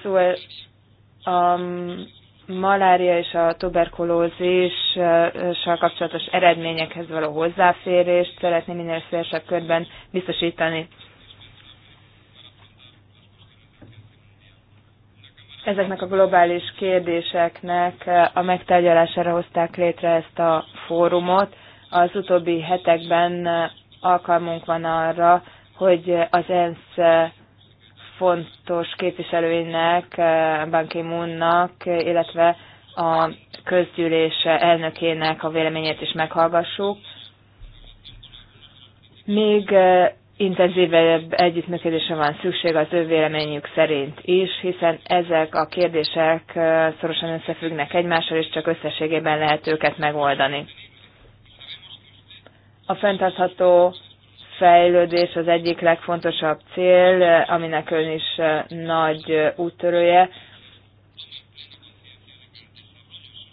S2: a malária és a tuberkulózissal kapcsolatos eredményekhez való hozzáférést szeretné minél szélesebb körben biztosítani. Ezeknek a globális kérdéseknek a megtárgyalására hozták létre ezt a fórumot. Az utóbbi hetekben alkalmunk van arra, hogy az ENSZ fontos képviselőinek, Ban ki illetve a közgyűlés elnökének a véleményét is meghallgassuk. Még eh, intenzívebb együttműködésre van szükség az ő véleményük szerint is, hiszen ezek a kérdések eh, szorosan összefüggnek egymással, és csak összességében lehet őket megoldani. A fenntartható fejlődés az egyik legfontosabb cél, aminek ön is nagy úttörője.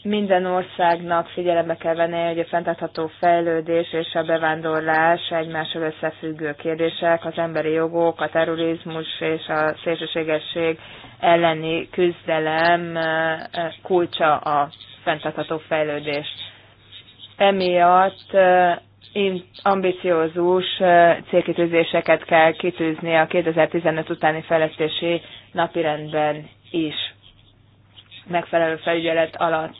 S2: Minden országnak figyelembe kell venni, hogy a fenntartható fejlődés és a bevándorlás egymással összefüggő kérdések, az emberi jogok, a terrorizmus és a szélsőségesség elleni küzdelem kulcsa a fenntartható fejlődés. Emiatt ambiciózus eh, célkitűzéseket kell kitűzni a 2015 utáni fejlesztési napirendben is megfelelő felügyelet alatt.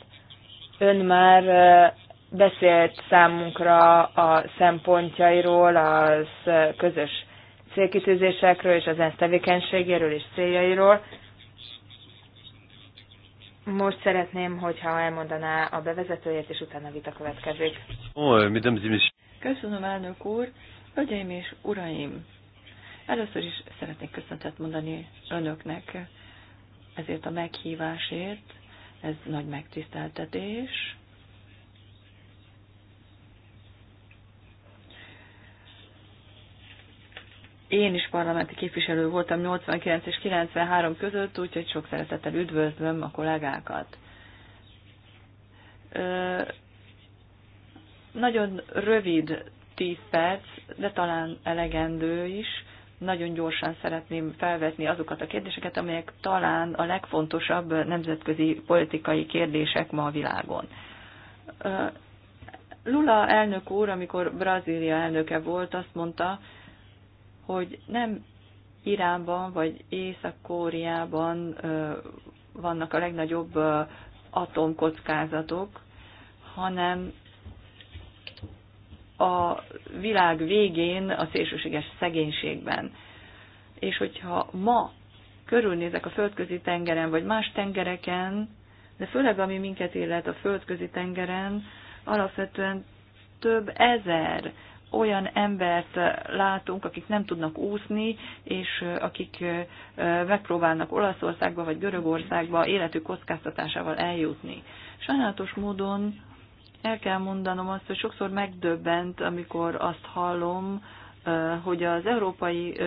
S2: Ön már eh, beszélt számunkra a szempontjairól, az eh, közös célkitűzésekről és az ENSZ tevékenységéről és céljairól. Most szeretném, hogyha elmondaná a bevezetőjét, és utána vita következik.
S3: Köszönöm, elnök úr! Hölgyeim és uraim! Először is szeretnék köszöntet mondani önöknek ezért a meghívásért. Ez nagy megtiszteltetés. Én is parlamenti képviselő voltam 89 és 93 között, úgyhogy sok szeretettel üdvözlöm a kollégákat. Ö, nagyon rövid 10 perc, de talán elegendő is. Nagyon gyorsan szeretném felvetni azokat a kérdéseket, amelyek talán a legfontosabb nemzetközi politikai kérdések ma a világon. Lula elnök úr, amikor Brazília elnöke volt, azt mondta, hogy nem Iránban vagy Észak-Kóriában vannak a legnagyobb atomkockázatok, hanem a világ végén, a szélsőséges szegénységben. És hogyha ma körülnézek a földközi tengeren, vagy más tengereken, de főleg ami minket illet a földközi tengeren, alapvetően több ezer olyan embert látunk, akik nem tudnak úszni, és akik megpróbálnak Olaszországba vagy Görögországba életük kockáztatásával eljutni. Sajnálatos módon el kell mondanom azt, hogy sokszor megdöbbent, amikor azt hallom, hogy az európai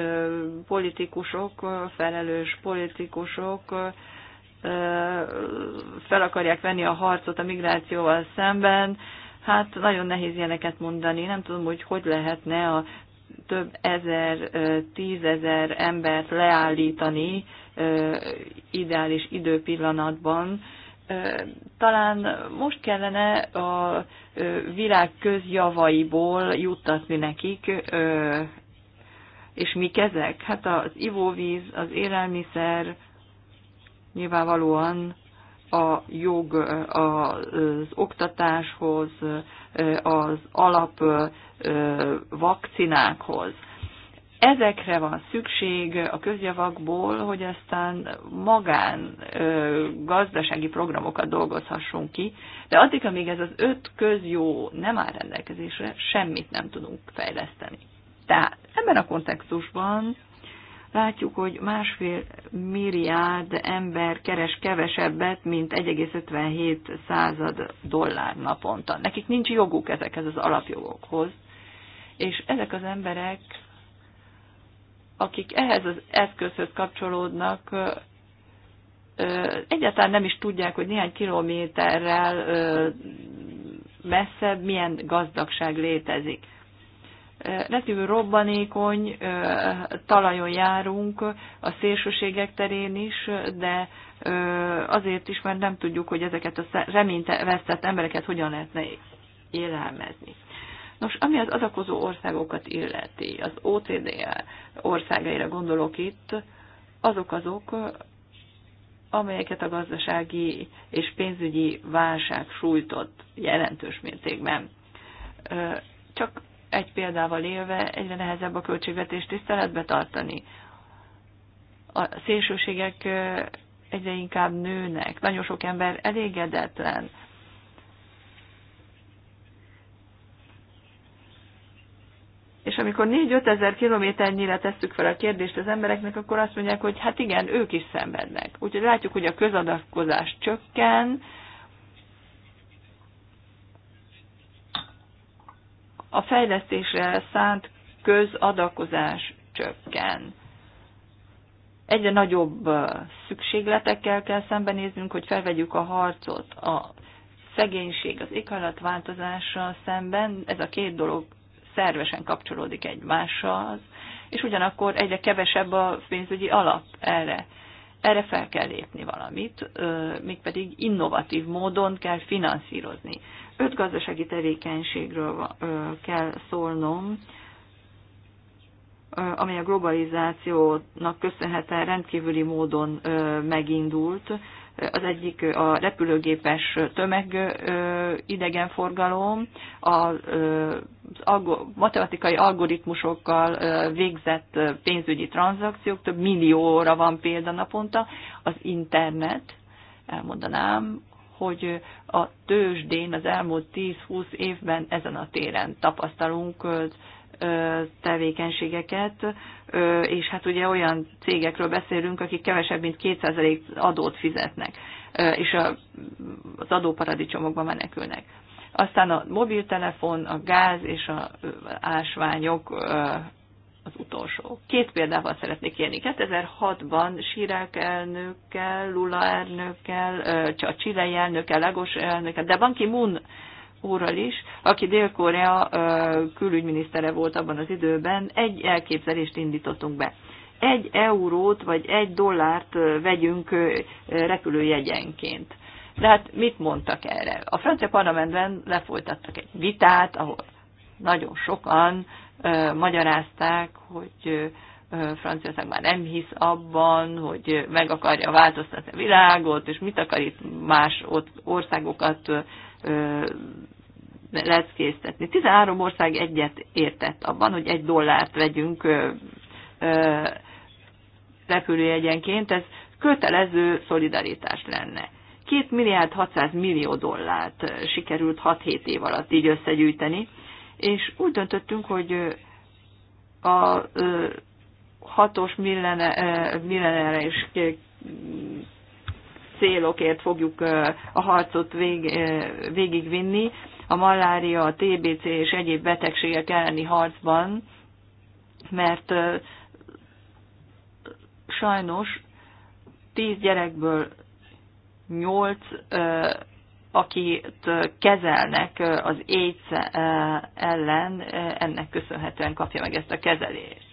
S3: politikusok, felelős politikusok fel akarják venni a harcot a migrációval szemben, Hát nagyon nehéz ilyeneket mondani, nem tudom, hogy hogy lehetne a több ezer, tízezer embert leállítani ideális időpillanatban. Talán most kellene a világ közjavaiból juttatni nekik, és mik ezek? Hát az ivóvíz, az élelmiszer, nyilvánvalóan a jog az oktatáshoz, az alap vakcinákhoz. Ezekre van szükség a közjavakból, hogy aztán magán gazdasági programokat dolgozhassunk ki, de addig, amíg ez az öt közjó nem áll rendelkezésre, semmit nem tudunk fejleszteni. Tehát ebben a kontextusban látjuk, hogy másfél milliárd ember keres kevesebbet, mint 1,57 század dollár naponta. Nekik nincs joguk ezekhez az alapjogokhoz, és ezek az emberek, akik ehhez az eszközhöz kapcsolódnak, egyáltalán nem is tudják, hogy néhány kilométerrel messzebb milyen gazdagság létezik rendkívül robbanékony talajon járunk a szélsőségek terén is, de azért is, mert nem tudjuk, hogy ezeket a reményt vesztett embereket hogyan lehetne élelmezni. Nos, ami az adakozó országokat illeti, az OCD országaira gondolok itt, azok azok, amelyeket a gazdasági és pénzügyi válság sújtott jelentős mértékben. Csak egy példával élve egyre nehezebb a költségvetést tiszteletbe tartani. A szélsőségek egyre inkább nőnek, nagyon sok ember elégedetlen. És amikor 4-5 ezer kilométernyire tesszük fel a kérdést az embereknek, akkor azt mondják, hogy hát igen, ők is szenvednek. Úgyhogy látjuk, hogy a közadakozás csökken, a fejlesztésre szánt közadakozás csökken. Egyre nagyobb szükségletekkel kell szembenéznünk, hogy felvegyük a harcot a szegénység, az éghajlatváltozással szemben. Ez a két dolog szervesen kapcsolódik egymással, és ugyanakkor egyre kevesebb a pénzügyi alap erre. Erre fel kell lépni valamit, mégpedig innovatív módon kell finanszírozni öt gazdasági tevékenységről kell szólnom, amely a globalizációnak köszönhetően rendkívüli módon megindult. Az egyik a repülőgépes tömeg idegenforgalom, az matematikai algoritmusokkal végzett pénzügyi tranzakciók, több millióra van példa naponta, az internet, elmondanám, hogy a tőzsdén az elmúlt 10-20 évben ezen a téren tapasztalunk tevékenységeket, és hát ugye olyan cégekről beszélünk, akik kevesebb, mint 2% adót fizetnek, és az adóparadicsomokba menekülnek. Aztán a mobiltelefon, a gáz és a ásványok az utolsó. Két példával szeretnék élni. 2006-ban Sirák elnökkel, Lula elnökkel, a Csilei elnökkel, Lagos elnökkel, de Ban Ki-moon úrral is, aki Dél-Korea külügyminisztere volt abban az időben, egy elképzelést indítottunk be. Egy eurót vagy egy dollárt vegyünk repülőjegyenként. De hát mit mondtak erre? A francia parlamentben lefolytattak egy vitát, ahol nagyon sokan magyarázták, hogy Franciaország már nem hisz abban, hogy meg akarja változtatni a világot, és mit akar itt más országokat leckésztetni. 13 ország egyet értett abban, hogy egy dollárt vegyünk repülőjegyenként, ez kötelező szolidaritás lenne. 2 milliárd 600 millió dollárt sikerült 6-7 év alatt így összegyűjteni, és úgy döntöttünk, hogy a hatos millenere is célokért fogjuk a harcot vég, végigvinni, a malária, a TBC és egyéb betegségek elleni harcban, mert sajnos tíz gyerekből nyolc akit kezelnek az AIDS ellen, ennek köszönhetően kapja meg ezt a kezelést.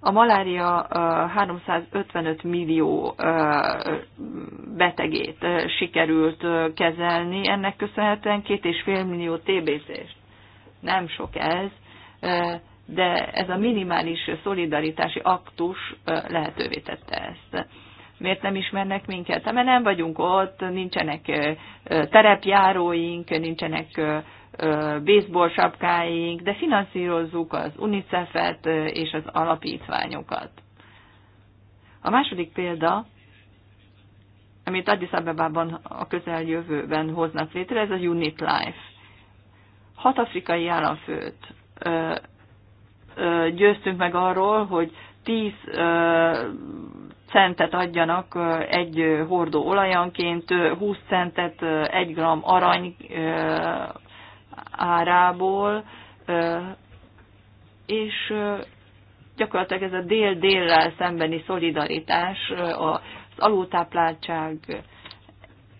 S3: A malária 355 millió betegét sikerült kezelni, ennek köszönhetően 2,5 millió TBC-st. Nem sok ez, de ez a minimális szolidaritási aktus lehetővé tette ezt miért nem ismernek minket? Hát, mert nem vagyunk ott, nincsenek terepjáróink, nincsenek baseball sapkáink, de finanszírozzuk az UNICEF-et és az alapítványokat. A második példa, amit Addis Abebában a közeljövőben hoznak létre, ez a Unit Life. Hat afrikai államfőt győztünk meg arról, hogy tíz centet adjanak egy hordó olajanként, 20 centet egy gram arany árából, és gyakorlatilag ez a dél-déllel szembeni szolidaritás, az alultápláltság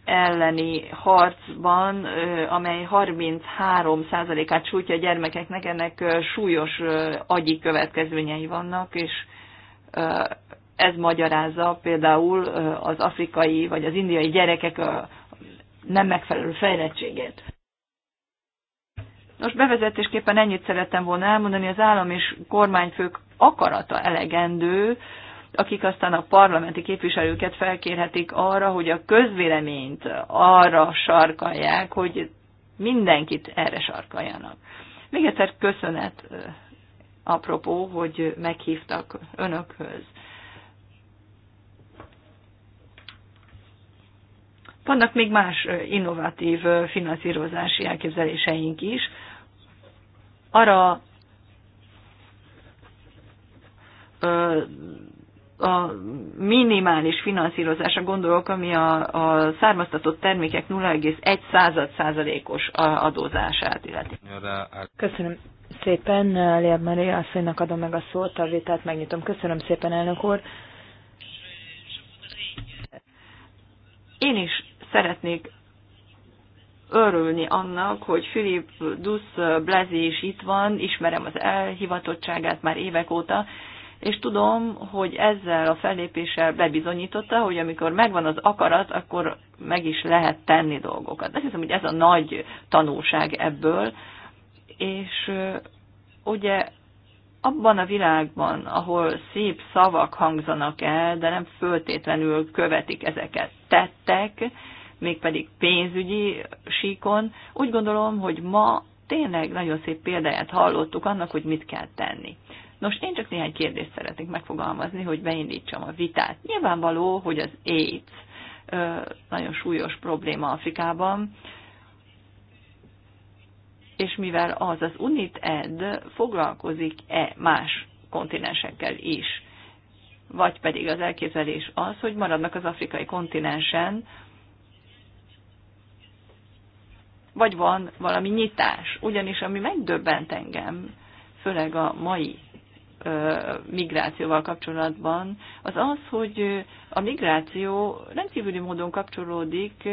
S3: elleni harcban, amely 33%-át sújtja a gyermekeknek, ennek súlyos agyi következményei vannak, és ez magyarázza például az afrikai vagy az indiai gyerekek nem megfelelő fejlettségét. Nos, bevezetésképpen ennyit szerettem volna elmondani, az állam és kormányfők akarata elegendő, akik aztán a parlamenti képviselőket felkérhetik arra, hogy a közvéleményt arra sarkalják, hogy mindenkit erre sarkaljanak. Még egyszer köszönet apropó, hogy meghívtak önökhöz. Vannak még más innovatív finanszírozási elképzeléseink is. Arra a minimális finanszírozásra gondolok, ami a, a származtatott termékek 0,1%-os adózását illeti. Köszönöm szépen, Léa Maria asszonynak adom meg a szót, a vételt, megnyitom. Köszönöm szépen, elnök úr. Én is szeretnék örülni annak, hogy Philip Dusz Blazi is itt van, ismerem az elhivatottságát már évek óta, és tudom, hogy ezzel a fellépéssel bebizonyította, hogy amikor megvan az akarat, akkor meg is lehet tenni dolgokat. Azt hiszem, hogy ez a nagy tanulság ebből, és ugye abban a világban, ahol szép szavak hangzanak el, de nem föltétlenül követik ezeket tettek, mégpedig pénzügyi síkon. Úgy gondolom, hogy ma tényleg nagyon szép példáját hallottuk annak, hogy mit kell tenni. Nos, én csak néhány kérdést szeretnék megfogalmazni, hogy beindítsam a vitát. Nyilvánvaló, hogy az AIDS nagyon súlyos probléma Afrikában, és mivel az az UNITED foglalkozik-e más kontinensekkel is, vagy pedig az elképzelés az, hogy maradnak az afrikai kontinensen, vagy van valami nyitás. Ugyanis ami megdöbbent engem, főleg a mai migrációval kapcsolatban, az az, hogy a migráció rendkívüli módon kapcsolódik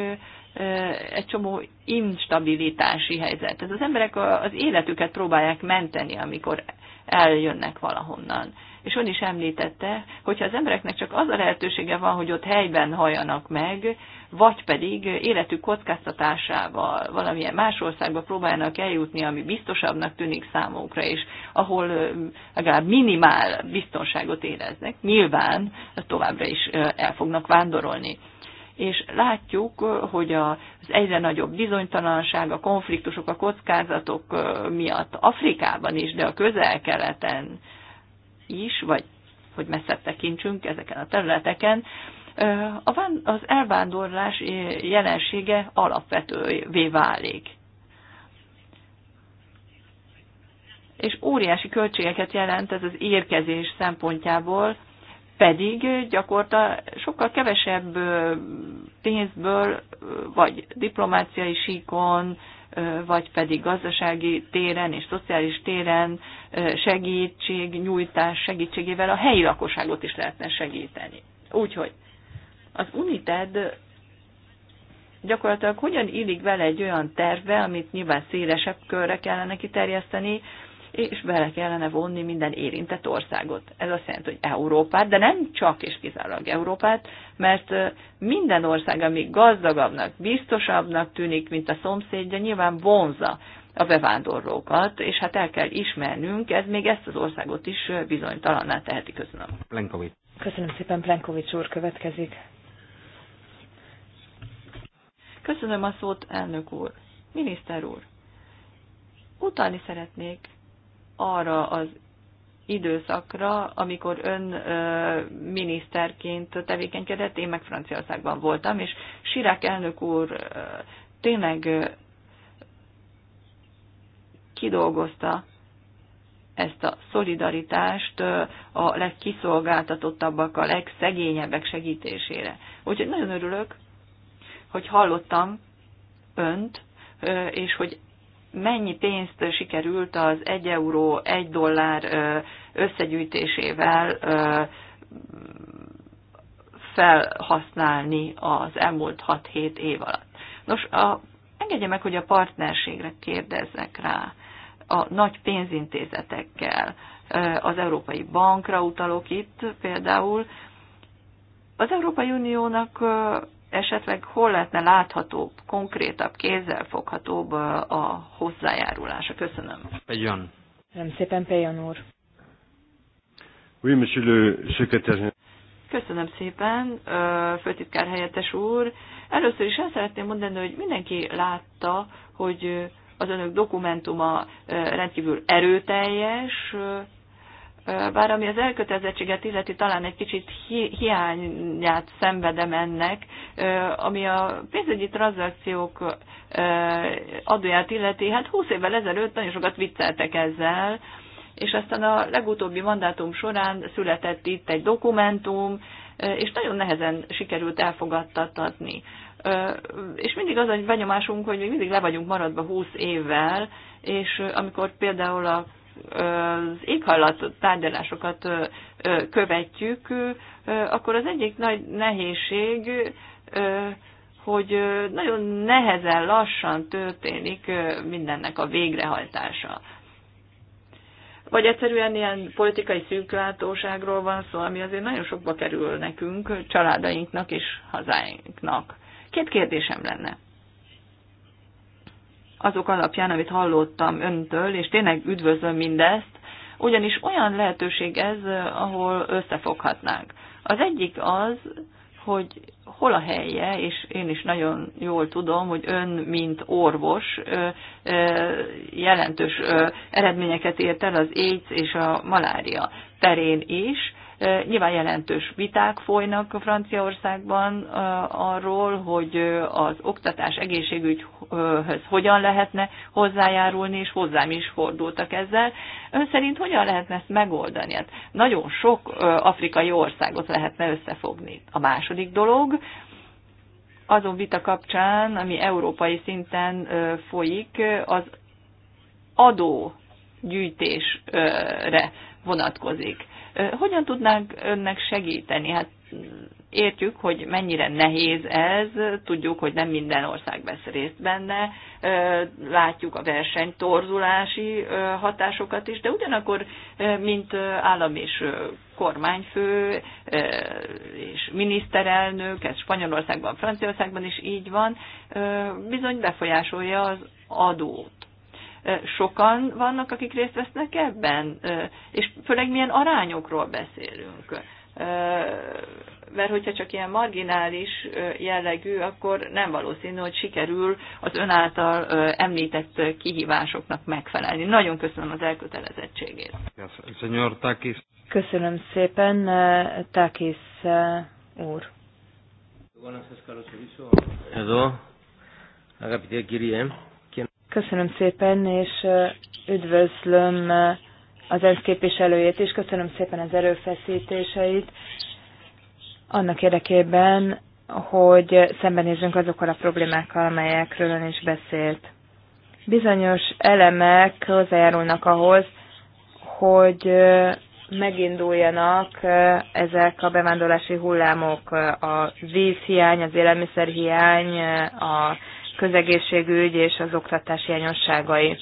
S3: egy csomó instabilitási helyzet. Ez az emberek az életüket próbálják menteni, amikor eljönnek valahonnan és ön is említette, hogyha az embereknek csak az a lehetősége van, hogy ott helyben halljanak meg, vagy pedig életük kockáztatásával valamilyen más országba próbálnak eljutni, ami biztosabbnak tűnik számukra, és ahol legalább minimál biztonságot éreznek, nyilván továbbra is el fognak vándorolni és látjuk, hogy az egyre nagyobb bizonytalanság, a konfliktusok, a kockázatok miatt Afrikában is, de a közel-keleten is, vagy hogy messzebb tekintsünk ezeken a területeken, az elvándorlás jelensége alapvetővé válik. És óriási költségeket jelent ez az érkezés szempontjából, pedig gyakorta sokkal kevesebb pénzből, vagy diplomáciai síkon, vagy pedig gazdasági téren és szociális téren segítségnyújtás segítségével a helyi lakosságot is lehetne segíteni. Úgyhogy az UNITED gyakorlatilag hogyan illik vele egy olyan terve, amit nyilván szélesebb körre kellene kiterjeszteni, és bele kellene vonni minden érintett országot. Ez azt jelenti, hogy Európát, de nem csak és kizárólag Európát, mert minden ország, ami gazdagabbnak, biztosabbnak tűnik, mint a szomszédja, nyilván vonza a bevándorlókat, és hát el kell ismernünk, ez még ezt az országot is bizonytalanná teheti. Köszönöm. Plenkovic. Köszönöm szépen, Plenkovics úr következik. Köszönöm a szót, elnök úr. Miniszter úr, utalni szeretnék arra az időszakra, amikor ön ö, miniszterként tevékenykedett, én meg Franciaországban voltam, és Sirák elnök úr ö, tényleg ö, kidolgozta ezt a szolidaritást ö, a legkiszolgáltatottabbak, a legszegényebbek segítésére. Úgyhogy nagyon örülök, hogy hallottam önt, és hogy mennyi pénzt sikerült az 1 euró, 1 dollár összegyűjtésével felhasználni az elmúlt 6-7 év alatt. Nos, a, engedje meg, hogy a partnerségre kérdezzek rá a nagy pénzintézetekkel. Az Európai Bankra utalok itt például. Az Európai Uniónak esetleg hol lehetne láthatóbb, konkrétabb, foghatóbb a hozzájárulása? Köszönöm. Pejon. Nem szépen, Pejon úr.
S1: Oui, monsieur le secrétaire.
S3: Köszönöm szépen, főtitkár helyettes úr. Először is el szeretném mondani, hogy mindenki látta, hogy az önök dokumentuma rendkívül erőteljes, bár ami az elkötelezettséget illeti, talán egy kicsit hi- hiányát szenvedem ennek, ami a pénzügyi tranzakciók adóját illeti, hát 20 évvel ezelőtt nagyon sokat vicceltek ezzel, és aztán a legutóbbi mandátum során született itt egy dokumentum, és nagyon nehezen sikerült elfogadtatni. És mindig az a benyomásunk, hogy még mindig le vagyunk maradva 20 évvel, és amikor például a az éghajlat tárgyalásokat követjük, akkor az egyik nagy nehézség, hogy nagyon nehezen, lassan történik mindennek a végrehajtása. Vagy egyszerűen ilyen politikai szűklátóságról van szó, ami azért nagyon sokba kerül nekünk, családainknak és hazáinknak. Két kérdésem lenne azok alapján, amit hallottam öntől, és tényleg üdvözlöm mindezt, ugyanis olyan lehetőség ez, ahol összefoghatnánk. Az egyik az, hogy hol a helye, és én is nagyon jól tudom, hogy ön, mint orvos, jelentős eredményeket ért el az AIDS és a malária terén is, Nyilván jelentős viták folynak Franciaországban arról, hogy az oktatás egészségügyhöz hogyan lehetne hozzájárulni, és hozzám is fordultak ezzel. Ön szerint hogyan lehetne ezt megoldani? Hát nagyon sok afrikai országot lehetne összefogni. A második dolog, azon vita kapcsán, ami európai szinten folyik, az adógyűjtésre vonatkozik. Hogyan tudnánk önnek segíteni? Hát értjük, hogy mennyire nehéz ez, tudjuk, hogy nem minden ország vesz részt benne, látjuk a versenytorzulási hatásokat is, de ugyanakkor, mint állam és kormányfő és miniszterelnök, ez Spanyolországban, Franciaországban is így van, bizony befolyásolja az adót sokan vannak, akik részt vesznek ebben, és főleg milyen arányokról beszélünk. Mert hogyha csak ilyen marginális jellegű, akkor nem valószínű, hogy sikerül az ön által említett kihívásoknak megfelelni. Nagyon köszönöm az elkötelezettségét.
S2: Köszönöm szépen, Takis úr.
S1: Εδώ, αγαπητέ κύριε,
S2: Köszönöm szépen, és üdvözlöm az ENSZ képviselőjét is. Köszönöm szépen az erőfeszítéseit annak érdekében, hogy szembenézzünk azokkal a problémákkal, amelyekről ön is beszélt. Bizonyos elemek hozzájárulnak ahhoz, hogy meginduljanak ezek a bevándorlási hullámok, a vízhiány, az élelmiszerhiány, a közegészségügy és az oktatás hiányosságai.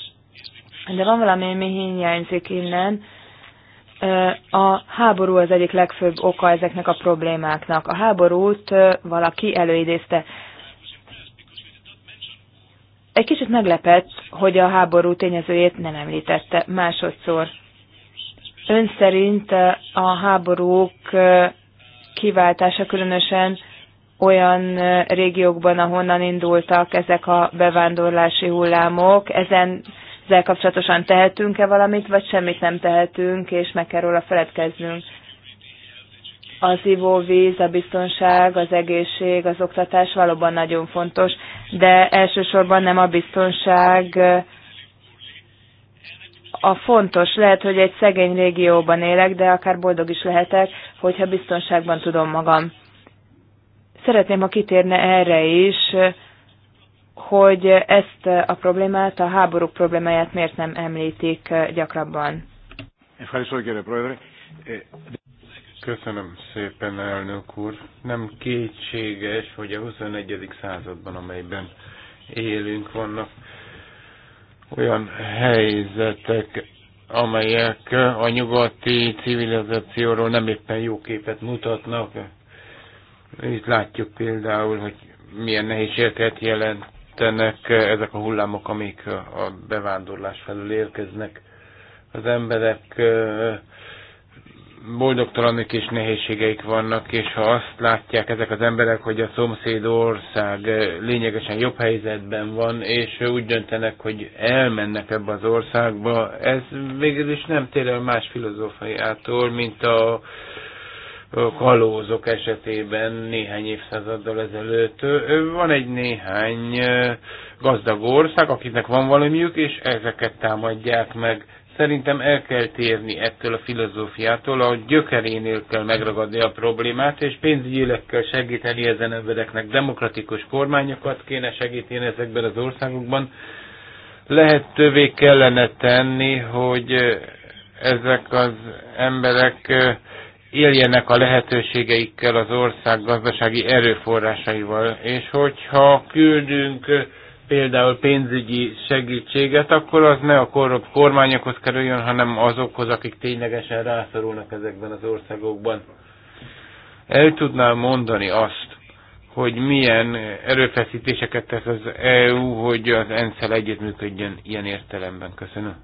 S2: De van valami, mi hiányzik innen. A háború az egyik legfőbb oka ezeknek a problémáknak. A háborút valaki előidézte. Egy kicsit meglepett, hogy a háború tényezőjét nem említette másodszor. Ön szerint a háborúk kiváltása különösen olyan régiókban, ahonnan indultak ezek a bevándorlási hullámok. Ezen ezzel kapcsolatosan tehetünk-e valamit, vagy semmit nem tehetünk, és meg kell róla feledkeznünk. Az ivóvíz, a biztonság, az egészség, az oktatás valóban nagyon fontos, de elsősorban nem a biztonság a fontos. Lehet, hogy egy szegény régióban élek, de akár boldog is lehetek, hogyha biztonságban tudom magam. Szeretném, ha kitérne erre is, hogy ezt a problémát, a háborúk problémáját miért nem említik gyakrabban.
S4: Köszönöm szépen, elnök úr. Nem kétséges, hogy a 21. században, amelyben élünk, vannak olyan helyzetek, amelyek a nyugati civilizációról nem éppen jó képet mutatnak itt látjuk például, hogy milyen nehézségeket jelentenek ezek a hullámok, amik a bevándorlás felül érkeznek. Az emberek boldogtalanok és nehézségeik vannak, és ha azt látják ezek az emberek, hogy a szomszéd ország lényegesen jobb helyzetben van, és úgy döntenek, hogy elmennek ebbe az országba, ez végül is nem tér el más filozófiától, mint a kalózok esetében néhány évszázaddal ezelőtt. Van egy néhány gazdag ország, akiknek van valamiük, és ezeket támadják meg. Szerintem el kell térni ettől a filozófiától, ahogy gyökerénél kell megragadni a problémát, és pénzügyileg kell segíteni ezen embereknek. Demokratikus kormányokat kéne segíteni ezekben az országokban. Lehetővé kellene tenni, hogy ezek az emberek éljenek a lehetőségeikkel az ország gazdasági erőforrásaival. És hogyha küldünk eh, például pénzügyi segítséget, akkor az ne a korrupt kormányokhoz kerüljön, hanem azokhoz, akik ténylegesen rászorulnak ezekben az országokban. El tudnám mondani azt, hogy milyen erőfeszítéseket tesz az EU, hogy az ENSZ-el együttműködjön ilyen értelemben. Köszönöm.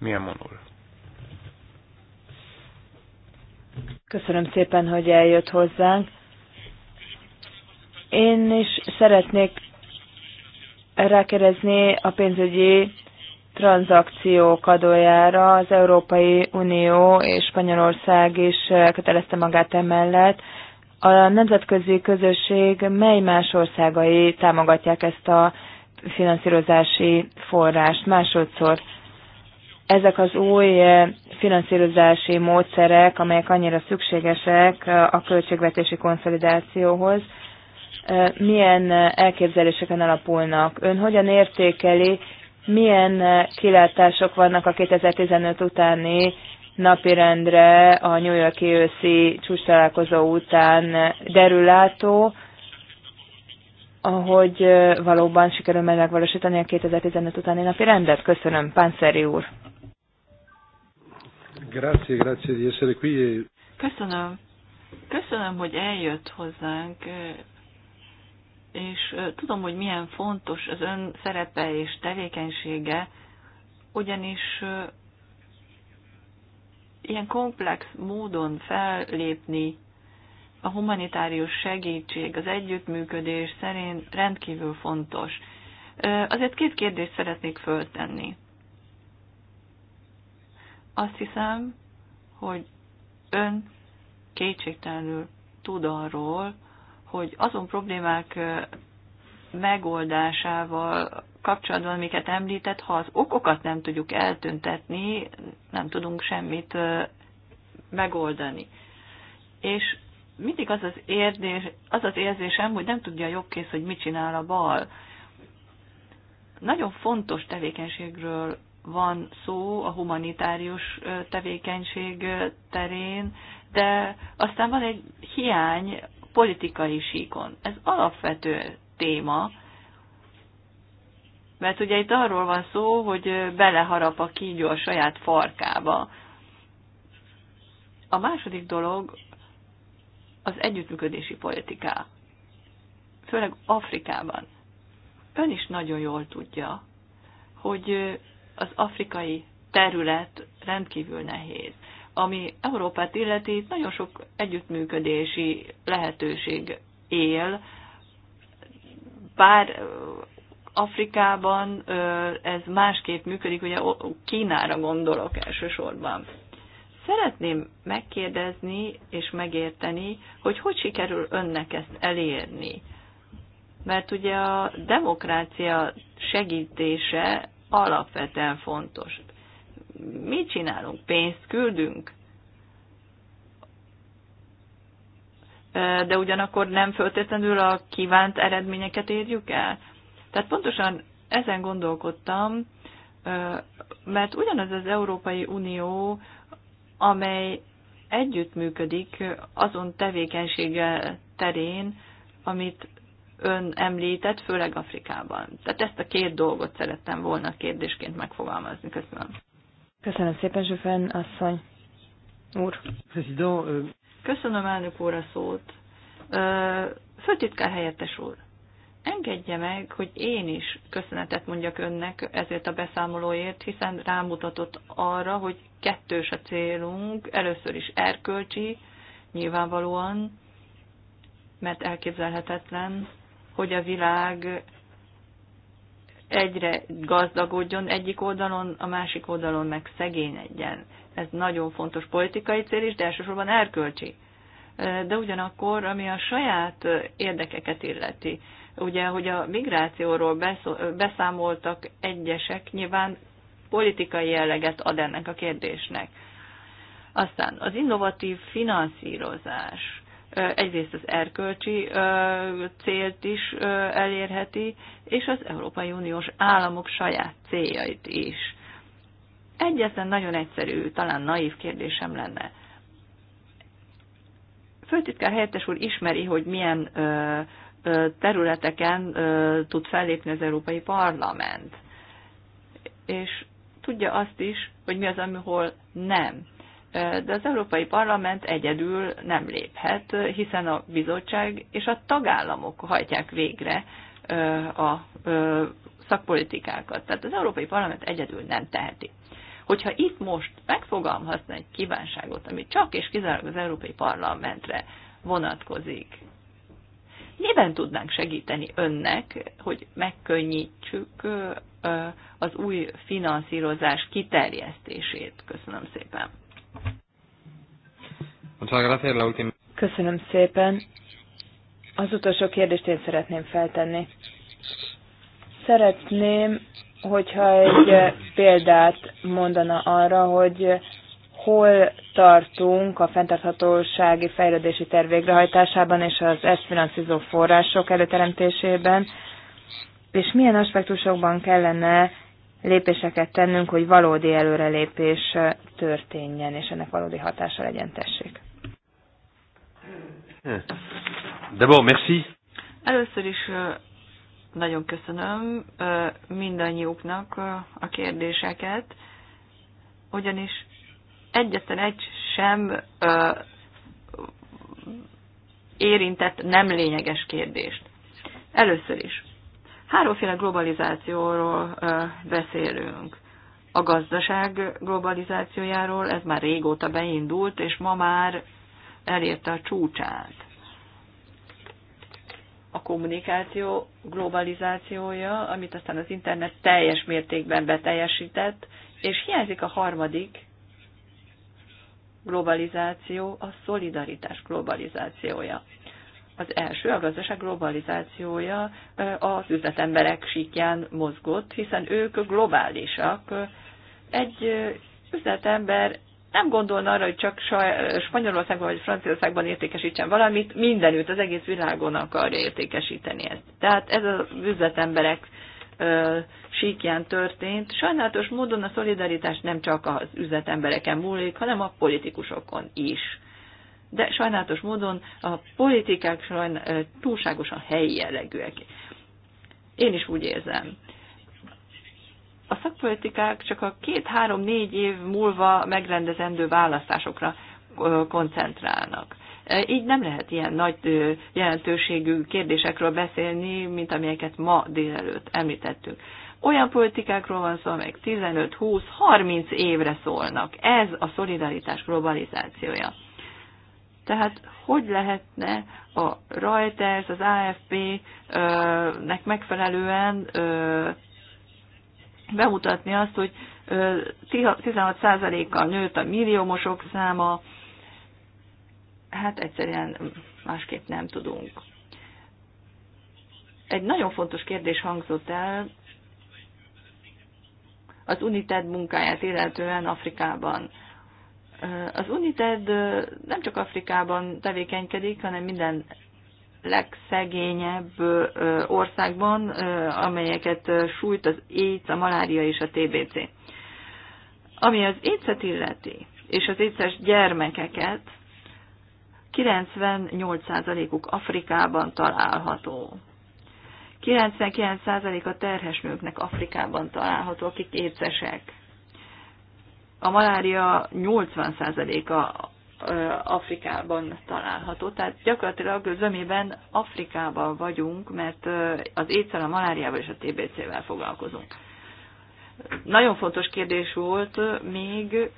S4: Milyen monóra?
S2: Köszönöm szépen, hogy eljött hozzánk. Én is szeretnék rákerezni a pénzügyi tranzakciók adójára. Az Európai Unió és Spanyolország is kötelezte magát emellett. A nemzetközi közösség mely más országai támogatják ezt a finanszírozási forrást másodszor? ezek az új eh, finanszírozási módszerek, amelyek annyira szükségesek eh, a költségvetési konszolidációhoz, eh, milyen elképzeléseken alapulnak? Ön hogyan értékeli, milyen kilátások vannak a 2015 utáni napirendre a New Yorki őszi csúcs találkozó után derülátó, ahogy valóban sikerül megvalósítani a 2015 utáni napi rendet. Köszönöm, Pánszeri úr. Grazie, grazie di essere qui. E
S3: Köszönöm. Köszönöm, hogy eljött hozzánk, és tudom, hogy milyen fontos az ön szerepe és tevékenysége, ugyanis ilyen komplex módon fellépni a humanitárius segítség, az együttműködés szerint rendkívül fontos. Azért két kérdést szeretnék föltenni. Azt hiszem, hogy ön kétségtelenül tud arról, hogy azon problémák megoldásával kapcsolatban, amiket említett, ha az okokat nem tudjuk eltüntetni, nem tudunk semmit megoldani. És mindig az az, érdés, az az érzésem, hogy nem tudja a jobb hogy mit csinál a bal. Nagyon fontos tevékenységről van szó a humanitárius tevékenység terén, de aztán van egy hiány politikai síkon. Ez alapvető téma, mert ugye itt arról van szó, hogy beleharap a kígyó a saját farkába. A második dolog az együttműködési politiká. Főleg Afrikában. Ön is nagyon jól tudja, hogy az afrikai terület rendkívül nehéz. Ami Európát illeti, nagyon sok együttműködési lehetőség él, bár Afrikában ez másképp működik, ugye Kínára gondolok elsősorban. Szeretném megkérdezni és megérteni, hogy hogy sikerül önnek ezt elérni. Mert ugye a demokrácia segítése alapvetően fontos. Mit csinálunk? Pénzt küldünk? De ugyanakkor nem föltétlenül a kívánt eredményeket érjük el? Tehát pontosan ezen gondolkodtam, mert ugyanaz az Európai Unió, amely együttműködik azon tevékenysége terén, amit ön említett, főleg Afrikában. Tehát ezt a két dolgot szerettem volna kérdésként megfogalmazni. Köszönöm.
S2: Köszönöm szépen, Zsüfen asszony. Úr. Euh,
S3: Köszönöm elnök úr a szót. Főtitkár helyettes úr, engedje meg, hogy én is köszönetet mondjak önnek ezért a beszámolóért, hiszen rámutatott arra, hogy kettős a célunk, először is erkölcsi, nyilvánvalóan, mert elképzelhetetlen, hogy a világ egyre gazdagodjon egyik oldalon, a másik oldalon meg szegényedjen. Ez nagyon fontos politikai cél is, de elsősorban erkölcsi. De ugyanakkor, ami a saját érdekeket illeti, ugye, hogy a migrációról beszámoltak egyesek, nyilván politikai jelleget ad ennek a kérdésnek. Aztán az innovatív finanszírozás egyrészt az erkölcsi célt is elérheti, és az Európai Uniós államok saját céljait is. Egyetlen nagyon egyszerű, talán naív kérdésem lenne. Főtitkár helyettes úr ismeri, hogy milyen területeken tud fellépni az Európai Parlament. És tudja azt is, hogy mi az, amihol nem de az Európai Parlament egyedül nem léphet, hiszen a bizottság és a tagállamok hajtják végre a szakpolitikákat. Tehát az Európai Parlament egyedül nem teheti. Hogyha itt most megfogalmazna egy kívánságot, ami csak és kizárólag az Európai Parlamentre vonatkozik, miben tudnánk segíteni önnek, hogy megkönnyítsük az új finanszírozás kiterjesztését? Köszönöm szépen.
S2: Köszönöm szépen. Az utolsó kérdést én szeretném feltenni. Szeretném, hogyha egy példát mondana arra, hogy hol tartunk a fenntarthatósági fejlődési terv végrehajtásában és az ezt finanszírozó források előteremtésében, és milyen aspektusokban kellene lépéseket tennünk, hogy valódi előrelépés történjen, és ennek valódi hatása legyen, tessék.
S1: bon, merci.
S3: Először is nagyon köszönöm mindannyiuknak a kérdéseket, ugyanis egyetlen egy sem érintett nem lényeges kérdést. Először is. Háromféle globalizációról beszélünk. A gazdaság globalizációjáról ez már régóta beindult, és ma már elérte a csúcsát. A kommunikáció globalizációja, amit aztán az internet teljes mértékben beteljesített, és hiányzik a harmadik globalizáció, a szolidaritás globalizációja. Az első a gazdaság globalizációja az üzletemberek síkján mozgott, hiszen ők globálisak. Egy üzletember nem gondolna arra, hogy csak Spanyolországban vagy Franciaországban értékesítsen valamit, mindenütt az egész világon akarja értékesíteni ezt. Tehát ez az üzletemberek síkján történt. Sajnálatos módon a szolidaritás nem csak az üzletembereken múlik, hanem a politikusokon is de sajnálatos módon a politikák sajn túlságosan helyi jellegűek. Én is úgy érzem. A szakpolitikák csak a két-három-négy év múlva megrendezendő választásokra koncentrálnak. E, így nem lehet ilyen nagy jelentőségű kérdésekről beszélni, mint amelyeket ma délelőtt említettünk. Olyan politikákról van szó, amelyek 15, 20, 30 évre szólnak. Ez a szolidaritás globalizációja. Tehát hogy lehetne a Reuters, az AFP-nek megfelelően bemutatni azt, hogy 16%-kal nőtt a milliómosok száma, hát egyszerűen másképp nem tudunk. Egy nagyon fontos kérdés hangzott el az UNITED munkáját illetően Afrikában. Az UNITED nem csak Afrikában tevékenykedik, hanem minden legszegényebb országban, amelyeket sújt az AIDS, a malária és a TBC. Ami az aids illeti, és az AIDS-es gyermekeket, 98%-uk Afrikában található. 99% a terhes nőknek Afrikában található, akik écesek. A malária 80%-a Afrikában található, tehát gyakorlatilag zömében Afrikában vagyunk, mert az étszel, a maláriával és a TBC-vel foglalkozunk. Nagyon fontos kérdés volt még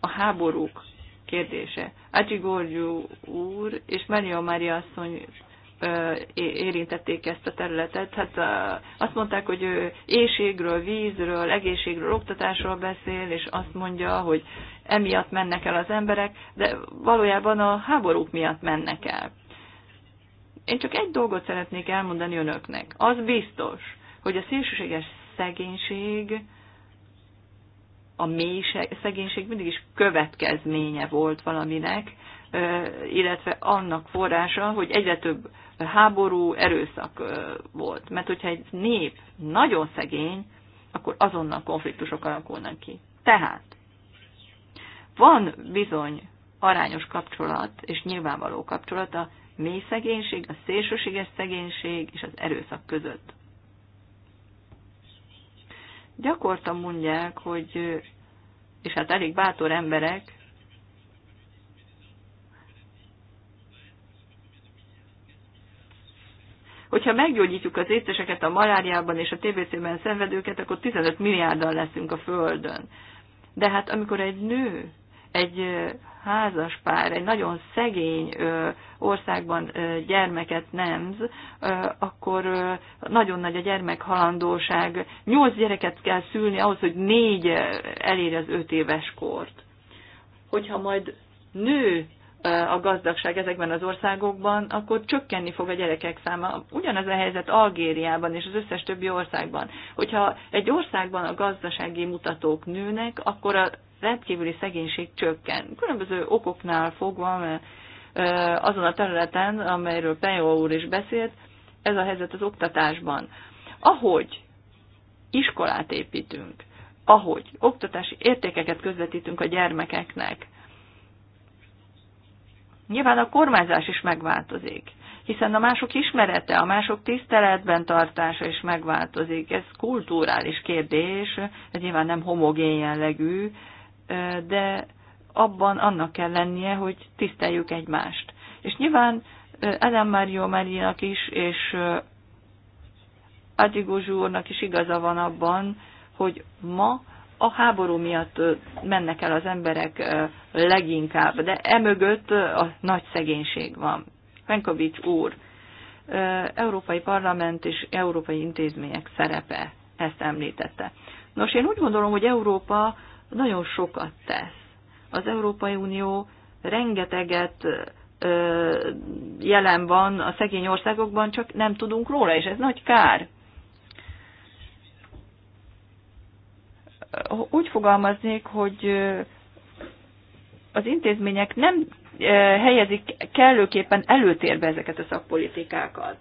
S3: a háborúk kérdése. Acsigorgyú úr és Mária Mária asszony érintették ezt a területet. Hát azt mondták, hogy ő éjségről, vízről, egészségről, oktatásról beszél, és azt mondja, hogy emiatt mennek el az emberek, de valójában a háborúk miatt mennek el. Én csak egy dolgot szeretnék elmondani önöknek. Az biztos, hogy a szélsőséges szegénység, a mély szegénység mindig is következménye volt valaminek, illetve annak forrása, hogy egyre több háború, erőszak volt. Mert hogyha egy nép nagyon szegény, akkor azonnal konfliktusok alakulnak ki. Tehát van bizony arányos kapcsolat, és nyilvánvaló kapcsolat a mély szegénység, a szélsőséges szegénység és az erőszak között. Gyakorta mondják, hogy, és hát elég bátor emberek, Hogyha meggyógyítjuk az éteseket a maláriában és a TBC-ben szenvedőket, akkor 15 milliárdan leszünk a Földön. De hát amikor egy nő, egy házas pár egy nagyon szegény országban gyermeket nemz, akkor nagyon nagy a gyermekhalandóság. Nyolc gyereket kell szülni ahhoz, hogy négy elérje az öt éves kort. Hogyha majd nő a gazdagság ezekben az országokban, akkor csökkenni fog a gyerekek száma. Ugyanez a helyzet Algériában és az összes többi országban. Hogyha egy országban a gazdasági mutatók nőnek, akkor a rendkívüli szegénység csökken. Különböző okoknál fogva, azon a területen, amelyről Pejó úr is beszélt, ez a helyzet az oktatásban. Ahogy iskolát építünk, ahogy oktatási értékeket közvetítünk a gyermekeknek, Nyilván a kormányzás is megváltozik, hiszen a mások ismerete, a mások tiszteletben tartása is megváltozik. Ez kulturális kérdés, ez nyilván nem homogén jellegű, de abban annak kell lennie, hogy tiszteljük egymást. És nyilván Adam Mario Marinak is, és Adigo úrnak is igaza van abban, hogy ma a háború miatt mennek el az emberek leginkább, de emögött a nagy szegénység van. Venkovics úr, Európai Parlament és Európai Intézmények szerepe, ezt említette. Nos, én úgy gondolom, hogy Európa nagyon sokat tesz. Az Európai Unió rengeteget jelen van a szegény országokban, csak nem tudunk róla, és ez nagy kár. úgy fogalmaznék, hogy az intézmények nem helyezik kellőképpen előtérbe ezeket a szakpolitikákat.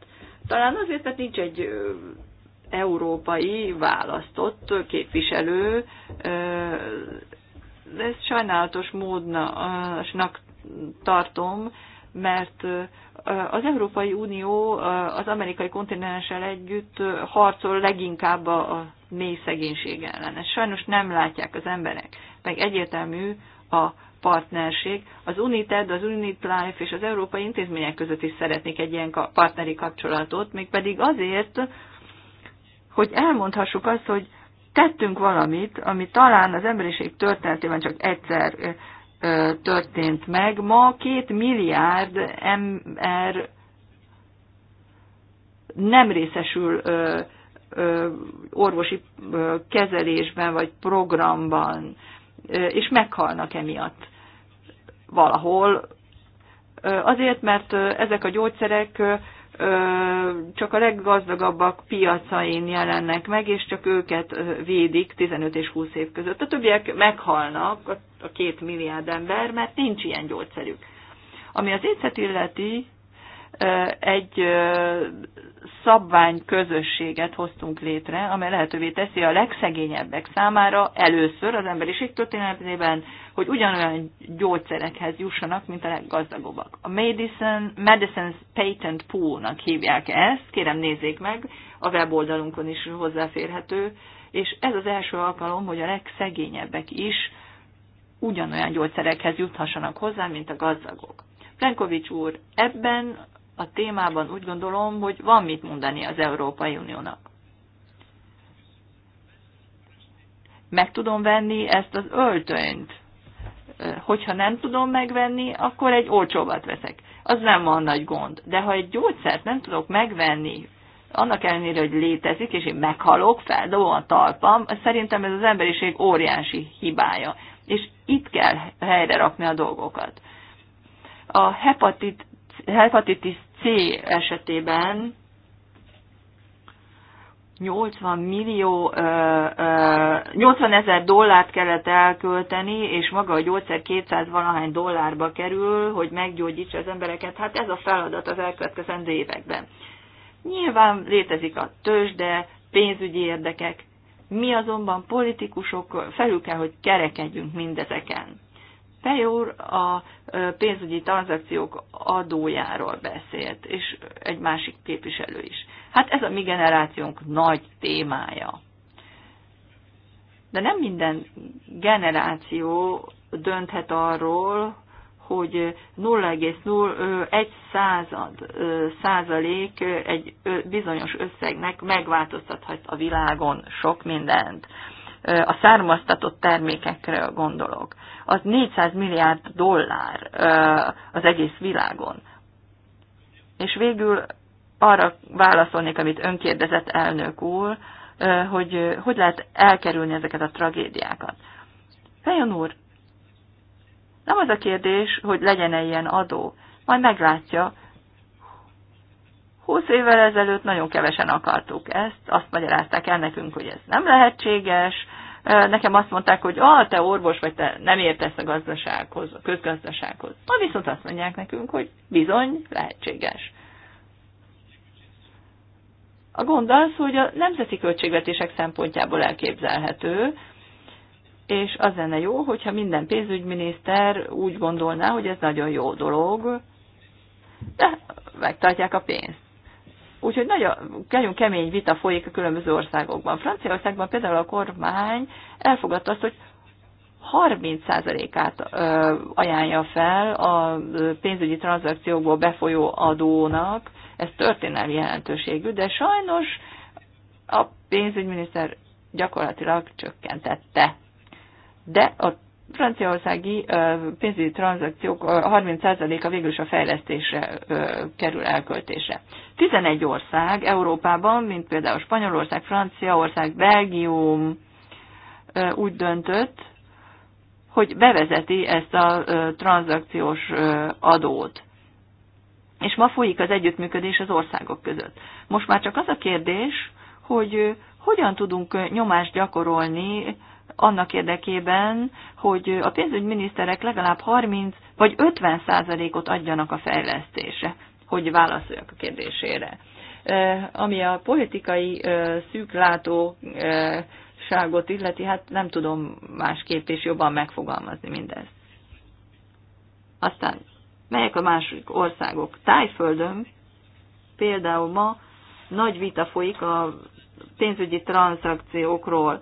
S3: Talán azért, mert nincs egy európai választott képviselő, de ezt sajnálatos módnak tartom, mert az Európai Unió az amerikai kontinenssel együtt harcol leginkább a mély szegénység ellen. Ezt sajnos nem látják az emberek, meg egyértelmű a partnerség. Az UNITED, az Unit Life és az európai intézmények között is szeretnék egy ilyen partneri kapcsolatot, mégpedig azért, hogy elmondhassuk azt, hogy tettünk valamit, ami talán az emberiség történetében csak egyszer történt meg. Ma két milliárd ember nem részesül orvosi kezelésben vagy programban, és meghalnak emiatt valahol. Azért, mert ezek a gyógyszerek csak a leggazdagabbak piacain jelennek meg, és csak őket védik 15 és 20 év között. A többiek meghalnak, a két milliárd ember, mert nincs ilyen gyógyszerük. Ami az étszet illeti, egy közösséget hoztunk létre, amely lehetővé teszi a legszegényebbek számára először az emberiség történetében, hogy ugyanolyan gyógyszerekhez jussanak, mint a leggazdagabbak. A Medicine, Medicines Patent Pool-nak hívják ezt, kérem nézzék meg, a weboldalunkon is hozzáférhető, és ez az első alkalom, hogy a legszegényebbek is ugyanolyan gyógyszerekhez juthassanak hozzá, mint a gazdagok. Plenkovics úr ebben a témában úgy gondolom, hogy van mit mondani az Európai Uniónak. Meg tudom venni ezt az öltönyt. Hogyha nem tudom megvenni, akkor egy olcsóbbat veszek. Az nem van nagy gond. De ha egy gyógyszert nem tudok megvenni, annak ellenére, hogy létezik, és én meghalok, feldobom a talpam, szerintem ez az emberiség óriási hibája. És itt kell helyre rakni a dolgokat. A hepatit hepatitis C esetében 80 millió, 80 ezer dollárt kellett elkölteni, és maga a gyógyszer 200 valahány dollárba kerül, hogy meggyógyítsa az embereket. Hát ez a feladat az elkövetkezendő években. Nyilván létezik a tőzsde, pénzügyi érdekek. Mi azonban politikusok felül kell, hogy kerekedjünk mindezeken. Pej úr a pénzügyi tranzakciók adójáról beszélt, és egy másik képviselő is. Hát ez a mi generációnk nagy témája. De nem minden generáció dönthet arról, hogy 0,01 század százalék egy bizonyos összegnek megváltoztathat a világon sok mindent. A származtatott termékekre gondolok az 400 milliárd dollár az egész világon. És végül arra válaszolnék, amit önkérdezett elnök úr, hogy hogy lehet elkerülni ezeket a tragédiákat. Fejon úr, nem az a kérdés, hogy legyen-e ilyen adó. Majd meglátja. Húsz évvel ezelőtt nagyon kevesen akartuk ezt, azt magyarázták el nekünk, hogy ez nem lehetséges, nekem azt mondták, hogy ah, te orvos vagy, te nem értesz a gazdasághoz, a közgazdasághoz. Ma viszont azt mondják nekünk, hogy bizony, lehetséges. A gond az, hogy a nemzeti költségvetések szempontjából elképzelhető, és az lenne jó, hogyha minden pénzügyminiszter úgy gondolná, hogy ez nagyon jó dolog, de megtartják a pénzt. Úgyhogy nagyon, nagyon kemény vita folyik a különböző országokban. Franciaországban például a kormány elfogadta azt, hogy 30%-át ajánlja fel a pénzügyi tranzakciókból befolyó adónak. Ez történelmi jelentőségű, de sajnos a pénzügyminiszter gyakorlatilag csökkentette. De a franciaországi pénzügyi tranzakciók 30%-a végül is a fejlesztésre kerül elköltésre. 11 ország Európában, mint például Spanyolország, Franciaország, Belgium úgy döntött, hogy bevezeti ezt a tranzakciós adót. És ma folyik az együttműködés az országok között. Most már csak az a kérdés, hogy hogyan tudunk nyomást gyakorolni annak érdekében, hogy a pénzügyminiszterek legalább 30 vagy 50 százalékot adjanak a fejlesztésre, hogy válaszoljak a kérdésére. Ami a politikai szűklátó illeti, hát nem tudom másképp és jobban megfogalmazni mindezt. Aztán melyek a másik országok? Tájföldön például ma nagy vita folyik a pénzügyi tranzakciókról.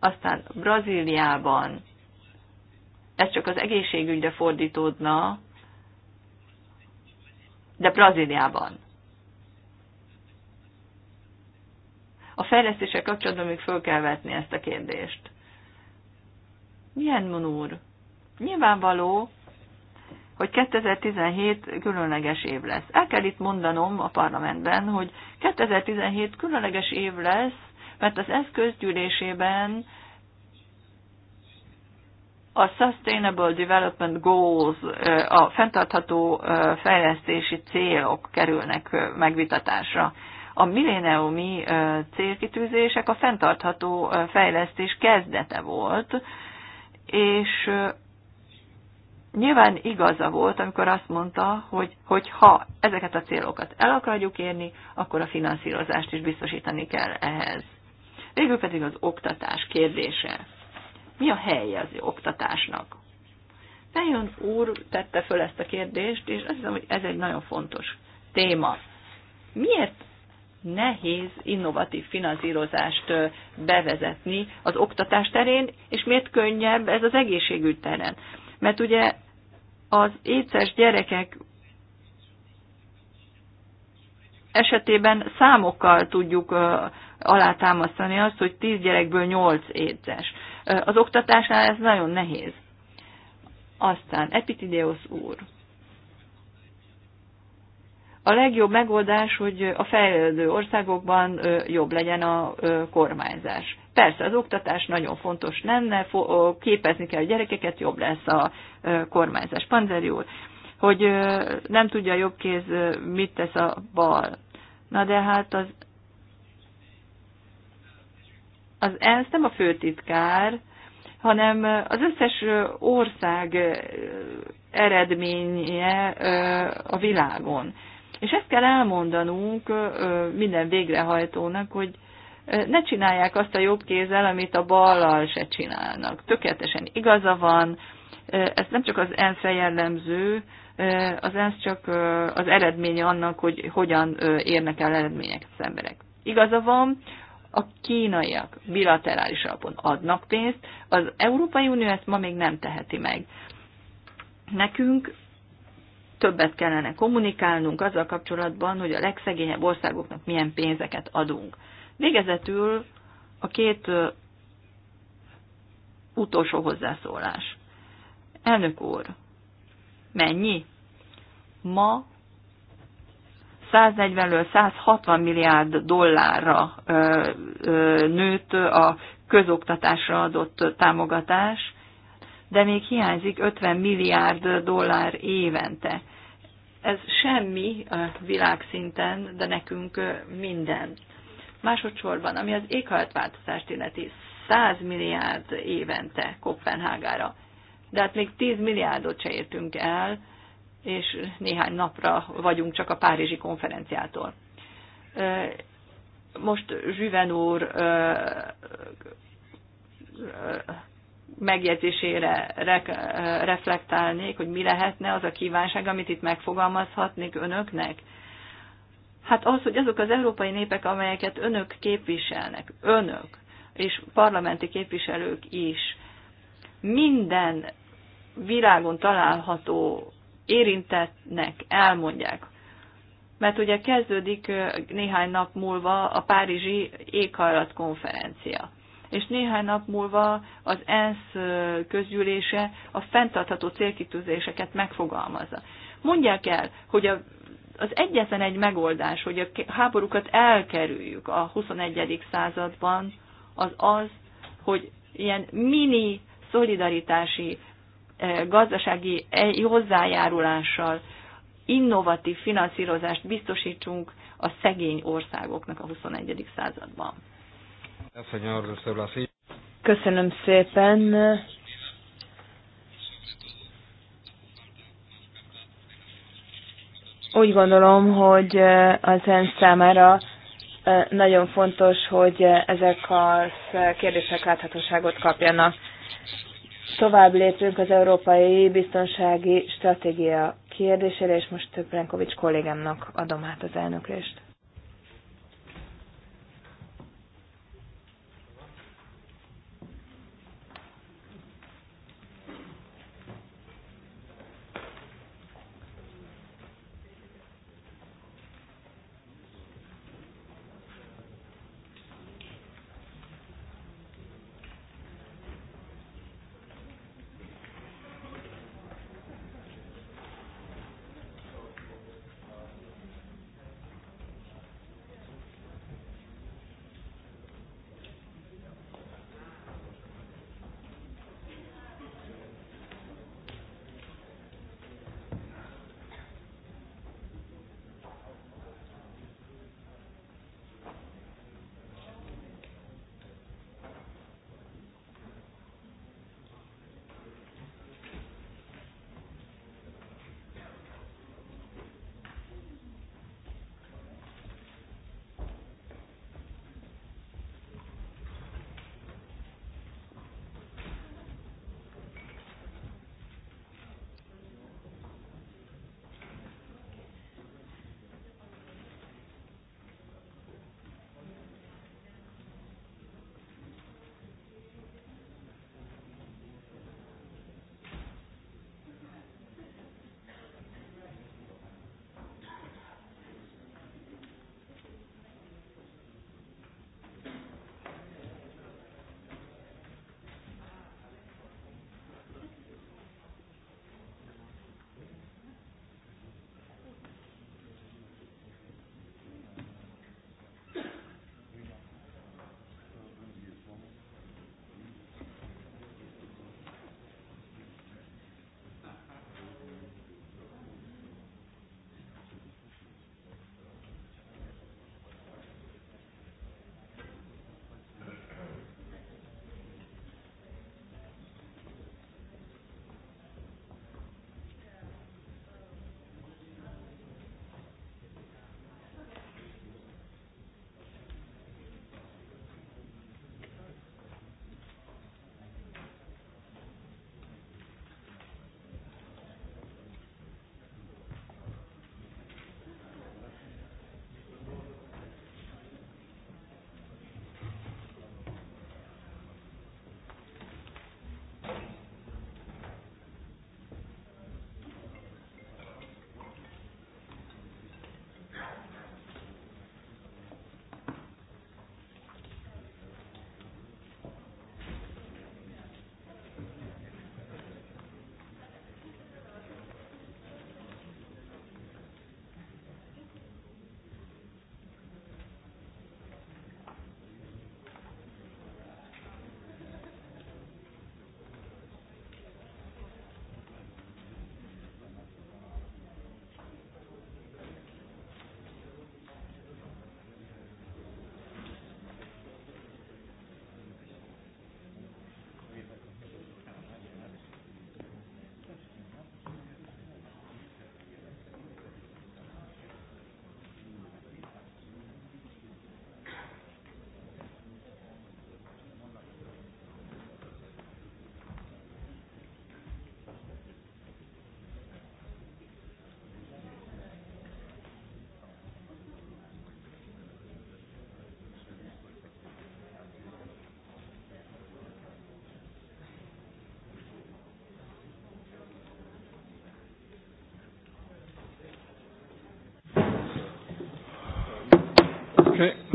S3: Aztán Brazíliában ez csak az egészségügyre fordítódna, de Brazíliában. A fejlesztések kapcsolatban még föl kell vetni ezt a kérdést. Milyen monúr? Nyilvánvaló, hogy 2017 különleges év lesz. El kell itt mondanom a parlamentben, hogy 2017 különleges év lesz, mert az eszközgyűlésében a Sustainable Development Goals, a fenntartható fejlesztési célok kerülnek megvitatásra. A milléniumi célkitűzések a fenntartható fejlesztés kezdete volt, és nyilván igaza volt, amikor azt mondta, hogy, hogy ha ezeket a célokat el akarjuk érni, akkor a finanszírozást is biztosítani kell ehhez. Végül pedig az oktatás kérdése. Mi a helye az oktatásnak? Fejön úr tette föl ezt a kérdést, és azt hiszem, hogy ez egy nagyon fontos téma. Miért nehéz innovatív finanszírozást bevezetni az oktatás terén, és miért könnyebb ez az egészségügy terén? Mert ugye az éces gyerekek esetében számokkal tudjuk alátámasztani azt, hogy 10 gyerekből 8 édzes. Az oktatásnál ez nagyon nehéz. Aztán Epitideos úr. A legjobb megoldás, hogy a fejlődő országokban jobb legyen a kormányzás. Persze az oktatás nagyon fontos lenne, képezni kell a gyerekeket, jobb lesz a kormányzás. Panzeri úr, hogy nem tudja a jobb kéz, mit tesz a bal. Na de hát az az ENSZ nem a főtitkár, hanem az összes ország eredménye a világon. És ezt kell elmondanunk minden végrehajtónak, hogy ne csinálják azt a jobb kézzel, amit a ballal se csinálnak. Tökéletesen igaza van, ez nem csak az ENSZ jellemző, az ENSZ csak az eredménye annak, hogy hogyan érnek el eredmények az emberek. Igaza van, a kínaiak bilaterális alapon adnak pénzt, az Európai Unió ezt ma még nem teheti meg. Nekünk többet kellene kommunikálnunk azzal kapcsolatban, hogy a legszegényebb országoknak milyen pénzeket adunk. Végezetül a két utolsó hozzászólás. Elnök úr, mennyi? Ma 140-ről 160 milliárd dollárra nőtt a közoktatásra adott támogatás, de még hiányzik 50 milliárd dollár évente. Ez semmi világszinten, de nekünk minden. Másodszorban, ami az éghajlatváltozást illeti, 100 milliárd évente Kopenhágára. De hát még 10 milliárdot se értünk el, és néhány napra vagyunk csak a Párizsi konferenciától. Most Zsüven úr megjegyzésére reflektálnék, hogy mi lehetne az a kívánság, amit itt megfogalmazhatnék önöknek. Hát az, hogy azok az európai népek, amelyeket önök képviselnek, önök és parlamenti képviselők is, minden világon található Érintetnek, elmondják. Mert ugye kezdődik néhány nap múlva a Párizsi éghajlat konferencia és néhány nap múlva az ENSZ közgyűlése a fenntartható célkitűzéseket megfogalmazza. Mondják el, hogy a, az egyetlen egy megoldás, hogy a háborúkat elkerüljük a 21. században, az az, hogy ilyen mini szolidaritási gazdasági hozzájárulással innovatív finanszírozást biztosítsunk a szegény országoknak a 21. században.
S2: Köszönöm szépen. Úgy gondolom, hogy az ENSZ számára nagyon fontos, hogy ezek a kérdések láthatóságot kapjanak tovább lépünk az európai biztonsági stratégia kérdésére, és most Plenkovics kollégámnak adom át az elnökést.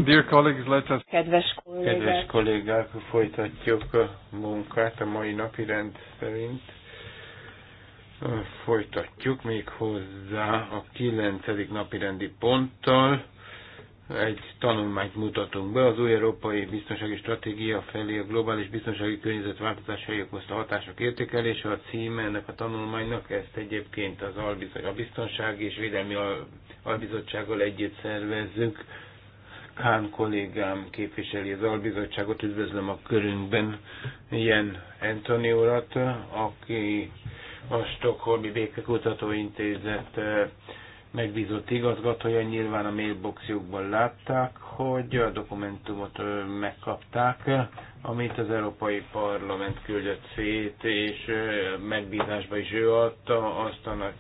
S1: Dear colleagues, let us...
S2: Kedves kollégák. Kedves
S4: kollégák, folytatjuk a munkát a mai napi rend szerint. Folytatjuk még hozzá a kilencedik napi rendi ponttal. Egy tanulmányt mutatunk be az új európai biztonsági stratégia felé a globális biztonsági környezet változásai okozta hatások értékelése. A címe ennek a tanulmánynak ezt egyébként az albizottság a Biztonsági és Védelmi Albizottsággal együtt szervezzük Kán kollégám képviseli az albizottságot, üdvözlöm a körünkben Jen Antoni urat, aki a Stockholmi Békekutató Intézet eh, megbízott igazgatója, nyilván a mailboxjukban látták, hogy a dokumentumot eh, megkapták, amit az Európai Parlament küldött szét, és eh, megbízásba is ő adta, azt a nagy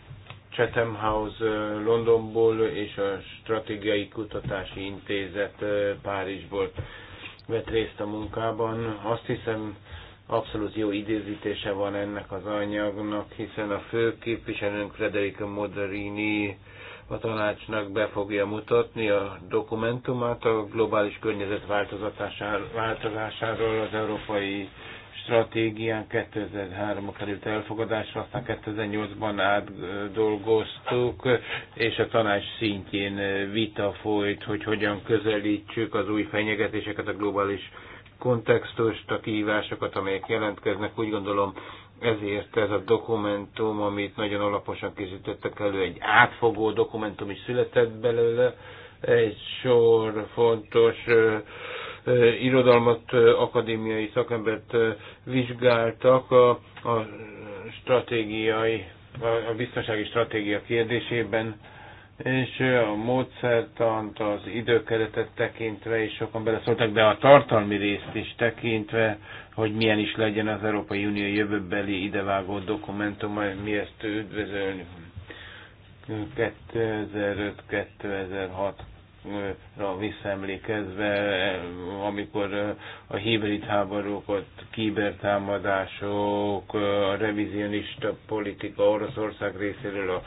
S4: Chatham House Londonból és a Stratégiai Kutatási Intézet Párizsból vett részt a munkában. Azt hiszem, abszolút jó idézítése van ennek az anyagnak, hiszen a fő képviselőnk Federica Moderini a tanácsnak be fogja mutatni a dokumentumát a globális környezet változásáról az európai stratégián 2003-ban került elfogadásra, aztán 2008-ban átdolgoztuk, és a tanács szintjén vita folyt, hogy hogyan közelítsük az új fenyegetéseket, a globális kontextust, a kihívásokat, amelyek jelentkeznek. Úgy gondolom, ezért ez a dokumentum, amit nagyon alaposan készítettek elő, egy átfogó dokumentum is született belőle, egy sor fontos irodalmat, akadémiai szakembert vizsgáltak a, a stratégiai, a biztonsági stratégia kérdésében, és a módszertant, az időkeretet tekintve is sokan beleszóltak, de a tartalmi részt is tekintve, hogy milyen is legyen az Európai Unió jövőbeli idevágó dokumentuma, mi ezt üdvözölni. 2005-2006 ra visszaemlékezve, amikor a hibrid háborúkat, kibertámadások, a revizionista politika Oroszország részéről a,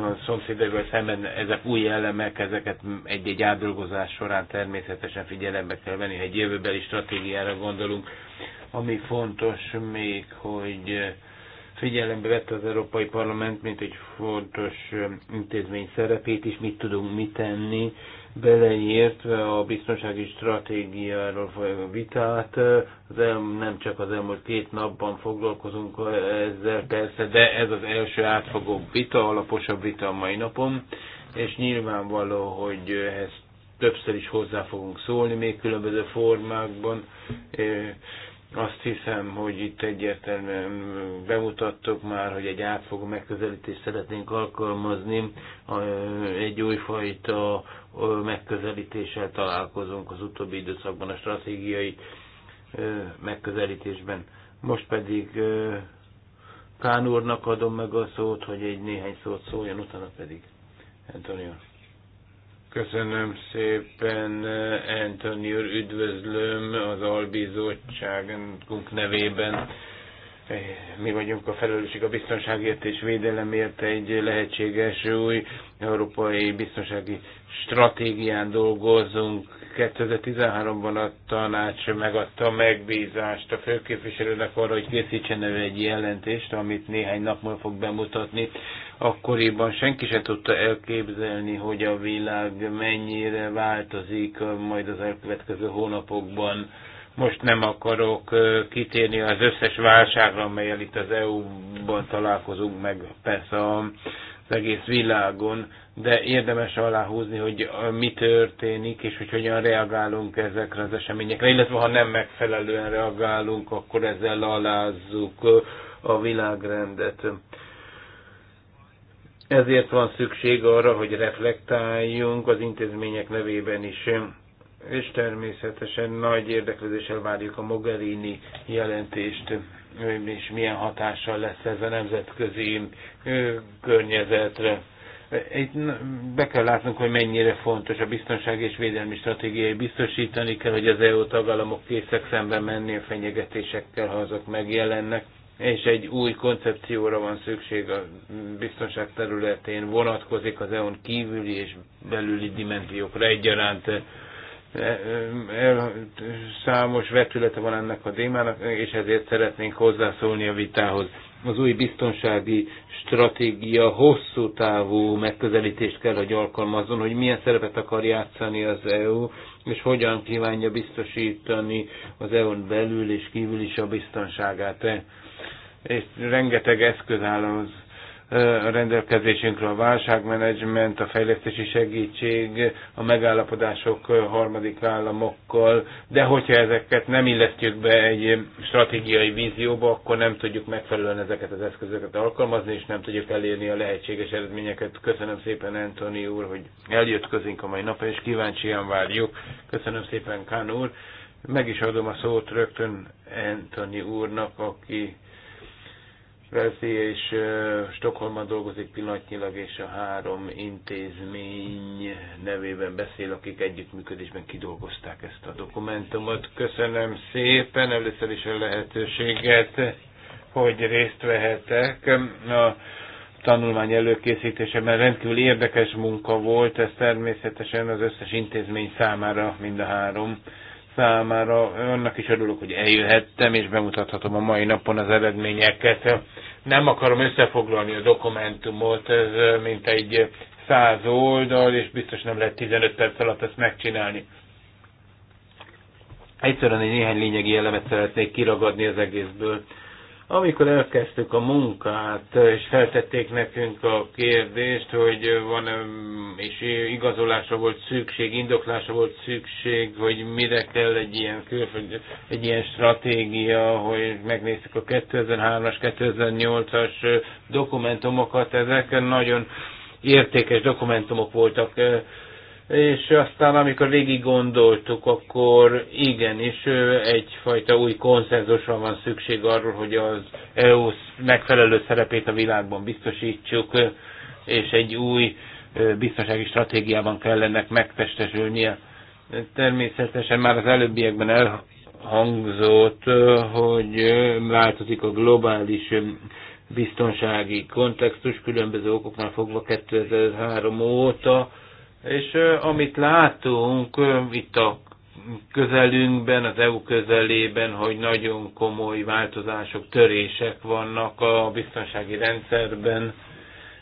S4: a szomszédaival szemben, ezek új elemek, ezeket egy-egy átdolgozás során természetesen figyelembe kell venni, egy jövőbeli stratégiára gondolunk. Ami fontos még, hogy figyelembe vette az Európai Parlament, mint egy fontos intézmény szerepét is, mit tudunk mit tenni, beleértve a biztonsági stratégiáról folyó vitát. Az el, nem csak az elmúlt két napban foglalkozunk ezzel persze, de ez az első átfogó vita, alaposabb vita a mai napon, és nyilvánvaló, hogy ehhez többször is hozzá fogunk szólni, még különböző formákban. Azt hiszem, hogy itt egyértelműen bemutattok már, hogy egy átfogó megközelítést szeretnénk alkalmazni, egy újfajta megközelítéssel találkozunk az utóbbi időszakban a stratégiai megközelítésben. Most pedig Kán úrnak adom meg a szót, hogy egy néhány szót szóljon, utána pedig Antonio. Köszönöm szépen, Antonio, üdvözlöm az albizottságunk nevében. Mi vagyunk a felelősség a biztonságért és védelemért egy lehetséges új európai biztonsági stratégián dolgozunk. 2013-ban a tanács megadta a megbízást a főképviselőnek arra, hogy készítsen elő egy jelentést, amit néhány nap múlva fog bemutatni. Akkoriban senki se tudta elképzelni, hogy a világ mennyire változik majd az elkövetkező hónapokban. Most nem akarok kitérni az összes válságra, amelyel itt az EU-ban találkozunk, meg persze az egész világon de érdemes aláhúzni, hogy mi történik, és hogy hogyan reagálunk ezekre az eseményekre, illetve ha nem megfelelően reagálunk, akkor ezzel alázzuk a világrendet. Ezért van szükség arra, hogy reflektáljunk az intézmények nevében is, és természetesen nagy érdeklődéssel várjuk a Mogherini jelentést és milyen hatással lesz ez a nemzetközi környezetre itt be kell látnunk, hogy mennyire fontos a biztonság és védelmi stratégiai biztosítani kell, hogy az EU tagállamok készek szemben menni a fenyegetésekkel, ha azok megjelennek, és egy új koncepcióra van szükség a biztonság területén, vonatkozik az EU-n kívüli és belüli dimenziókra egyaránt. E, e, e, számos vetülete van ennek a témának, és ezért szeretnénk hozzászólni a vitához az új biztonsági stratégia hosszú távú megközelítést kell, hogy alkalmazzon, hogy milyen szerepet akar játszani az EU, és hogyan kívánja biztosítani az EU-n belül és kívül is a biztonságát. És rengeteg eszköz áll az rendelkezésünkre a válságmenedzsment, a fejlesztési segítség, a megállapodások harmadik államokkal, de hogyha ezeket nem illesztjük be egy stratégiai vízióba, akkor nem tudjuk megfelelően ezeket az eszközöket alkalmazni, és nem tudjuk elérni a lehetséges eredményeket. Köszönöm szépen, Antoni úr, hogy eljött közénk a mai napon és kíváncsian várjuk. Köszönöm szépen, Kán úr. Meg is adom a szót rögtön Antoni úrnak, aki Velszi és Stockholmban dolgozik pillanatnyilag, és a három intézmény nevében beszél, akik együttműködésben kidolgozták ezt a dokumentumot. Köszönöm szépen először is a lehetőséget, hogy részt vehetek. A tanulmány mert rendkívül érdekes munka volt, ez természetesen az összes intézmény számára mind a három számára. Annak is örülök, hogy eljöhettem, és bemutathatom a mai napon az eredményeket. Nem akarom összefoglalni a dokumentumot, ez mint egy száz oldal, és biztos nem lehet 15 perc alatt ezt megcsinálni. Egyszerűen egy néhány lényegi elemet szeretnék kiragadni az egészből. Amikor elkezdtük a munkát, és feltették nekünk a kérdést, hogy van e és igazolásra volt szükség, indoklásra volt szükség, hogy mire kell egy ilyen, külföld, egy ilyen stratégia, hogy megnéztük a 2003-as, 2008-as dokumentumokat, ezek nagyon értékes dokumentumok voltak és aztán amikor végig gondoltuk, akkor igenis egyfajta új konszenzusra van szükség arról, hogy az EU megfelelő szerepét a világban biztosítsuk, és egy új biztonsági stratégiában kell ennek megtestesülnie. Természetesen már az előbbiekben elhangzott, hogy változik a globális biztonsági kontextus különböző okoknál fogva 2003 óta, és amit látunk itt a közelünkben, az EU közelében, hogy nagyon komoly változások, törések vannak a biztonsági rendszerben,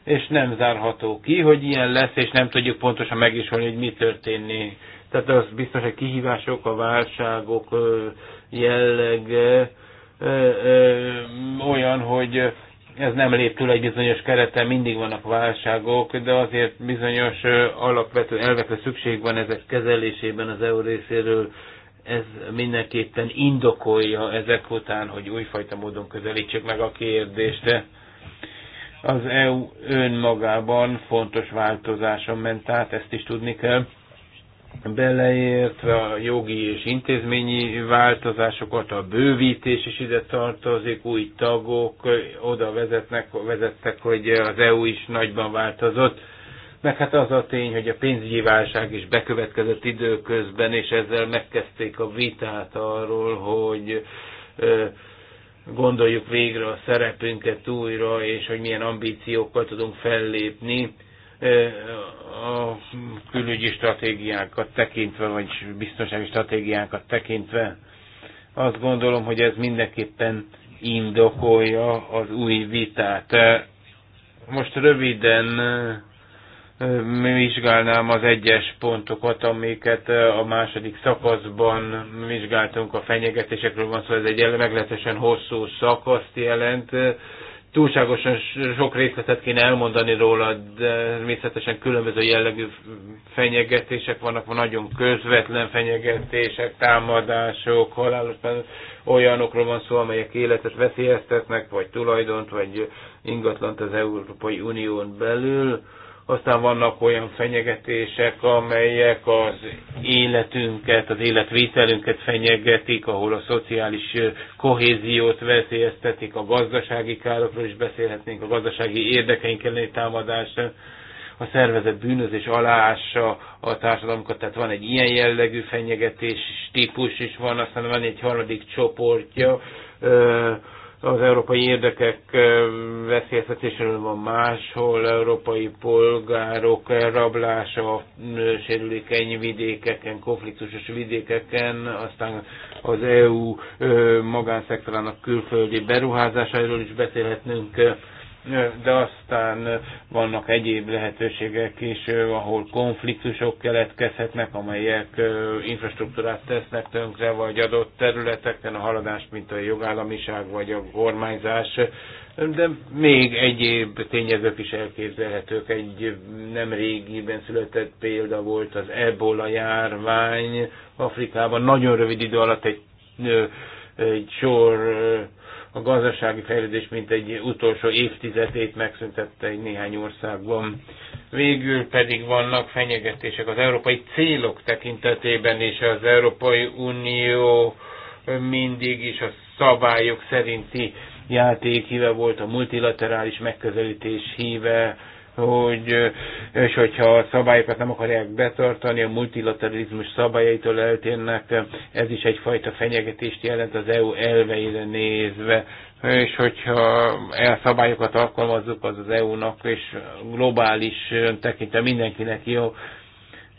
S4: és nem zárható ki, hogy ilyen lesz, és nem tudjuk pontosan megisolni, hogy mi történni. Tehát az biztos, hogy kihívások, a válságok jellege olyan, hogy ez nem lép túl egy bizonyos kereten, mindig vannak válságok, de azért bizonyos alapvető elvekre szükség van ezek kezelésében az EU részéről. Ez mindenképpen indokolja ezek után, hogy újfajta módon közelítsük meg a kérdést. Az EU önmagában fontos változáson ment át, ezt is tudni kell beleértve a jogi és intézményi változásokat, a bővítés is ide tartozik, új tagok oda vezetnek, vezettek, hogy az EU is nagyban változott, meg hát az a tény, hogy a pénzügyi válság is bekövetkezett időközben, és ezzel megkezdték a vitát arról, hogy gondoljuk végre a szerepünket újra, és hogy milyen ambíciókkal tudunk fellépni a külügyi stratégiákat tekintve, vagy biztonsági stratégiákat tekintve. Azt gondolom, hogy ez mindenképpen indokolja az új vitát. Most röviden vizsgálnám az egyes pontokat, amiket a második szakaszban vizsgáltunk a fenyegetésekről van szó, szóval ez egy meglehetősen hosszú szakaszt jelent, túlságosan sok részletet kéne elmondani róla, de természetesen különböző jellegű fenyegetések vannak, van nagyon közvetlen fenyegetések, támadások, halálos olyanokról van szó, amelyek életet veszélyeztetnek, vagy tulajdont, vagy ingatlant az Európai Unión belül aztán vannak olyan fenyegetések, amelyek az életünket, az életvételünket fenyegetik, ahol a szociális kohéziót veszélyeztetik, a gazdasági károkról is beszélhetnénk, a gazdasági érdekeink elleni támadás, a szervezet bűnözés aláássa a társadalomkat, tehát van egy ilyen jellegű fenyegetés típus is van, aztán van egy harmadik csoportja, az európai érdekek veszélyeztetéséről van máshol, európai polgárok rablása a sérülékeny vidékeken, konfliktusos vidékeken, aztán az EU magánszektorának külföldi beruházásairól is beszélhetnünk de aztán vannak egyéb lehetőségek is, eh, ahol konfliktusok keletkezhetnek, amelyek eh, infrastruktúrát tesznek tönkre, vagy adott területeken a haladás, mint a jogállamiság, vagy a kormányzás, de még egyéb tényezők is elképzelhetők. Egy nem régiben született példa volt az ebola járvány Afrikában. Nagyon rövid idő alatt egy, eh, egy sor a gazdasági fejlődés mint egy utolsó évtizedét megszüntette egy néhány országban. Végül pedig vannak fenyegetések az európai célok tekintetében, és az Európai Unió mindig is a szabályok szerinti játékhíve volt, a multilaterális megközelítés híve, hogy, és hogyha a szabályokat nem akarják betartani, a multilateralizmus szabályaitól eltérnek, ez is egyfajta fenyegetést jelent az EU elveire nézve, és hogyha e szabályokat alkalmazzuk, az az EU-nak, és globális tekintve mindenkinek jó,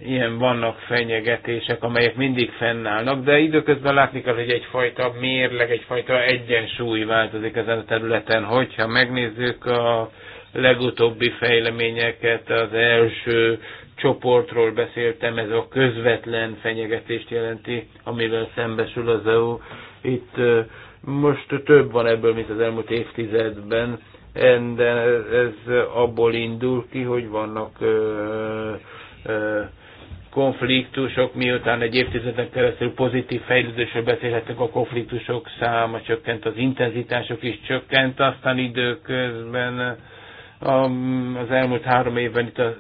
S4: ilyen vannak fenyegetések, amelyek mindig fennállnak, de időközben látni kell, hogy egyfajta mérleg, egyfajta egyensúly változik ezen a területen. Hogyha megnézzük a legutóbbi fejleményeket, az első csoportról beszéltem, ez a közvetlen fenyegetést jelenti, amivel szembesül az EU. Itt most több van ebből, mint az elmúlt évtizedben, de ez abból indul ki, hogy vannak konfliktusok, miután egy évtizeden keresztül pozitív fejlődésről beszélhetünk, a konfliktusok száma csökkent, az intenzitások is csökkent, aztán időközben az elmúlt három évben itt a,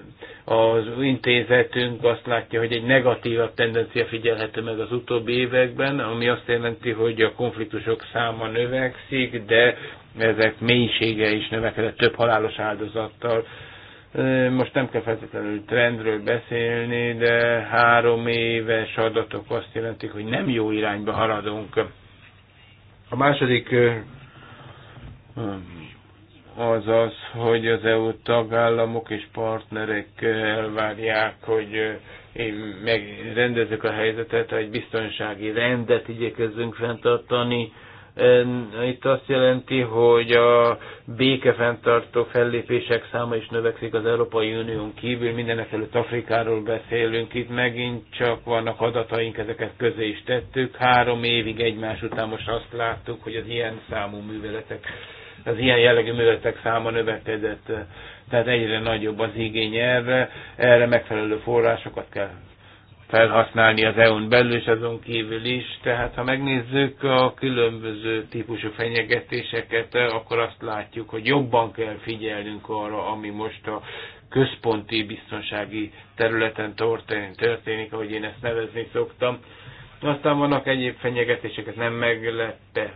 S4: az intézetünk azt látja, hogy egy negatívabb tendencia figyelhető meg az utóbbi években, ami azt jelenti, hogy a konfliktusok száma növekszik, de ezek mélysége is növekedett több halálos áldozattal. Most nem kell feltétlenül trendről beszélni, de három éves adatok azt jelentik, hogy nem jó irányba haladunk. A második az az, hogy az EU tagállamok és partnerek elvárják, hogy eh, én megrendezzük a helyzetet, egy biztonsági rendet igyekezzünk fenntartani. Itt azt jelenti, hogy a békefenntartó fellépések száma is növekszik az Európai Unión kívül, mindenek előtt Afrikáról beszélünk, itt megint csak vannak adataink, ezeket közé is tettük. Három évig egymás után most azt láttuk, hogy az ilyen számú műveletek az ilyen jellegű művetek száma növekedett, tehát egyre nagyobb az igény erre, erre megfelelő forrásokat kell felhasználni az EU-n belül és azon kívül is. Tehát ha megnézzük a különböző típusú fenyegetéseket, akkor azt látjuk, hogy jobban kell figyelnünk arra, ami most a központi biztonsági területen történik, történik ahogy én ezt nevezni szoktam. Aztán vannak egyéb fenyegetések, ez nem, meglepe,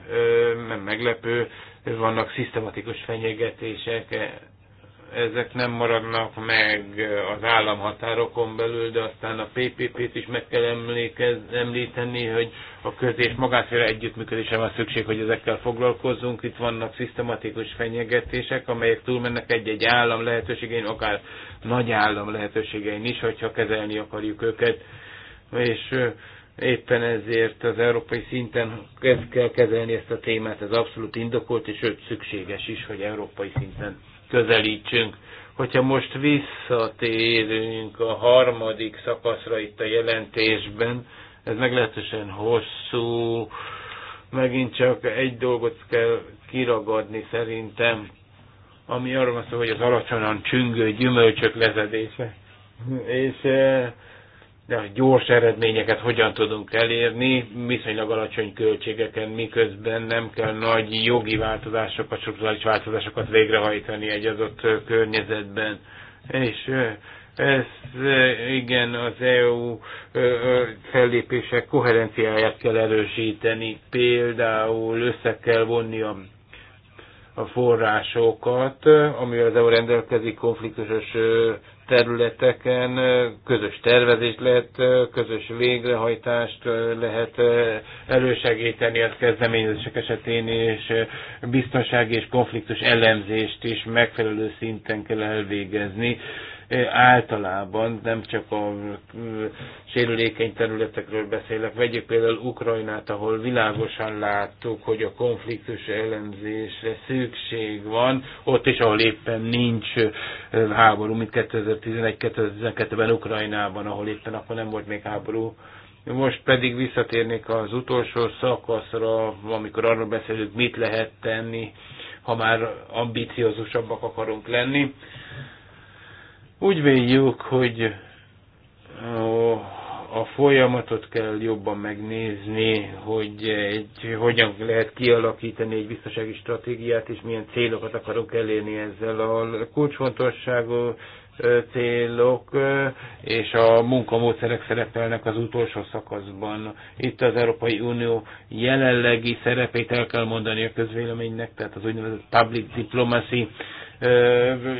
S4: nem meglepő, vannak szisztematikus fenyegetések, ezek nem maradnak meg az államhatárokon belül, de aztán a PPP-t is meg kell emlékez, említeni, hogy a köz- és magátféle együttműködésre van szükség, hogy ezekkel foglalkozzunk. Itt vannak szisztematikus fenyegetések, amelyek túlmennek egy-egy állam lehetőségein, akár nagy állam lehetőségein is, hogyha kezelni akarjuk őket. És Éppen ezért az európai szinten kezd kell kezelni ezt a témát, ez abszolút indokolt, és sőt szükséges is, hogy európai szinten
S5: közelítsünk.
S4: Hogyha most visszatérünk a harmadik szakaszra itt a jelentésben, ez meglehetősen hosszú, megint csak egy dolgot kell kiragadni szerintem, ami arról van szó, hogy az alacsonyan csüngő gyümölcsök lezedése. És eh, de hogy gyors eredményeket hogyan tudunk elérni, viszonylag alacsony költségeken, miközben nem kell nagy jogi változásokat, struktúrális változásokat végrehajtani egy adott környezetben. És ez igen, az EU fellépések koherenciáját kell erősíteni, például össze kell vonni a a forrásokat, amivel az EU rendelkezik konfliktusos területeken közös tervezést lehet, közös végrehajtást lehet elősegíteni a kezdeményezések esetén, és biztonsági és konfliktus elemzést is megfelelő szinten kell elvégezni általában, nem csak a sérülékeny területekről beszélek. Vegyük például Ukrajnát, ahol világosan láttuk, hogy a konfliktus ellenzésre szükség van, ott is, ahol éppen nincs háború, mint 2011-2012-ben Ukrajnában, ahol éppen akkor nem volt még háború. Most pedig visszatérnék az utolsó szakaszra, amikor arról beszélünk, mit lehet tenni, ha már ambiciózusabbak akarunk lenni úgy véljük, hogy uh, a folyamatot kell jobban megnézni, hogy egy, hogyan lehet kialakítani egy biztonsági stratégiát, és milyen célokat akarok elérni ezzel a kulcsfontosságú uh, célok uh, és a munkamódszerek szerepelnek az utolsó szakaszban. Itt az Európai Unió jelenlegi szerepét el kell mondani a közvéleménynek, tehát az úgynevezett public diplomacy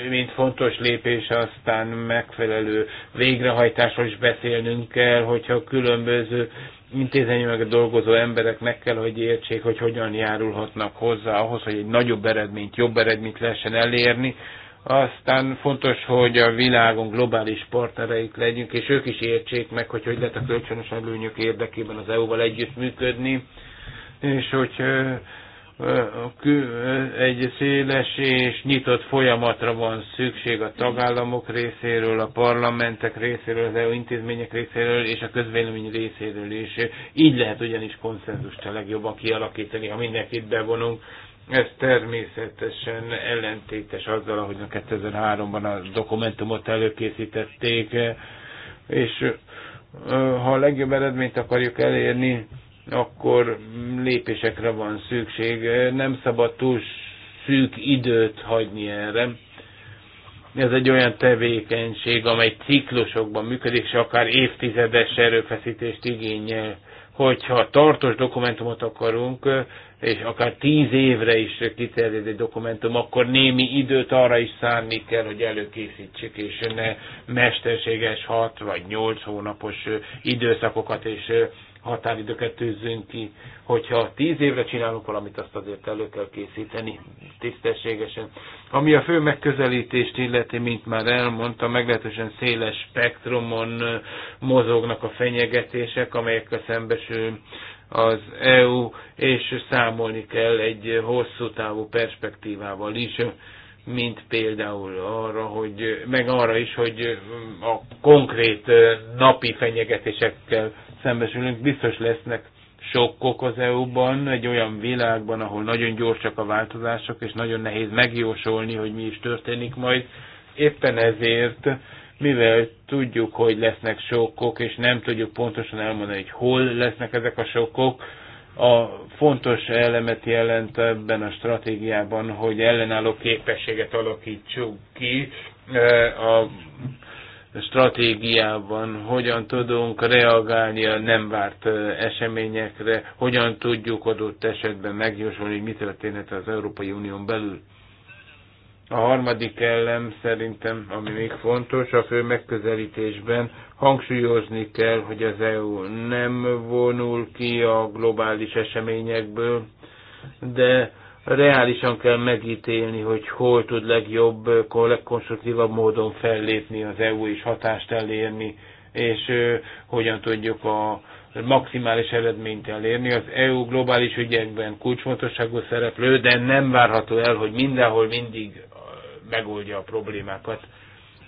S4: mint fontos lépés, aztán megfelelő végrehajtásról is beszélnünk kell, hogyha különböző intézményben dolgozó emberek meg kell, hogy értsék, hogy hogyan járulhatnak hozzá ahhoz, hogy egy nagyobb eredményt, jobb eredményt lehessen elérni. Aztán fontos, hogy a világon globális partnereik legyünk, és ők is értsék meg, hogy hogy lehet a kölcsönös előnyök érdekében az EU-val együttműködni, és hogy egy széles és nyitott folyamatra van szükség a tagállamok részéről, a parlamentek részéről, az EU intézmények részéről és a közvélemény részéről is. Így lehet ugyanis konszenzust a legjobban kialakítani, ha mindenkit bevonunk. Ez természetesen ellentétes azzal, ahogy a 2003-ban a dokumentumot előkészítették, és ha a legjobb eredményt akarjuk elérni, akkor lépésekre van szükség. Nem szabad túl szűk időt hagyni erre. Ez egy olyan tevékenység, amely ciklusokban működik, és akár évtizedes erőfeszítést igényel. Hogyha tartós dokumentumot akarunk, és akár tíz évre is kiterjed egy dokumentum, akkor némi időt arra is szánni kell, hogy előkészítsük, és ne mesterséges hat vagy nyolc hónapos időszakokat és határidőket tűzzünk ki. Hogyha tíz évre csinálunk valamit, azt azért elő kell készíteni tisztességesen. Ami a fő megközelítést illeti, mint már elmondtam, meglehetősen széles spektrumon mozognak a fenyegetések, amelyekkel szembesül az EU, és számolni kell egy hosszú távú perspektívával is mint például arra, hogy, meg arra is, hogy a konkrét napi fenyegetésekkel szembesülünk, biztos lesznek sokkok az EU-ban, egy olyan világban, ahol nagyon gyorsak a változások, és nagyon nehéz megjósolni, hogy mi is történik majd. Éppen ezért, mivel tudjuk, hogy lesznek sokkok, és nem tudjuk pontosan elmondani, hogy hol lesznek ezek a sokkok, a fontos elemet jelent ebben a stratégiában, hogy ellenálló képességet alakítsuk ki eh, a stratégiában, hogyan tudunk reagálni a nem várt eseményekre, hogyan tudjuk adott esetben megjósolni, hogy mi történhet az Európai Unión belül. A harmadik elem szerintem, ami még fontos, a fő megközelítésben hangsúlyozni kell, hogy az EU nem vonul ki a globális eseményekből, de reálisan kell megítélni, hogy hol tud legjobb, legkonstruktívabb módon fellépni az EU és hatást elérni, és hogyan tudjuk a maximális eredményt elérni. Az EU globális ügyekben kulcsfontosságú szereplő, de nem várható el, hogy mindenhol mindig megoldja a problémákat.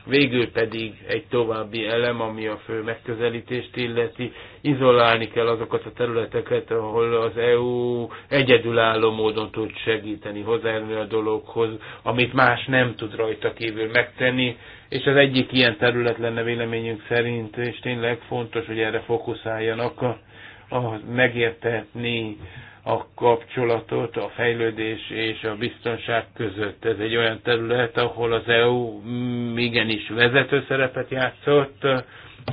S4: Végül pedig egy további elem, ami a fő megközelítést illeti, izolálni kell azokat a területeket, ahol az EU egyedülálló módon tud segíteni, hozzájárulni a dologhoz, amit más nem tud rajta kívül megtenni, és az egyik ilyen terület lenne véleményünk szerint, és tényleg fontos, hogy erre fókuszáljanak, a, a megértetni a kapcsolatot a fejlődés és a biztonság között. Ez egy olyan terület, ahol az EU igenis vezető szerepet játszott,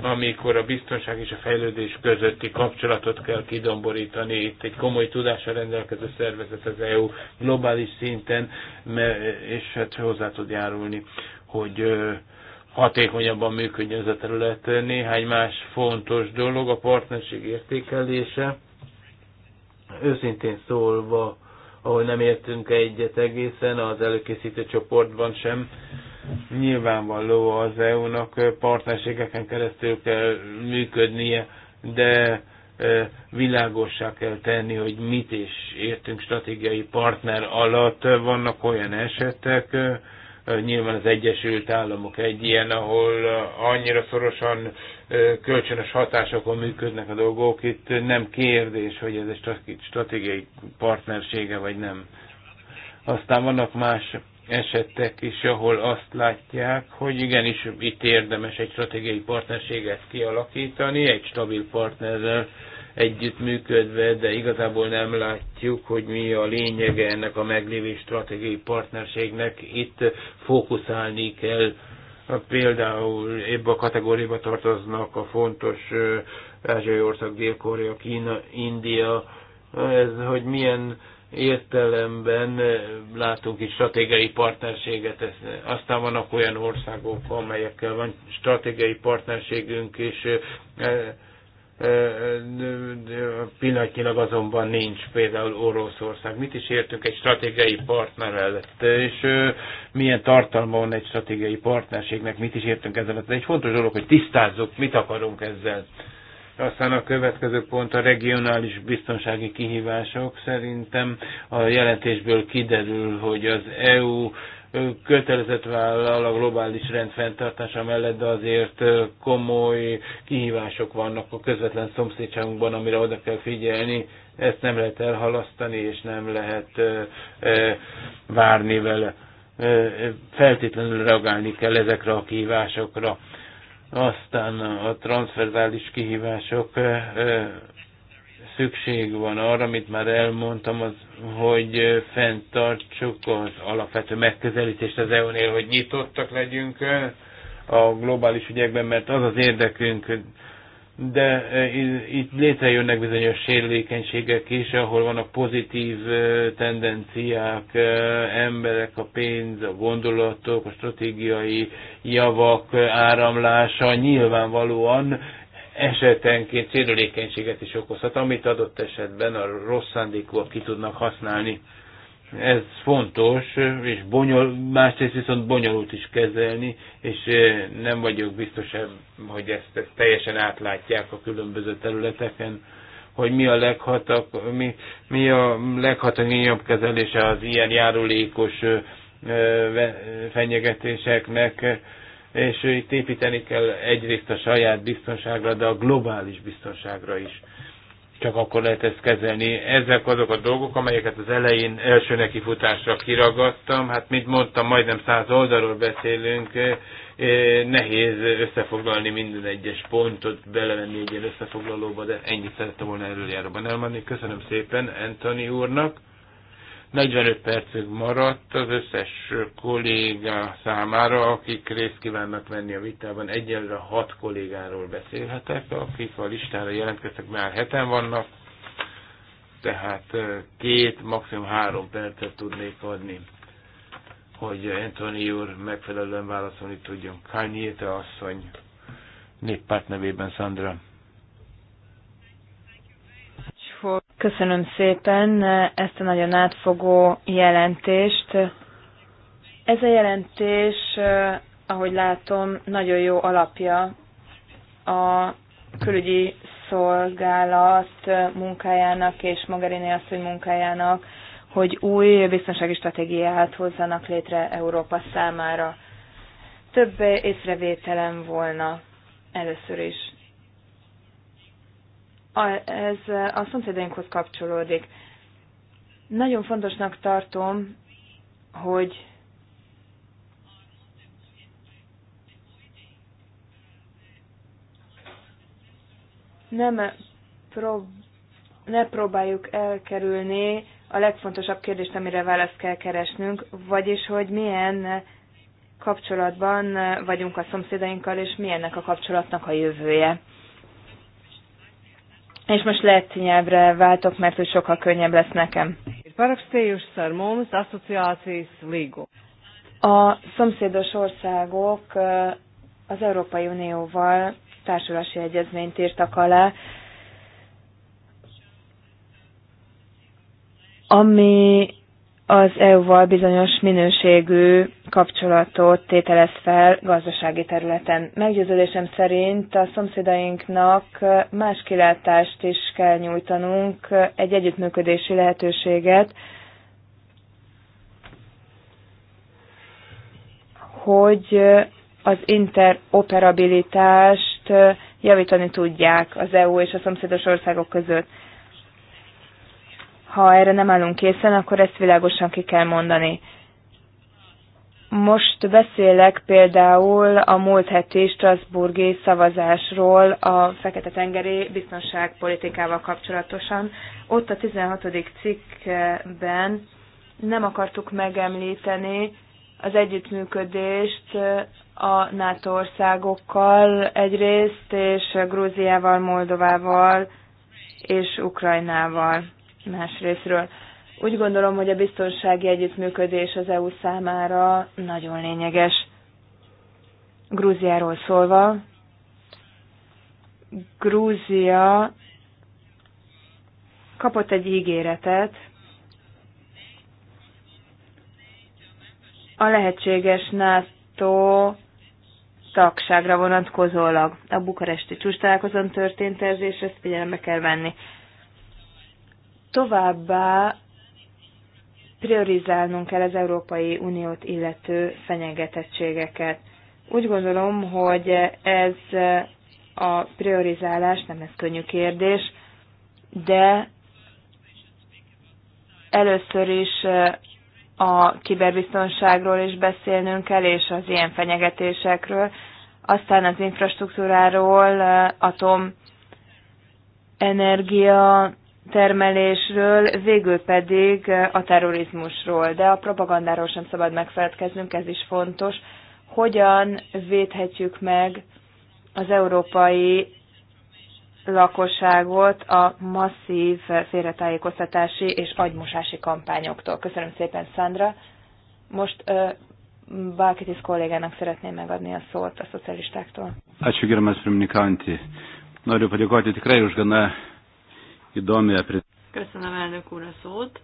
S4: amikor a biztonság és a fejlődés közötti kapcsolatot kell kidomborítani. Itt egy komoly tudásra rendelkező szervezet az EU globális szinten, és hát hozzá tud járulni, hogy hatékonyabban működjön ez a terület. Néhány más fontos dolog, a partnerség értékelése Őszintén szólva, ahol nem értünk egyet egészen, az előkészítő csoportban sem. Nyilvánvaló az EU-nak partnerségeken keresztül kell működnie, de e, világossá kell tenni, hogy mit is értünk stratégiai partner alatt. Vannak olyan esetek, e, Nyilván az Egyesült Államok egy ilyen, ahol annyira szorosan kölcsönös hatásokon működnek a dolgok. Itt nem kérdés, hogy ez egy stratégiai partnersége vagy nem. Aztán vannak más esetek is, ahol azt látják, hogy igenis itt érdemes egy stratégiai partnerséget kialakítani, egy stabil partnerrel, együttműködve, de igazából nem látjuk, hogy mi a lényege ennek a meglévő stratégiai partnerségnek. Itt fókuszálni kell. Például ebbe a kategóriába tartoznak a fontos ázsiai ország, Dél-Korea, Kína, India, ez, hogy milyen értelemben látunk itt stratégiai partnerséget. aztán vannak olyan országok, amelyekkel van stratégiai partnerségünk, és pillanatnyilag azonban nincs például Oroszország. Mit is értünk egy stratégiai partner mellett? és milyen tartalma van egy stratégiai partnerségnek, mit is értünk ezzel. Ez egy fontos dolog, hogy tisztázzuk, mit akarunk ezzel. Aztán a következő pont a regionális biztonsági kihívások. Szerintem a jelentésből kiderül, hogy az EU kötelezett vállal a globális rend fenntartása mellett, de azért komoly kihívások vannak a közvetlen szomszédságunkban, amire oda kell figyelni. Ezt nem lehet elhalasztani, és nem lehet várni vele. Feltétlenül reagálni kell ezekre a kihívásokra. Aztán a transferzális kihívások szükség van arra, amit már elmondtam, az, hogy fenntartsuk az alapvető megközelítést az EU-nél, hogy nyitottak legyünk a globális ügyekben, mert az az érdekünk, de itt létrejönnek bizonyos sérülékenységek is, ahol vannak pozitív tendenciák, emberek, a pénz, a gondolatok, a stratégiai javak áramlása nyilvánvalóan esetenként célülékenységet is okozhat, amit adott esetben a rossz szándékúak ki tudnak használni. Ez fontos, és bonyol, másrészt viszont bonyolult is kezelni, és eh, nem vagyok biztos, eh, hogy ezt, ezt teljesen átlátják a különböző területeken, hogy mi a, leghatak, mi, mi a leghatékonyabb kezelése az ilyen járulékos eh, fenyegetéseknek és itt építeni kell egyrészt a saját biztonságra, de a globális biztonságra is. Csak akkor lehet ezt kezelni. Ezek azok a dolgok, amelyeket az elején első nekifutásra kiragadtam. Hát, mint mondtam, majdnem száz oldalról beszélünk, nehéz összefoglalni minden egyes pontot, belevenni egy ilyen összefoglalóba, de ennyit szerettem volna erről járóban elmondani. Köszönöm szépen Anthony úrnak. 45 percig maradt az összes kolléga számára, akik részt kívánnak venni a vitában. Egyelőre hat kollégáról beszélhetek, akik a listára jelentkeztek, már heten vannak, tehát két, maximum három percet tudnék adni, hogy Anthony úr megfelelően válaszolni tudjon. te asszony, néppárt nevében Sandra.
S2: Köszönöm szépen eh, ezt a nagyon átfogó jelentést. Ez a jelentés, eh, ahogy látom, nagyon jó alapja a külügyi szolgálat munkájának és Mogherini asszony munkájának, hogy új biztonsági stratégiát hozzanak létre Európa számára. Több észrevételem volna először is ez a szomszédainkhoz kapcsolódik. Nagyon fontosnak tartom, hogy nem prób- ne próbáljuk elkerülni a legfontosabb kérdést, amire választ kell keresnünk, vagyis, hogy milyen kapcsolatban vagyunk a szomszédainkkal, és milyennek a kapcsolatnak a jövője. És most lehet nyelvre váltok, mert hogy sokkal könnyebb lesz nekem. A szomszédos országok az Európai Unióval társulási egyezményt írtak alá, ami az EU-val bizonyos minőségű kapcsolatot tételez fel gazdasági területen. Meggyőződésem szerint a szomszédainknak más kilátást is kell nyújtanunk, egy együttműködési lehetőséget, hogy az interoperabilitást javítani tudják az EU és a szomszédos országok között. Ha erre nem állunk készen, akkor ezt világosan ki kell mondani. Most beszélek például a múlt heti Strasburgi szavazásról a Fekete-tengeri biztonságpolitikával kapcsolatosan. Ott a 16. cikkben nem akartuk megemlíteni az együttműködést a NATO országokkal egyrészt, és Grúziával, Moldovával és Ukrajnával részről. Úgy gondolom, hogy a biztonsági együttműködés az EU számára nagyon lényeges. Grúziáról szólva, Grúzia kapott egy ígéretet a lehetséges NATO tagságra vonatkozólag. A bukaresti csúcs találkozón történt ez, és ezt figyelembe kell venni. Továbbá priorizálnunk kell az Európai Uniót illető fenyegetettségeket. Úgy gondolom, hogy ez a priorizálás, nem ez könnyű kérdés, de először is a kiberbiztonságról is beszélnünk kell, és az ilyen fenyegetésekről, aztán az infrastruktúráról, atom energia termelésről, végül pedig a terrorizmusról. De a propagandáról sem szabad megfeledkeznünk, ez is fontos. Hogyan védhetjük meg az európai lakosságot a masszív félretájékoztatási és agymosási kampányoktól. Köszönöm szépen, Sandra. Most uh, is kollégának szeretném megadni a szót a szocialistáktól.
S6: Hát, gerbiamas
S4: pirmininkaujanti. Noriu padėkoti tikrai už gana
S3: Köszönöm elnök úr a szót.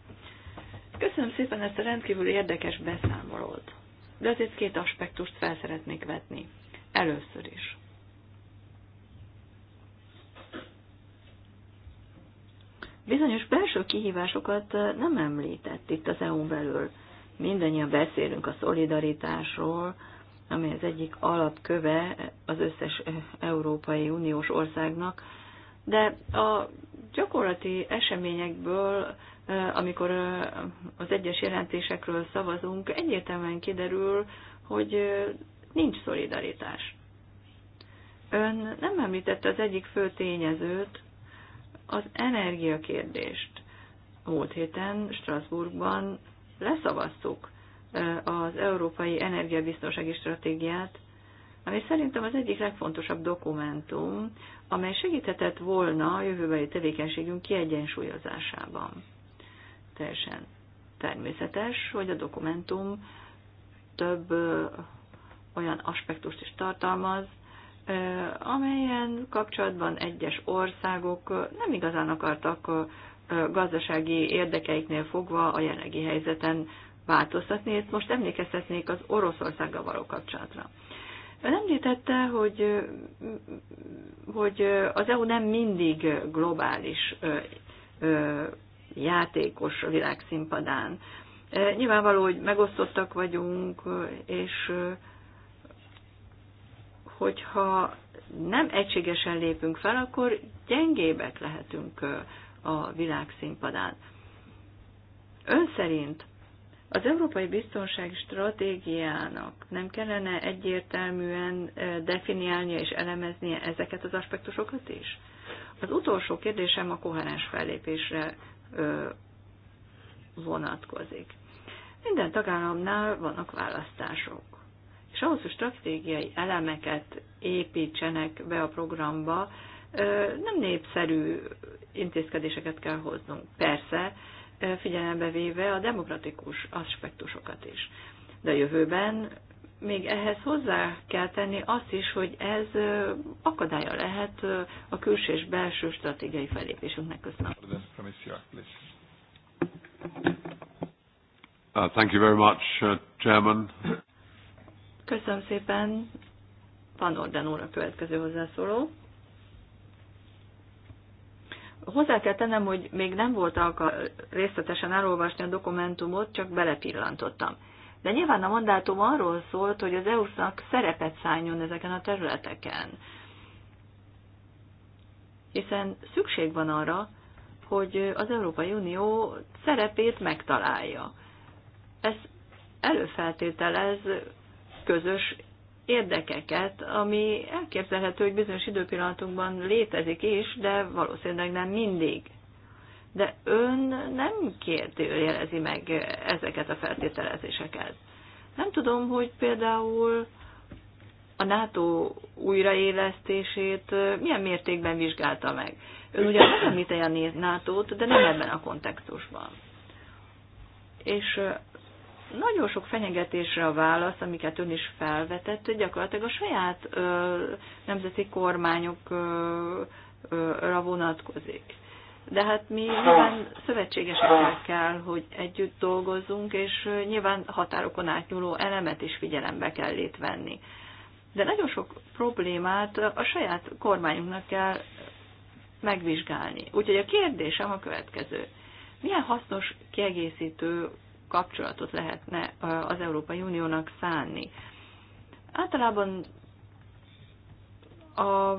S3: Köszönöm szépen ezt a rendkívül érdekes beszámolót. De azért két aspektust fel szeretnék vetni. Először is. Bizonyos belső kihívásokat eh, nem említett itt az EU-n belül. Mindennyian beszélünk a szolidaritásról, ami az egyik alapköve az összes eh, Európai Uniós országnak, de a gyakorlati eseményekből, amikor az egyes jelentésekről szavazunk, egyértelműen kiderül, hogy nincs szolidaritás. Ön nem említette az egyik fő tényezőt, az energiakérdést. Múlt héten Strasbourgban leszavaztuk az Európai Energiabiztonsági Stratégiát, ami szerintem az egyik legfontosabb dokumentum amely segíthetett volna a jövőbeli tevékenységünk kiegyensúlyozásában. Teljesen természetes, hogy a dokumentum több olyan aspektust is tartalmaz, amelyen kapcsolatban egyes országok nem igazán akartak gazdasági érdekeiknél fogva a jelenlegi helyzeten változtatni, ezt most emlékeztetnék az Oroszországgal való kapcsolatra. Ön említette, hogy, hogy az EU nem mindig globális játékos a világszínpadán. Nyilvánvaló, hogy megosztottak vagyunk, és hogyha nem egységesen lépünk fel, akkor gyengébbek lehetünk a világszínpadán. Ön szerint az európai biztonsági stratégiának nem kellene egyértelműen definiálnia és elemeznie ezeket az aspektusokat is? Az utolsó kérdésem a koherens fellépésre vonatkozik. Minden tagállamnál vannak választások. És ahhoz, hogy stratégiai elemeket építsenek be a programba, nem népszerű intézkedéseket kell hoznunk. Persze, figyelembe véve a demokratikus aspektusokat is. De a jövőben még ehhez hozzá kell tenni azt is, hogy ez akadálya lehet a külső és belső stratégiai felépésünknek. Köszönöm.
S1: Uh, thank you very much, uh, Chairman.
S3: Köszönöm szépen. Van Orden úr a következő hozzászóló. Hozzá kell tennem, hogy még nem volt alkalom részletesen elolvasni a dokumentumot, csak belepillantottam. De nyilván a mandátum arról szólt, hogy az EU-nak szerepet szálljon ezeken a területeken. Hiszen szükség van arra, hogy az Európai Unió szerepét megtalálja. Ez előfeltételez közös érdekeket, ami elképzelhető, hogy bizonyos időpillanatunkban létezik is, de valószínűleg nem mindig. De ön nem kérdőjelezi meg ezeket a feltételezéseket. Nem tudom, hogy például a NATO újraélesztését milyen mértékben vizsgálta meg. Ön ugyan megemlíteni a NATO-t, de nem ebben a kontextusban. És nagyon sok fenyegetésre a válasz, amiket ön is felvetett, hogy gyakorlatilag a saját ö, nemzeti kormányokra vonatkozik. De hát mi nyilván szövetségesekkel kell, hogy együtt dolgozzunk, és nyilván határokon átnyúló elemet is figyelembe kell venni. De nagyon sok problémát a saját kormányunknak kell megvizsgálni. Úgyhogy a kérdésem a következő. Milyen hasznos kiegészítő kapcsolatot lehetne az Európai Uniónak szánni. Általában a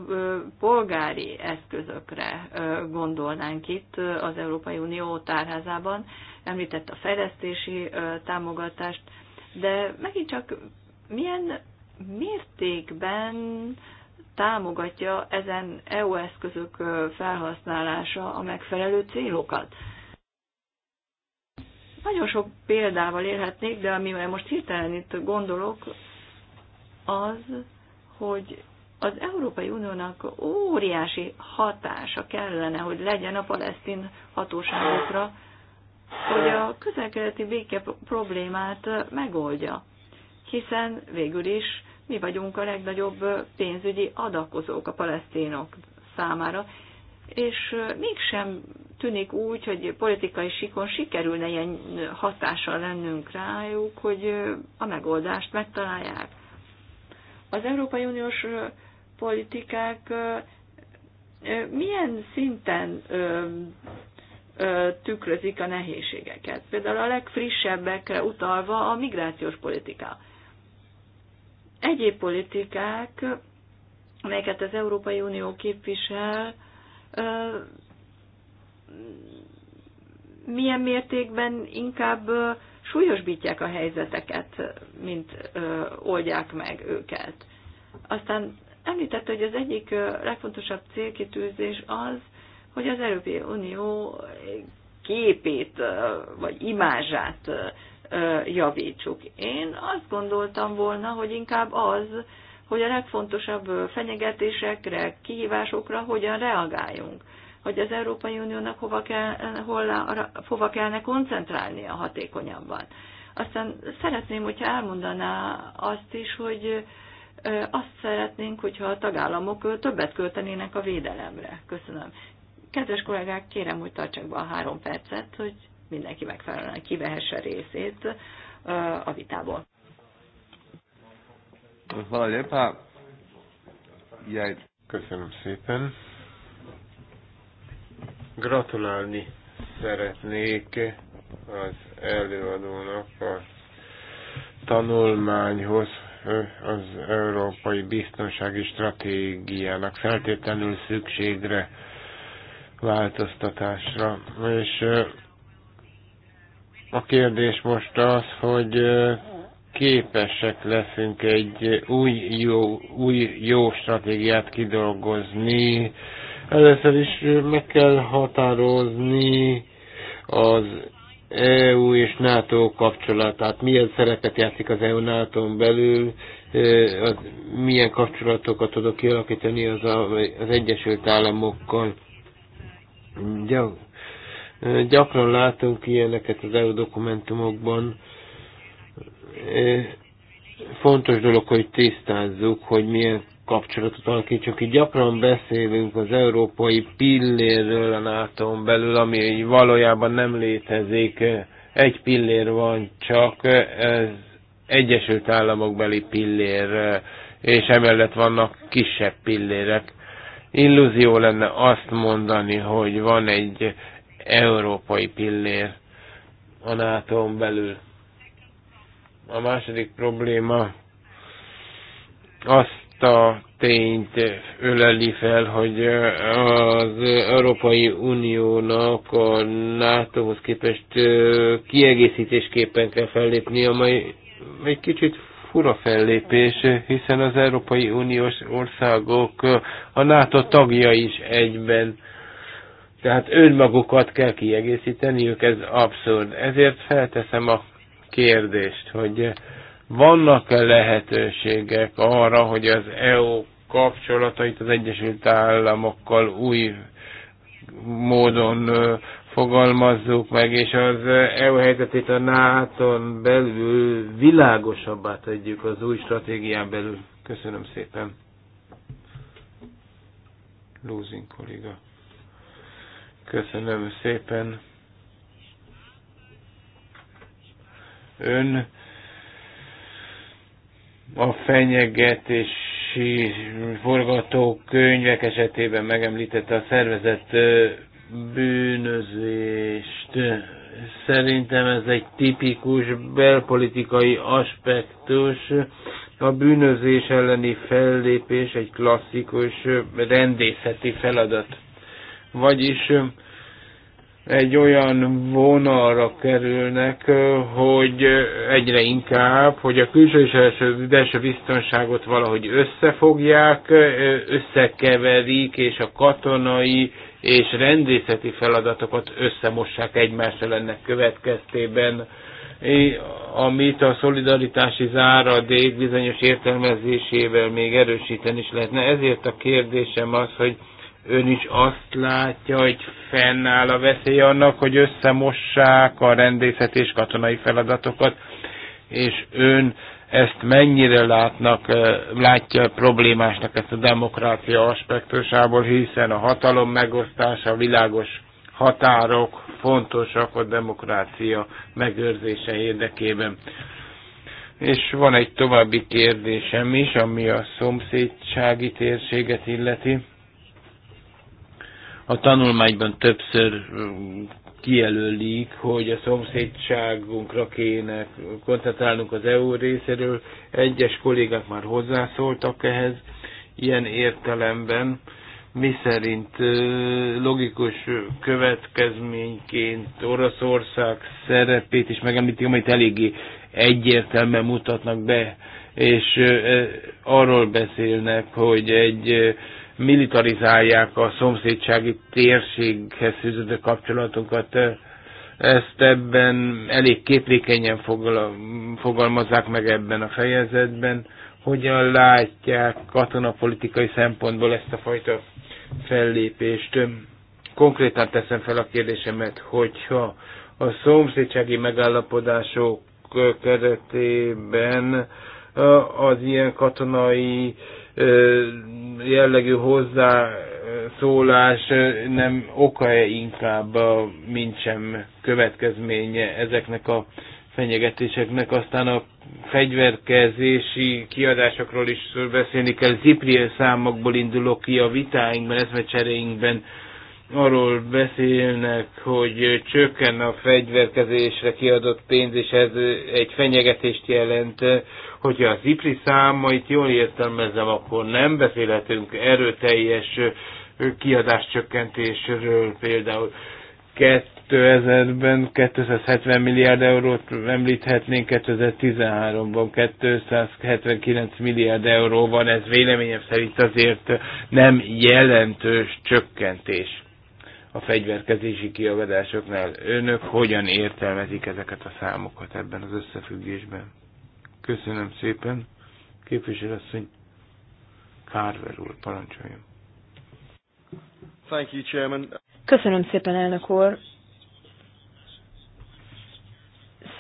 S3: polgári eszközökre gondolnánk itt az Európai Unió tárházában, említett a fejlesztési támogatást, de megint csak milyen mértékben támogatja ezen EU eszközök felhasználása a megfelelő célokat. Nagyon sok példával élhetnék, de amivel most hirtelen itt gondolok, az, hogy az Európai Uniónak óriási hatása kellene, hogy legyen a palesztin hatóságokra, hogy a közelkeleti béke problémát megoldja. Hiszen végül is mi vagyunk a legnagyobb pénzügyi adakozók a palesztinok számára, és mégsem tűnik úgy, hogy politikai sikon sikerülne ilyen hatással lennünk rájuk, hogy a megoldást megtalálják. Az Európai Uniós politikák milyen szinten tükrözik a nehézségeket. Például a legfrissebbekre utalva a migrációs politika. Egyéb politikák, amelyeket az Európai Unió képvisel, milyen mértékben inkább súlyosbítják a helyzeteket, mint oldják meg őket. Aztán említette, hogy az egyik legfontosabb célkitűzés az, hogy az Európai Unió képét vagy imázsát javítsuk. Én azt gondoltam volna, hogy inkább az, hogy a legfontosabb fenyegetésekre, kihívásokra hogyan reagáljunk hogy az Európai Uniónak hova, kell, hol, hova kellene koncentrálnia hatékonyabban. Aztán szeretném, hogyha elmondaná azt is, hogy azt szeretnénk, hogyha a tagállamok többet költenének a védelemre. Köszönöm. Kedves kollégák, kérem, hogy tartsák be a három percet, hogy mindenki megfelelően kivehesse részét a vitából.
S1: Hvala lijepa.
S4: Köszönöm szépen. Gratulálni szeretnék az előadónak a tanulmányhoz, az Európai Biztonsági Stratégiának feltétlenül szükségre változtatásra. És a kérdés most az, hogy képesek leszünk egy új jó, új jó stratégiát kidolgozni, Először is meg kell határozni az EU és NATO kapcsolatát, milyen szerepet játszik az EU-NATO-n belül, az, milyen kapcsolatokat tudok kialakítani az, az Egyesült Államokkal. gyakran látunk ilyeneket az EU dokumentumokban. Fontos dolog, hogy tisztázzuk, hogy milyen kapcsolatot alakítsunk ki. Gyakran beszélünk az európai pillérről a nato belül, ami valójában nem létezik. Egy pillér van csak, ez Egyesült Államok beli pillér, és emellett vannak kisebb pillérek. Illúzió lenne azt mondani, hogy van egy európai pillér a nato belül. A második probléma az azt a tényt öleli fel, hogy az Európai Uniónak a NATO-hoz képest kiegészítésképpen kell fellépni, amely egy kicsit fura fellépés, hiszen az Európai Uniós országok a NATO tagja is egyben. Tehát önmagukat kell kiegészíteniük, ez abszurd. Ezért felteszem a kérdést, hogy vannak-e lehetőségek arra, hogy az EU kapcsolatait az Egyesült Államokkal új módon fogalmazzuk meg, és az EU helyzetét a nato belül világosabbá tegyük az új stratégián belül. Köszönöm szépen. losing kolléga. Köszönöm szépen. Ön a fenyegetési forgatókönyvek esetében megemlítette a szervezet bűnözést. Szerintem ez egy tipikus belpolitikai aspektus. A bűnözés elleni fellépés egy klasszikus rendészeti feladat. Vagyis egy olyan vonalra kerülnek, hogy egyre inkább, hogy a külső és első, belső biztonságot valahogy összefogják, összekeverik, és a katonai és rendészeti feladatokat összemossák egymással ennek következtében, amit a szolidaritási záradék bizonyos értelmezésével még erősíteni is lehetne. Ezért a kérdésem az, hogy ön is azt látja, hogy fennáll a veszély annak, hogy összemossák a rendészet és katonai feladatokat, és ön ezt mennyire látnak, eh, látja problémásnak ezt a demokrácia aspektusából, hiszen a hatalom megosztása, a világos határok fontosak a demokrácia megőrzése érdekében. És van egy további kérdésem is, ami a szomszédsági térséget illeti. A tanulmányban többször kijelölik, hogy a szomszédságunkra kéne koncentrálnunk az EU részéről. Egyes kollégák már hozzászóltak ehhez ilyen értelemben, mi szerint logikus következményként Oroszország szerepét is megemlítik, amit eléggé egyértelműen mutatnak be, és arról beszélnek, hogy egy militarizálják a szomszédsági térséghez fűződő kapcsolatokat. Ezt ebben elég képlékenyen fogal, fogalmazzák meg ebben a fejezetben. Hogyan látják katonapolitikai szempontból ezt a fajta fellépést? Konkrétan teszem fel a kérdésemet, hogyha a szomszédsági megállapodások keretében az ilyen katonai jellegű hozzászólás nem oka-e inkább, mint sem következménye ezeknek a fenyegetéseknek. Aztán a fegyverkezési kiadásokról is beszélni kell. Zipriel számokból indulok ki a vitáinkban, eszmecseréinkben arról beszélnek, hogy csökken a fegyverkezésre kiadott pénz, és ez egy fenyegetést jelent. Hogyha az IPRI számait jól értelmezem, akkor nem beszélhetünk erőteljes csökkentésről, például. 2000-ben 270 milliárd eurót említhetnénk, 2013-ban 279 milliárd euró van, ez véleményem szerint azért nem jelentős csökkentés a fegyverkezési kiavadásoknál. Önök hogyan értelmezik ezeket a számokat ebben az összefüggésben? Köszönöm szépen. Képviselőasszony Carver úr, parancsoljon.
S1: Thank you, Chairman.
S2: Köszönöm szépen, elnök úr.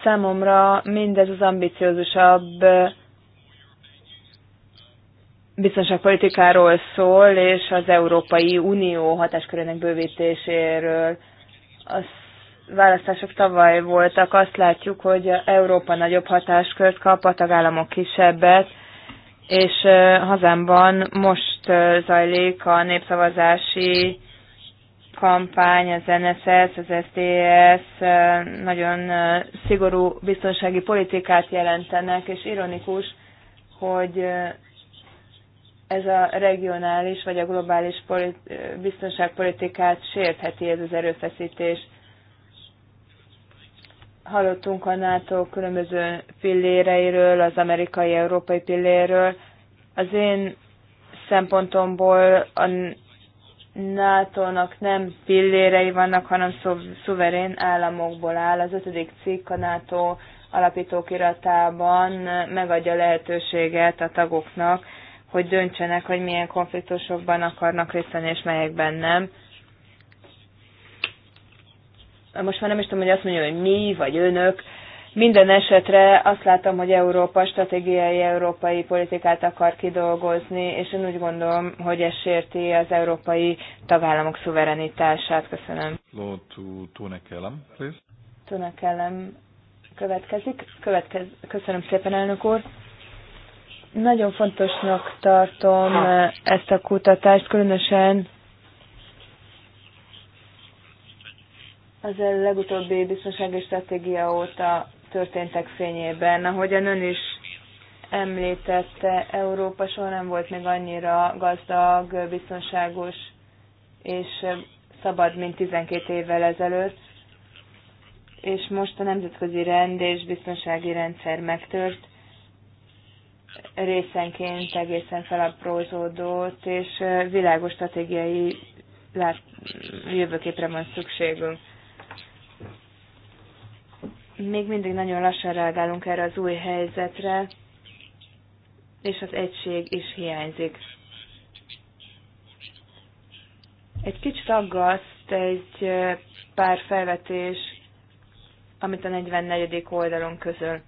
S2: Számomra mindez az ambiciózusabb biztonságpolitikáról szól, és az Európai Unió hatáskörének bővítéséről. A választások tavaly voltak, azt látjuk, hogy Európa nagyobb hatáskört kap, a tagállamok kisebbet, és hazámban most zajlik a népszavazási kampány, az NSS, az SZDSZ nagyon szigorú biztonsági politikát jelentenek, és ironikus, hogy ez a regionális vagy a globális polit- biztonságpolitikát sértheti ez az erőfeszítés. Hallottunk a NATO különböző pilléreiről, az amerikai-európai pilléről. Az én szempontomból a NATO-nak nem pillérei vannak, hanem szuverén államokból áll. Az ötödik cikk a NATO alapítókiratában megadja lehetőséget a tagoknak, hogy döntsenek, hogy milyen konfliktusokban akarnak részt venni, és melyekben nem. Most már nem is tudom, hogy azt mondja, hogy mi, vagy önök. Minden esetre azt látom, hogy Európa stratégiai európai politikát akar kidolgozni, és én úgy gondolom, hogy ez sérti az európai tagállamok szuverenitását. Köszönöm.
S1: Lord to Kellem,
S2: please. Tone Kellem következik. Következ... Köszönöm szépen, elnök úr. Nagyon fontosnak tartom ezt a kutatást, különösen az legutóbbi biztonsági stratégia óta történtek fényében. Ahogyan ön is említette, Európa soha nem volt még annyira gazdag, biztonságos és szabad, mint 12 évvel ezelőtt. És most a nemzetközi rend és biztonsági rendszer megtört, részenként egészen felaprózódott, és világos stratégiai lát, jövőképre van szükségünk. Még mindig nagyon lassan reagálunk erre az új helyzetre, és az egység is hiányzik. Egy kicsit aggaszt egy pár felvetés, amit a 44. oldalon közöl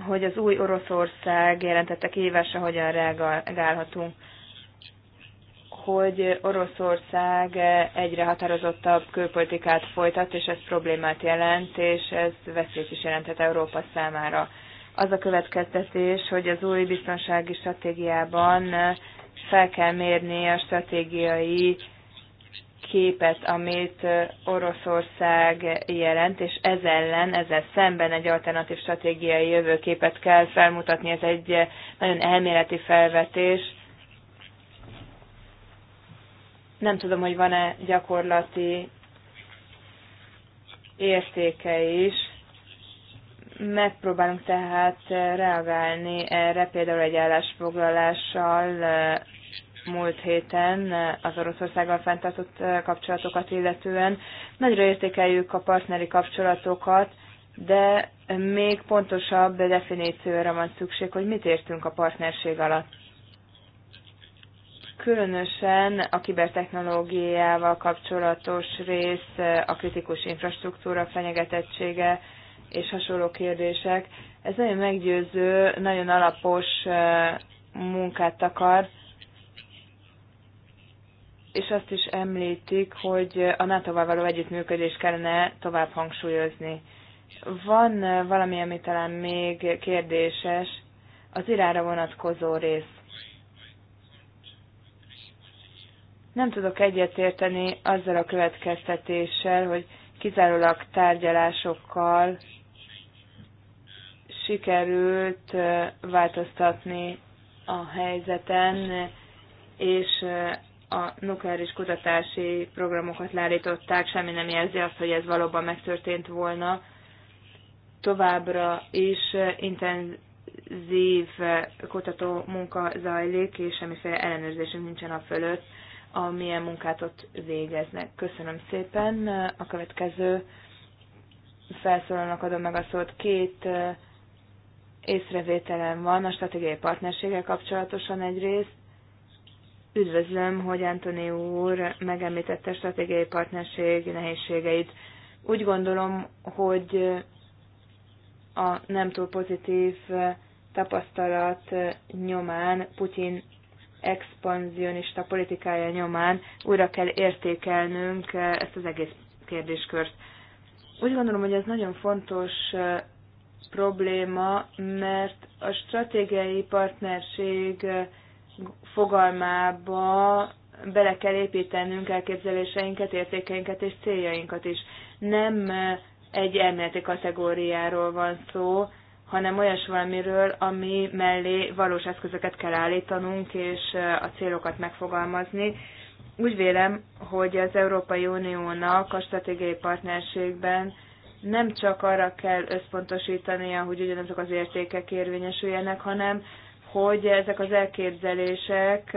S2: hogy az új Oroszország jelentettek évesen hogyan reagálhatunk, hogy Oroszország egyre határozottabb külpolitikát folytat, és ez problémát jelent, és ez veszélyt is jelentett Európa számára. Az a következtetés, hogy az új biztonsági stratégiában fel kell mérni a stratégiai képet, amit Oroszország jelent, és ez ellen, ezzel szemben egy alternatív stratégiai jövőképet kell felmutatni. Ez egy nagyon elméleti felvetés. Nem tudom, hogy van-e gyakorlati értéke is. Megpróbálunk tehát reagálni erre, például egy állásfoglalással múlt héten az Oroszországgal fenntartott eh, kapcsolatokat illetően. Nagyra értékeljük a partneri kapcsolatokat, de még pontosabb definícióra van szükség, hogy mit értünk a partnerség alatt. Különösen a kibertechnológiával kapcsolatos rész, eh, a kritikus infrastruktúra fenyegetettsége és hasonló kérdések. Ez nagyon meggyőző, nagyon alapos eh, munkát akar, és azt is említik, hogy a NATO-val való együttműködést kellene tovább hangsúlyozni. Van eh, valami, ami talán még kérdéses, az irára vonatkozó rész. Nem tudok egyetérteni azzal a következtetéssel, hogy kizárólag tárgyalásokkal sikerült eh, változtatni a helyzeten, és eh, a nukleáris kutatási programokat leállították, semmi nem jelzi azt, hogy ez valóban megtörtént volna. Továbbra is intenzív kutató munka zajlik, és semmiféle ellenőrzésünk nincsen a fölött, amilyen munkát ott végeznek. Köszönöm szépen. A következő felszólalnak adom meg a szót. Két eh, észrevételem van a stratégiai partnerséggel kapcsolatosan egyrészt, Üdvözlöm, hogy Antoni úr megemlítette a stratégiai partnerség nehézségeit. Úgy gondolom, hogy a nem túl pozitív tapasztalat nyomán, Putyin expanzionista politikája nyomán újra kell értékelnünk ezt az egész kérdéskört. Úgy gondolom, hogy ez nagyon fontos probléma, mert a stratégiai partnerség fogalmába bele kell építenünk elképzeléseinket, értékeinket és céljainkat is. Nem egy elméleti kategóriáról van szó, hanem olyas valamiről, ami mellé valós eszközöket kell állítanunk, és a célokat megfogalmazni. Úgy vélem, hogy az Európai Uniónak a stratégiai partnerségben nem csak arra kell összpontosítania, hogy ugyanazok az értékek érvényesüljenek, hanem hogy ezek az elképzelések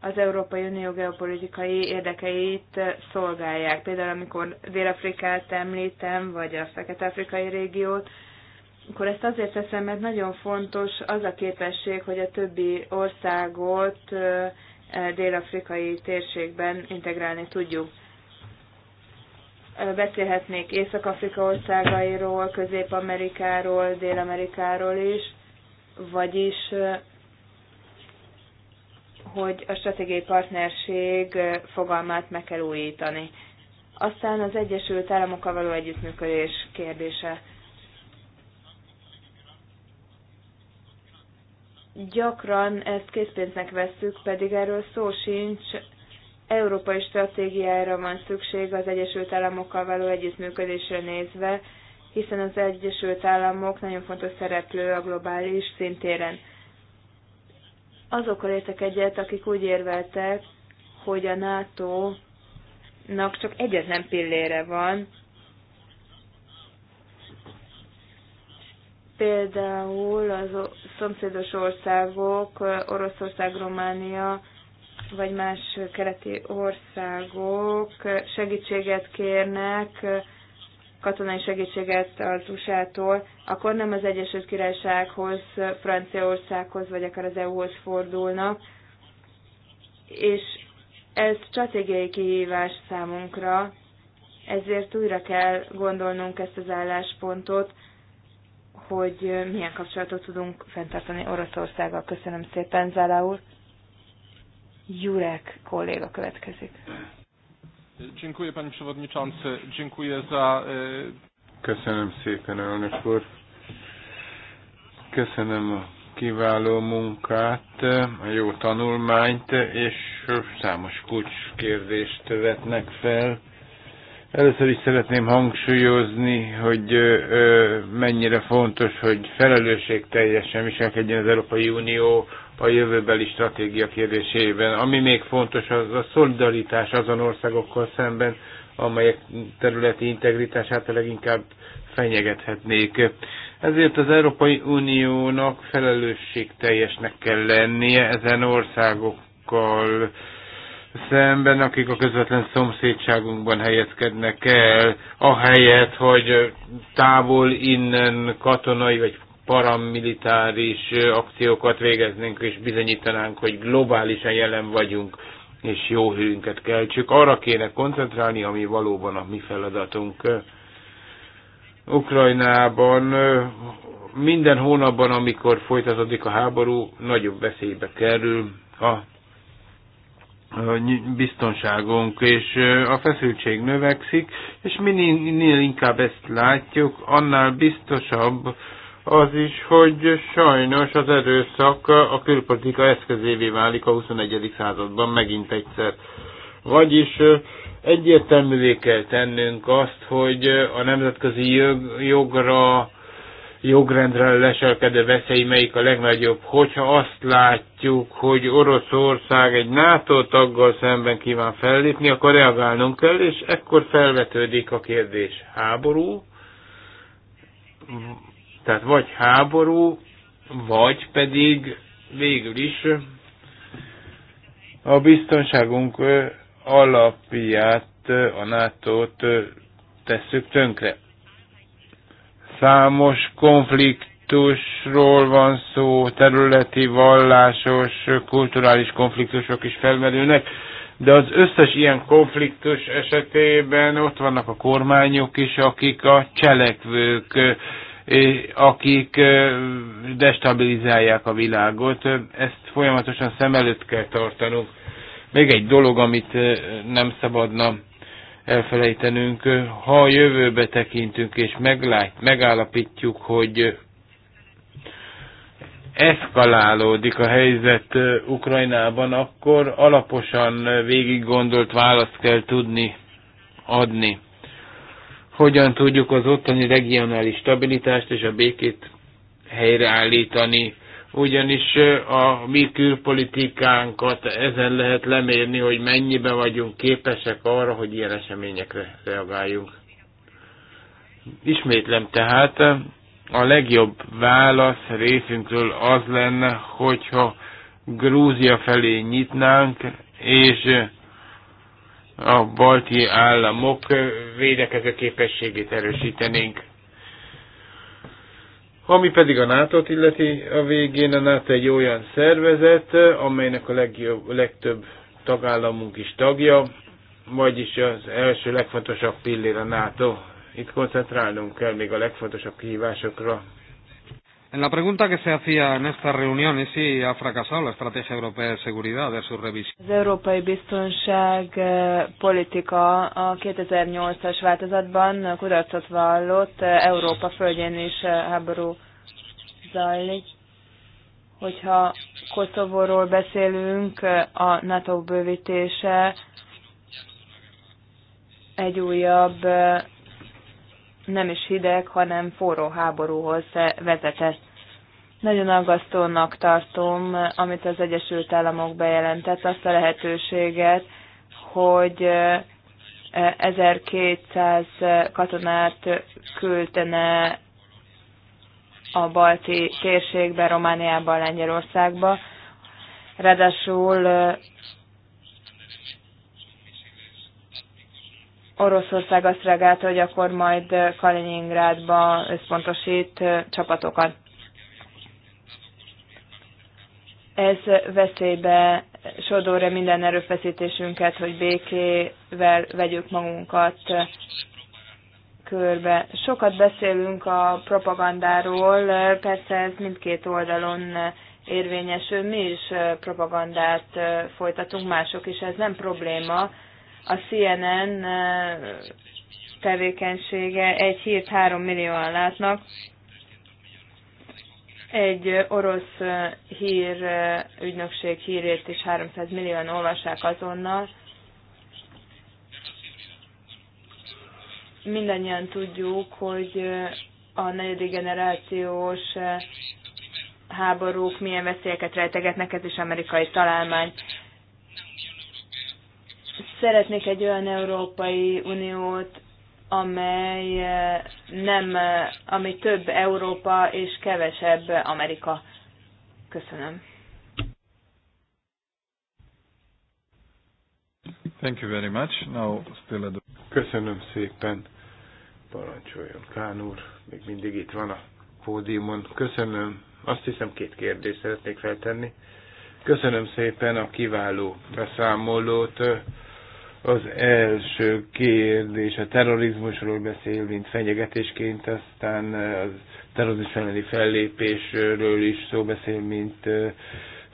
S2: az Európai Unió geopolitikai érdekeit szolgálják. Például amikor Dél-Afrikát említem, vagy a Fekete-Afrikai régiót, akkor ezt azért teszem, mert nagyon fontos az a képesség, hogy a többi országot e, dél-afrikai térségben integrálni tudjuk. Beszélhetnék Észak-Afrika országairól, Közép-Amerikáról, Dél-Amerikáról is, vagyis hogy a stratégiai partnerség fogalmát meg kell újítani. Aztán az Egyesült Államokkal való együttműködés kérdése. Gyakran ezt készpénznek vesszük, pedig erről szó sincs. Európai stratégiára van szükség az Egyesült Államokkal való együttműködésre nézve, hiszen az Egyesült Államok nagyon fontos szereplő a globális szintéren azokkal értek egyet, akik úgy érveltek, hogy a NATO-nak csak egyetlen pillére van. Például az szomszédos országok, Oroszország, Románia, vagy más keleti országok segítséget kérnek katonai segítséget az USA-tól, akkor nem az Egyesült Királysághoz, Franciaországhoz, vagy akár az EU-hoz fordulna, És ez stratégiai kihívás számunkra, ezért újra kell gondolnunk ezt az álláspontot, hogy milyen kapcsolatot tudunk fenntartani Oroszországgal. Köszönöm szépen, Zála úr. Jurek kolléga
S3: következik.
S6: Dziękuję Panie Przewodniczący, dziękuję za... E,
S4: Köszönöm szépen, elnök úr. Köszönöm a kiváló munkát, a jó tanulmányt, és számos kérdést vetnek fel. Először is szeretném hangsúlyozni, hogy mennyire fontos, hogy felelősség teljesen viselkedjen az Európai Unió a jövőbeli stratégia kérdésében. Ami még fontos, az a szolidaritás azon országokkal szemben, amelyek területi integritását a leginkább fenyegethetnék. Ezért az Európai Uniónak felelősségteljesnek kell lennie ezen országokkal szemben, akik a közvetlen szomszédságunkban helyezkednek el, ahelyett, hogy távol innen katonai vagy paramilitáris akciókat végeznénk, és bizonyítanánk, hogy globálisan jelen vagyunk, és jó hírünket keltsük. Arra kéne koncentrálni, ami valóban a mi feladatunk. Ukrajnában minden hónapban, amikor folytatódik a háború, nagyobb veszélybe kerül a biztonságunk, és a feszültség növekszik, és minél inkább ezt látjuk, annál biztosabb, az is, hogy sajnos az erőszak a külpolitika eszközévé válik a 21. században megint egyszer. Vagyis egyértelművé kell tennünk azt, hogy a nemzetközi jogra, jogrendre leselkedő veszély melyik a legnagyobb, hogyha azt látjuk, hogy Oroszország egy NATO taggal szemben kíván fellépni, akkor reagálnunk kell, és ekkor felvetődik a kérdés. Háború, tehát vagy háború, vagy pedig végül is a biztonságunk alapját a NATO-t tesszük tönkre. Számos konfliktusról van szó, területi, vallásos, kulturális konfliktusok is felmerülnek, de az összes ilyen konfliktus esetében ott vannak a kormányok is, akik a cselekvők, akik destabilizálják a világot. Ezt folyamatosan szem előtt kell tartanunk. Még egy dolog, amit nem szabadna elfelejtenünk, ha a jövőbe tekintünk és meglát, megállapítjuk, hogy eszkalálódik a helyzet Ukrajnában, akkor alaposan végig gondolt választ kell tudni adni hogyan tudjuk az ottani regionális stabilitást és a békét helyreállítani. Ugyanis a mi külpolitikánkat ezen lehet lemérni, hogy mennyibe vagyunk képesek arra, hogy ilyen eseményekre reagáljunk. Ismétlem tehát, a legjobb válasz részünkről az lenne, hogyha Grúzia felé nyitnánk, és a balti államok védekező képességét erősítenénk. Ami pedig a nato illeti a végén, a NATO egy olyan szervezet, amelynek a legjobb, legtöbb tagállamunk is tagja, vagyis az első legfontosabb pillér a NATO. Itt
S2: koncentrálnunk
S4: kell még a legfontosabb kihívásokra,
S1: En la pregunta que se hacía en esta reunión es si ha fracasado la estrategia europea de seguridad de su revisión.
S2: Az európai biztonság eh, politika a 2008-as változatban kudarcot vallott, eh, Európa földjén is eh, háború zajlik. Hogyha Koszovóról beszélünk, a NATO bővítése egy újabb nem is hideg, hanem forró háborúhoz vezetett. Nagyon aggasztónak tartom, amit az Egyesült Államok bejelentett, azt a lehetőséget, hogy 1200 katonát küldene a balti térségbe, Romániába, Lengyelországba. Ráadásul Oroszország azt reagálta, hogy akkor majd Kaliningrádba összpontosít csapatokat. Ez veszélybe sodorja minden erőfeszítésünket, hogy békével vegyük magunkat körbe. Sokat beszélünk a propagandáról, persze ez mindkét oldalon érvényesül, mi is propagandát folytatunk, mások is, ez nem probléma. A CNN tevékenysége egy hírt három millióan látnak, egy orosz hír, ügynökség hírét is 300 millióan olvassák azonnal. Mindannyian tudjuk, hogy a negyedik generációs háborúk milyen veszélyeket rejtegetnek, ez is amerikai találmány. Szeretnék egy olyan Európai Uniót, amely eh, nem, eh, ami több Európa és kevesebb Amerika. Köszönöm.
S5: Thank
S1: you very much. Now still at...
S5: Köszönöm szépen. Parancsoljon
S4: Kán úr, még mindig itt van a pódiumon. Köszönöm. Azt hiszem két kérdést szeretnék feltenni. Köszönöm szépen a kiváló beszámolót. Az első kérdés a terrorizmusról beszél, mint fenyegetésként, aztán a terrorizmus elleni fellépésről is szó beszél, mint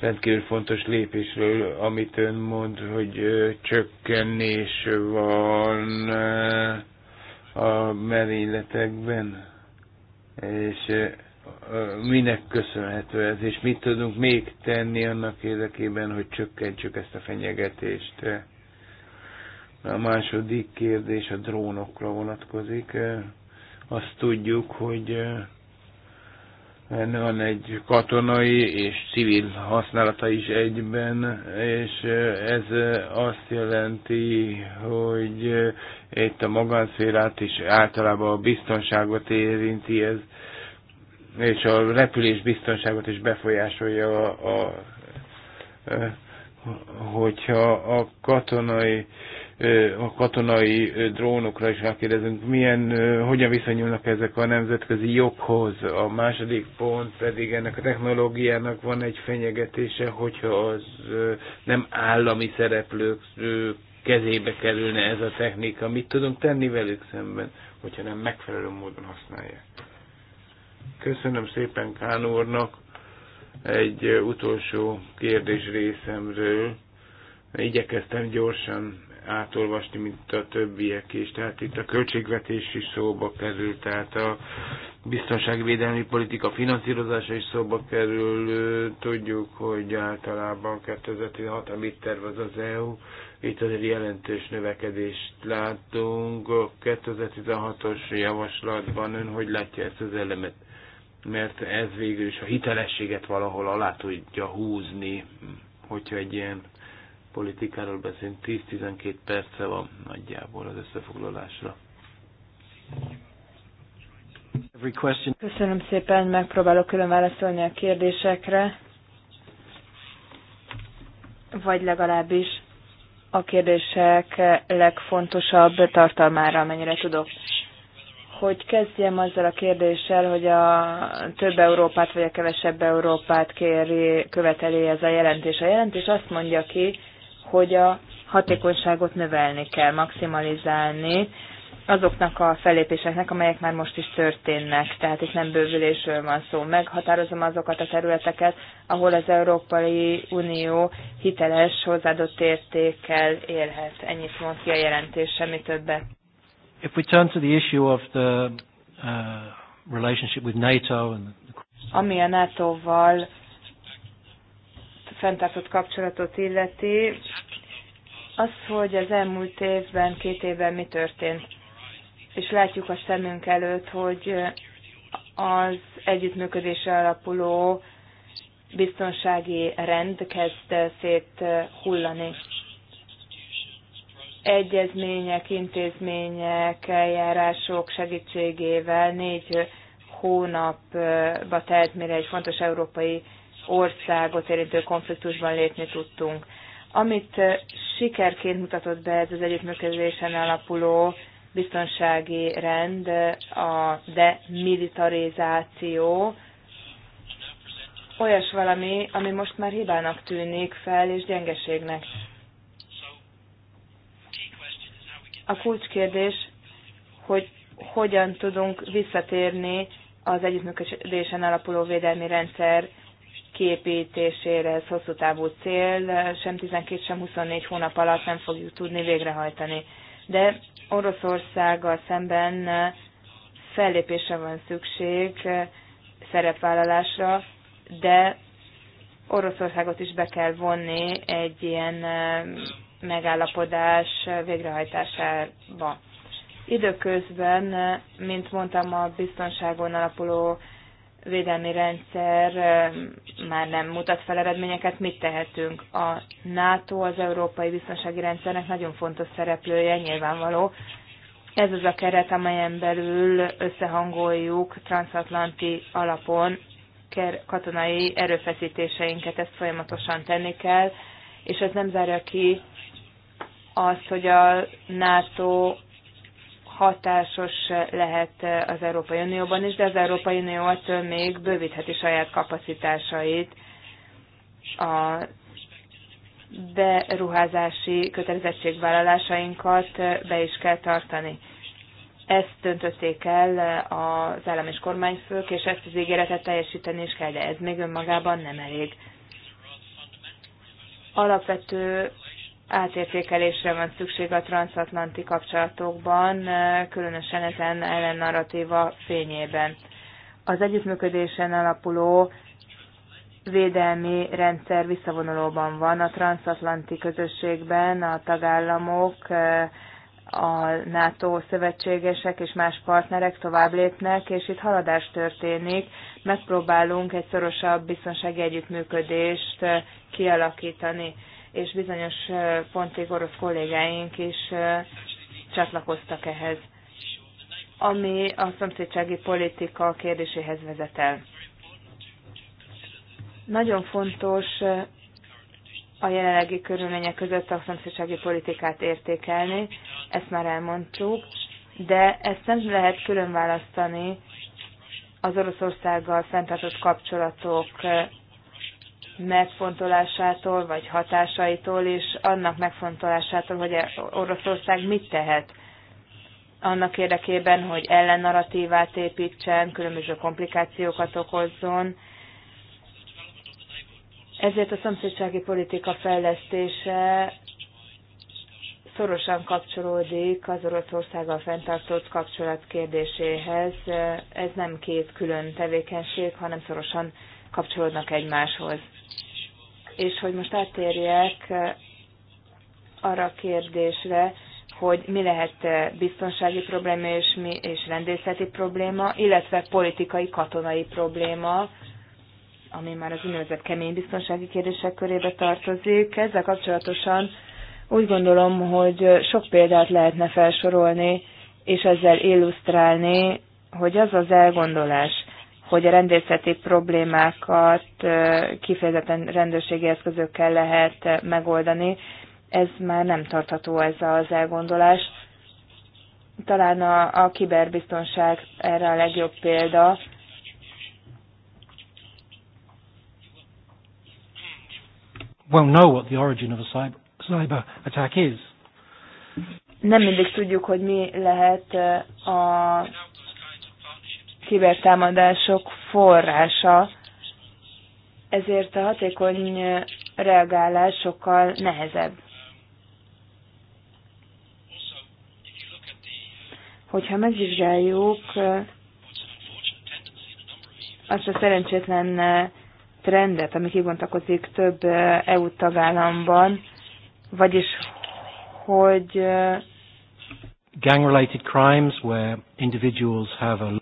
S4: rendkívül fontos lépésről, amit ön mond, hogy csökkenés van a merényletekben, és minek köszönhető ez, és mit tudunk még tenni annak érdekében, hogy csökkentsük ezt a fenyegetést. A második kérdés a drónokra vonatkozik. Azt tudjuk, hogy eh, van egy katonai és civil használata is egyben, és eh, ez eh, azt jelenti, hogy itt a magánszférát is általában a biztonságot érinti ez, és a repülés biztonságot is befolyásolja a, a, a hogyha a katonai a katonai drónokra is rákérdezünk, milyen, hogyan viszonyulnak ezek a nemzetközi joghoz. A második pont pedig ennek a technológiának van egy fenyegetése, hogyha az nem állami szereplők kezébe kerülne ez a technika. Mit tudunk tenni velük szemben, hogyha nem megfelelő módon használják? Köszönöm szépen Kán úrnak egy utolsó kérdés részemről. Igyekeztem gyorsan átolvasni, mint a többiek is. Tehát itt a költségvetés is szóba kerül, tehát a biztonságvédelmi politika finanszírozása is szóba kerül. Tudjuk, hogy általában 2016, mit tervez az EU, itt azért jelentős növekedést látunk. A 2016-os javaslatban ön hogy látja ezt az elemet? Mert ez végül is a hitelességet valahol alá tudja húzni, hogyha egy ilyen politikáról beszélünk, 10-12 perce van nagyjából az összefoglalásra.
S2: Köszönöm szépen, megpróbálok külön válaszolni a kérdésekre, vagy legalábbis a kérdések legfontosabb tartalmára, amennyire tudok. Hogy kezdjem azzal a kérdéssel, hogy a több Európát vagy a kevesebb Európát kéri, követeli ez a jelentés. A jelentés azt mondja ki, hogy a hatékonyságot növelni kell, maximalizálni azoknak a fellépéseknek, amelyek már most is történnek. Tehát itt nem bővülésről van szó. Meghatározom azokat a területeket, ahol az Európai Unió hiteles hozzáadott értékkel élhet. Ennyit mond ki a jelentés, semmi többet.
S5: If we turn to the issue of the uh, relationship with NATO and the...
S2: Ami a NATO-val fenntartott kapcsolatot illeti, az, hogy az elmúlt évben, két évben mi történt, és látjuk a szemünk előtt, hogy az együttműködésre alapuló biztonsági rend kezd hullani. Egyezmények, intézmények, eljárások segítségével négy hónapba telt, mire egy fontos európai országot érintő konfliktusban lépni tudtunk. Amit eh, sikerként mutatott be ez az együttműködésen alapuló biztonsági rend, eh, a demilitarizáció, olyas valami, ami most már hibának tűnik fel, és gyengeségnek. A kulcskérdés, hogy hogyan tudunk visszatérni az együttműködésen alapuló védelmi rendszer kiépítésére, ez hosszú távú cél, sem 12, sem 24 hónap alatt nem fogjuk tudni végrehajtani. De Oroszországgal szemben fellépésre van szükség, szerepvállalásra, de Oroszországot is be kell vonni egy ilyen megállapodás végrehajtásába. Időközben, mint mondtam, a biztonságon alapuló védelmi rendszer már nem mutat fel eredményeket, mit tehetünk? A NATO az európai biztonsági rendszernek nagyon fontos szereplője, nyilvánvaló. Ez az a keret, amelyen belül összehangoljuk transatlanti alapon katonai erőfeszítéseinket, ezt folyamatosan tenni kell, és ez nem zárja ki azt, hogy a NATO hatásos lehet az Európai Unióban is, de az Európai Unió attól még bővítheti saját kapacitásait a beruházási kötelezettségvállalásainkat be is kell tartani. Ezt döntötték el az állam és kormányfők, és ezt az ígéretet teljesíteni is kell, de ez még önmagában nem elég. Alapvető átértékelésre van szükség a transatlanti kapcsolatokban, különösen ezen ellennarratíva fényében. Az együttműködésen alapuló védelmi rendszer visszavonulóban van a transatlanti közösségben, a tagállamok, a NATO szövetségesek és más partnerek tovább lépnek, és itt haladás történik. Megpróbálunk egy szorosabb biztonsági együttműködést kialakítani és bizonyos pontig orosz kollégáink is csatlakoztak ehhez, ami a szomszédsági politika kérdéséhez vezet el. Nagyon fontos a jelenlegi körülmények között a szomszédsági politikát értékelni, ezt már elmondtuk, de ezt nem lehet külön választani az Oroszországgal fenntartott kapcsolatok megfontolásától, vagy hatásaitól, és annak megfontolásától, hogy e- Oroszország mit tehet annak érdekében, hogy ellennarratívát építsen, különböző komplikációkat okozzon. Ezért a szomszédsági politika fejlesztése szorosan kapcsolódik az Oroszországgal fenntartott kapcsolat kérdéséhez. Ez nem két külön tevékenység, hanem szorosan kapcsolódnak egymáshoz és hogy most áttérjek eh, arra a kérdésre, hogy mi lehet eh, biztonsági probléma és, mi, és rendészeti probléma, illetve politikai, katonai probléma, ami már az úgynevezett kemény biztonsági kérdések körébe tartozik. Ezzel kapcsolatosan úgy gondolom, hogy eh, sok példát lehetne felsorolni, és ezzel illusztrálni, hogy az az elgondolás, hogy a rendészeti problémákat kifejezetten rendőrségi eszközökkel lehet megoldani. Ez már nem tartható ez az elgondolás. Talán a, a kiberbiztonság erre a legjobb példa.
S5: Well, know what the origin of a cyber, cyber attack is.
S2: Nem mindig tudjuk, hogy mi lehet a kibertámadások forrása, ezért a hatékony reagálás sokkal nehezebb. Hogyha megvizsgáljuk eh, azt a szerencsétlen eh, trendet, ami kibontakozik több eh, EU tagállamban, vagyis hogy
S5: gang-related crimes where individuals have a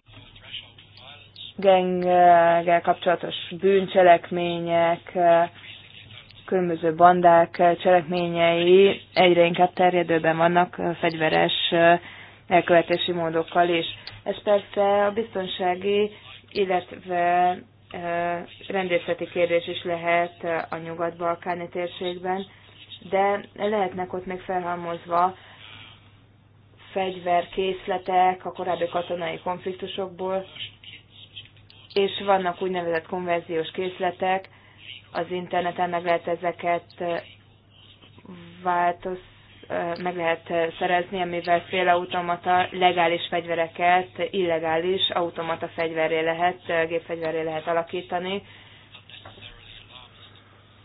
S2: genggel kapcsolatos bűncselekmények, különböző bandák cselekményei egyre inkább terjedőben vannak fegyveres elkövetési módokkal is. Ez persze a biztonsági, illetve rendészeti kérdés is lehet a nyugat-balkáni térségben, de lehetnek ott még felhalmozva fegyverkészletek a korábbi katonai konfliktusokból, és vannak úgynevezett konverziós készletek, az interneten meg lehet ezeket változ, meg lehet szerezni, amivel félautomata legális fegyvereket illegális automata fegyverré lehet, gépfegyverré lehet alakítani.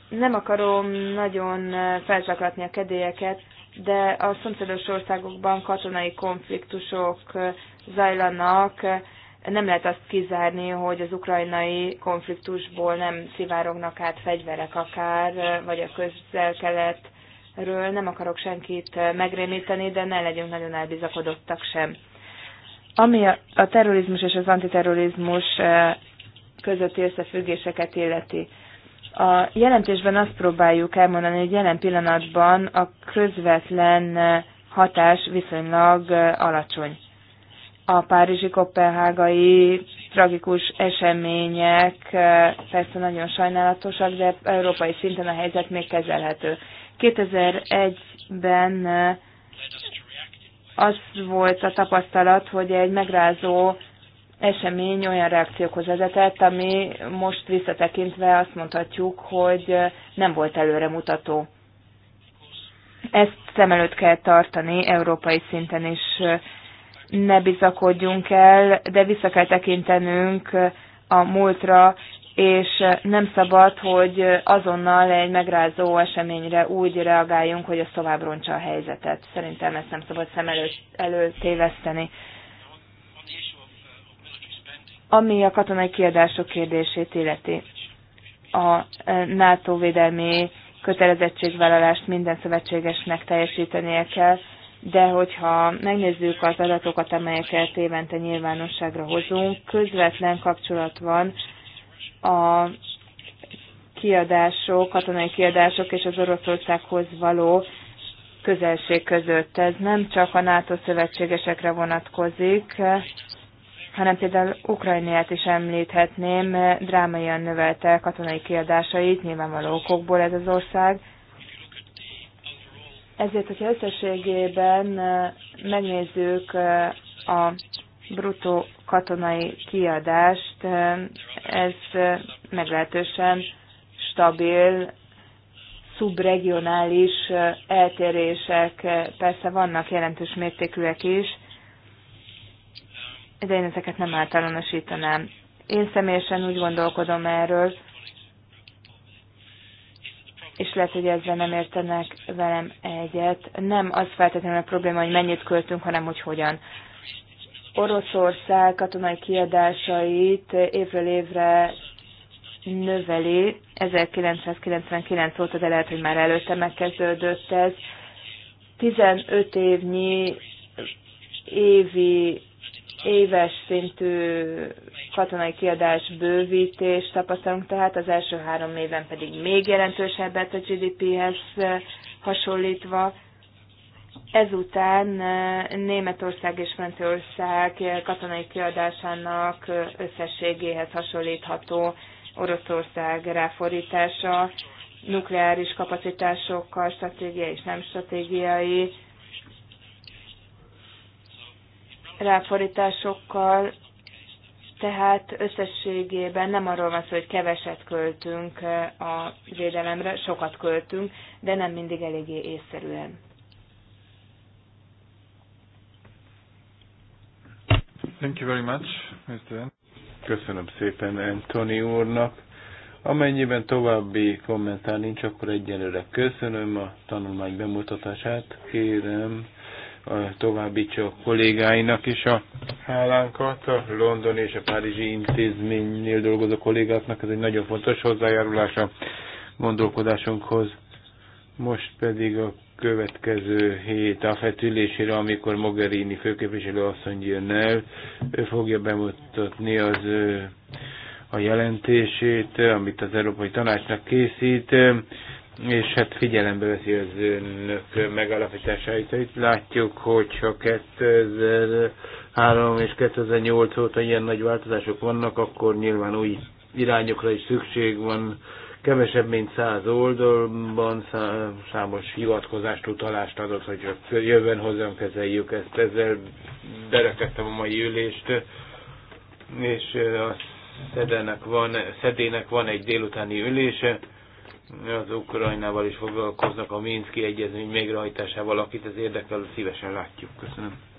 S2: Nem akarom nagyon felzaklatni a kedélyeket, de a szomszédos országokban katonai konfliktusok zajlanak, nem lehet azt kizárni, hogy az ukrajnai konfliktusból nem szivárognak át fegyverek akár, vagy a közel-keletről. Nem akarok senkit megrémíteni, de ne legyünk nagyon elbizakodottak sem. Ami a terrorizmus és az antiterrorizmus eh, közötti összefüggéseket illeti. A jelentésben azt próbáljuk elmondani, hogy jelen pillanatban a közvetlen eh, hatás viszonylag eh, alacsony a párizsi-kopenhágai tragikus események e, persze nagyon sajnálatosak, de európai szinten a helyzet még kezelhető. 2001-ben e, az volt a tapasztalat, hogy egy megrázó esemény olyan reakciókhoz vezetett, ami most visszatekintve azt mondhatjuk, hogy nem volt előremutató. Ezt szem előtt kell tartani európai szinten is ne bizakodjunk el, de vissza kell tekintenünk a múltra, és nem szabad, hogy azonnal egy megrázó eseményre úgy reagáljunk, hogy a tovább rontsa a helyzetet. Szerintem ezt nem szabad szem előtt, előtéveszteni. Ami a katonai kiadások kérdését illeti, a NATO védelmi kötelezettségvállalást minden szövetségesnek teljesítenie kell, de hogyha megnézzük az adatokat, amelyeket évente nyilvánosságra hozunk, közvetlen kapcsolat van a kiadások, katonai kiadások és az Oroszországhoz való közelség között. Ez nem csak a NATO szövetségesekre vonatkozik, hanem például Ukrajnát is említhetném, drámaian növelte katonai kiadásait, nyilvánvaló okokból ez az ország, ezért, hogyha összességében megnézzük a bruttó katonai kiadást, ez meglehetősen stabil, szubregionális eltérések persze vannak jelentős mértékűek is, de én ezeket nem általánosítanám. Én személyesen úgy gondolkodom erről, és lehet, hogy ezzel nem értenek velem egyet. Nem az feltétlenül a probléma, hogy mennyit költünk, hanem hogy hogyan. Oroszország katonai kiadásait évről évre növeli. 1999 óta, de lehet, hogy már előtte megkezdődött ez. 15 évnyi évi éves szintű katonai kiadás bővítés tapasztalunk, tehát az első három éven pedig még jelentősebbet a GDP-hez eh, hasonlítva. Ezután eh, Németország és Franciaország katonai kiadásának összességéhez hasonlítható Oroszország ráforítása, nukleáris kapacitásokkal, stratégiai és nem stratégiai ráfordításokkal, tehát összességében nem arról van szó, hogy keveset költünk a védelemre, sokat költünk, de nem mindig eléggé észszerűen.
S1: Thank you very much, Mr.
S4: Köszönöm szépen Anthony úrnak. Amennyiben további kommentár nincs, akkor egyelőre köszönöm a tanulmány bemutatását. Kérem, továbbítsa a kollégáinak is a hálánkat, a London és a párizsi intézménynél dolgozó kollégáknak. Ez egy nagyon fontos hozzájárulás a gondolkodásunkhoz. Most pedig a következő hét a fetülésére, amikor Mogherini főképviselő asszony jön el, ő fogja bemutatni az a jelentését, amit az Európai Tanácsnak készít és hát figyelembe veszi az önök megalapításait. Itt látjuk, hogy ha 2003 és 2008 óta ilyen nagy változások vannak, akkor nyilván új irányokra is szükség van. Kevesebb, mint száz oldalban számos hivatkozást, utalást adott, hogy jövőn hozzám kezeljük ezt. Ezzel berekedtem a mai ülést, és a szedének van, szedének van egy délutáni ülése, az Ukrajnával is foglalkoznak, a Minszki egyezmény végrehajtásával, akit ez érdekel, szívesen látjuk. Köszönöm.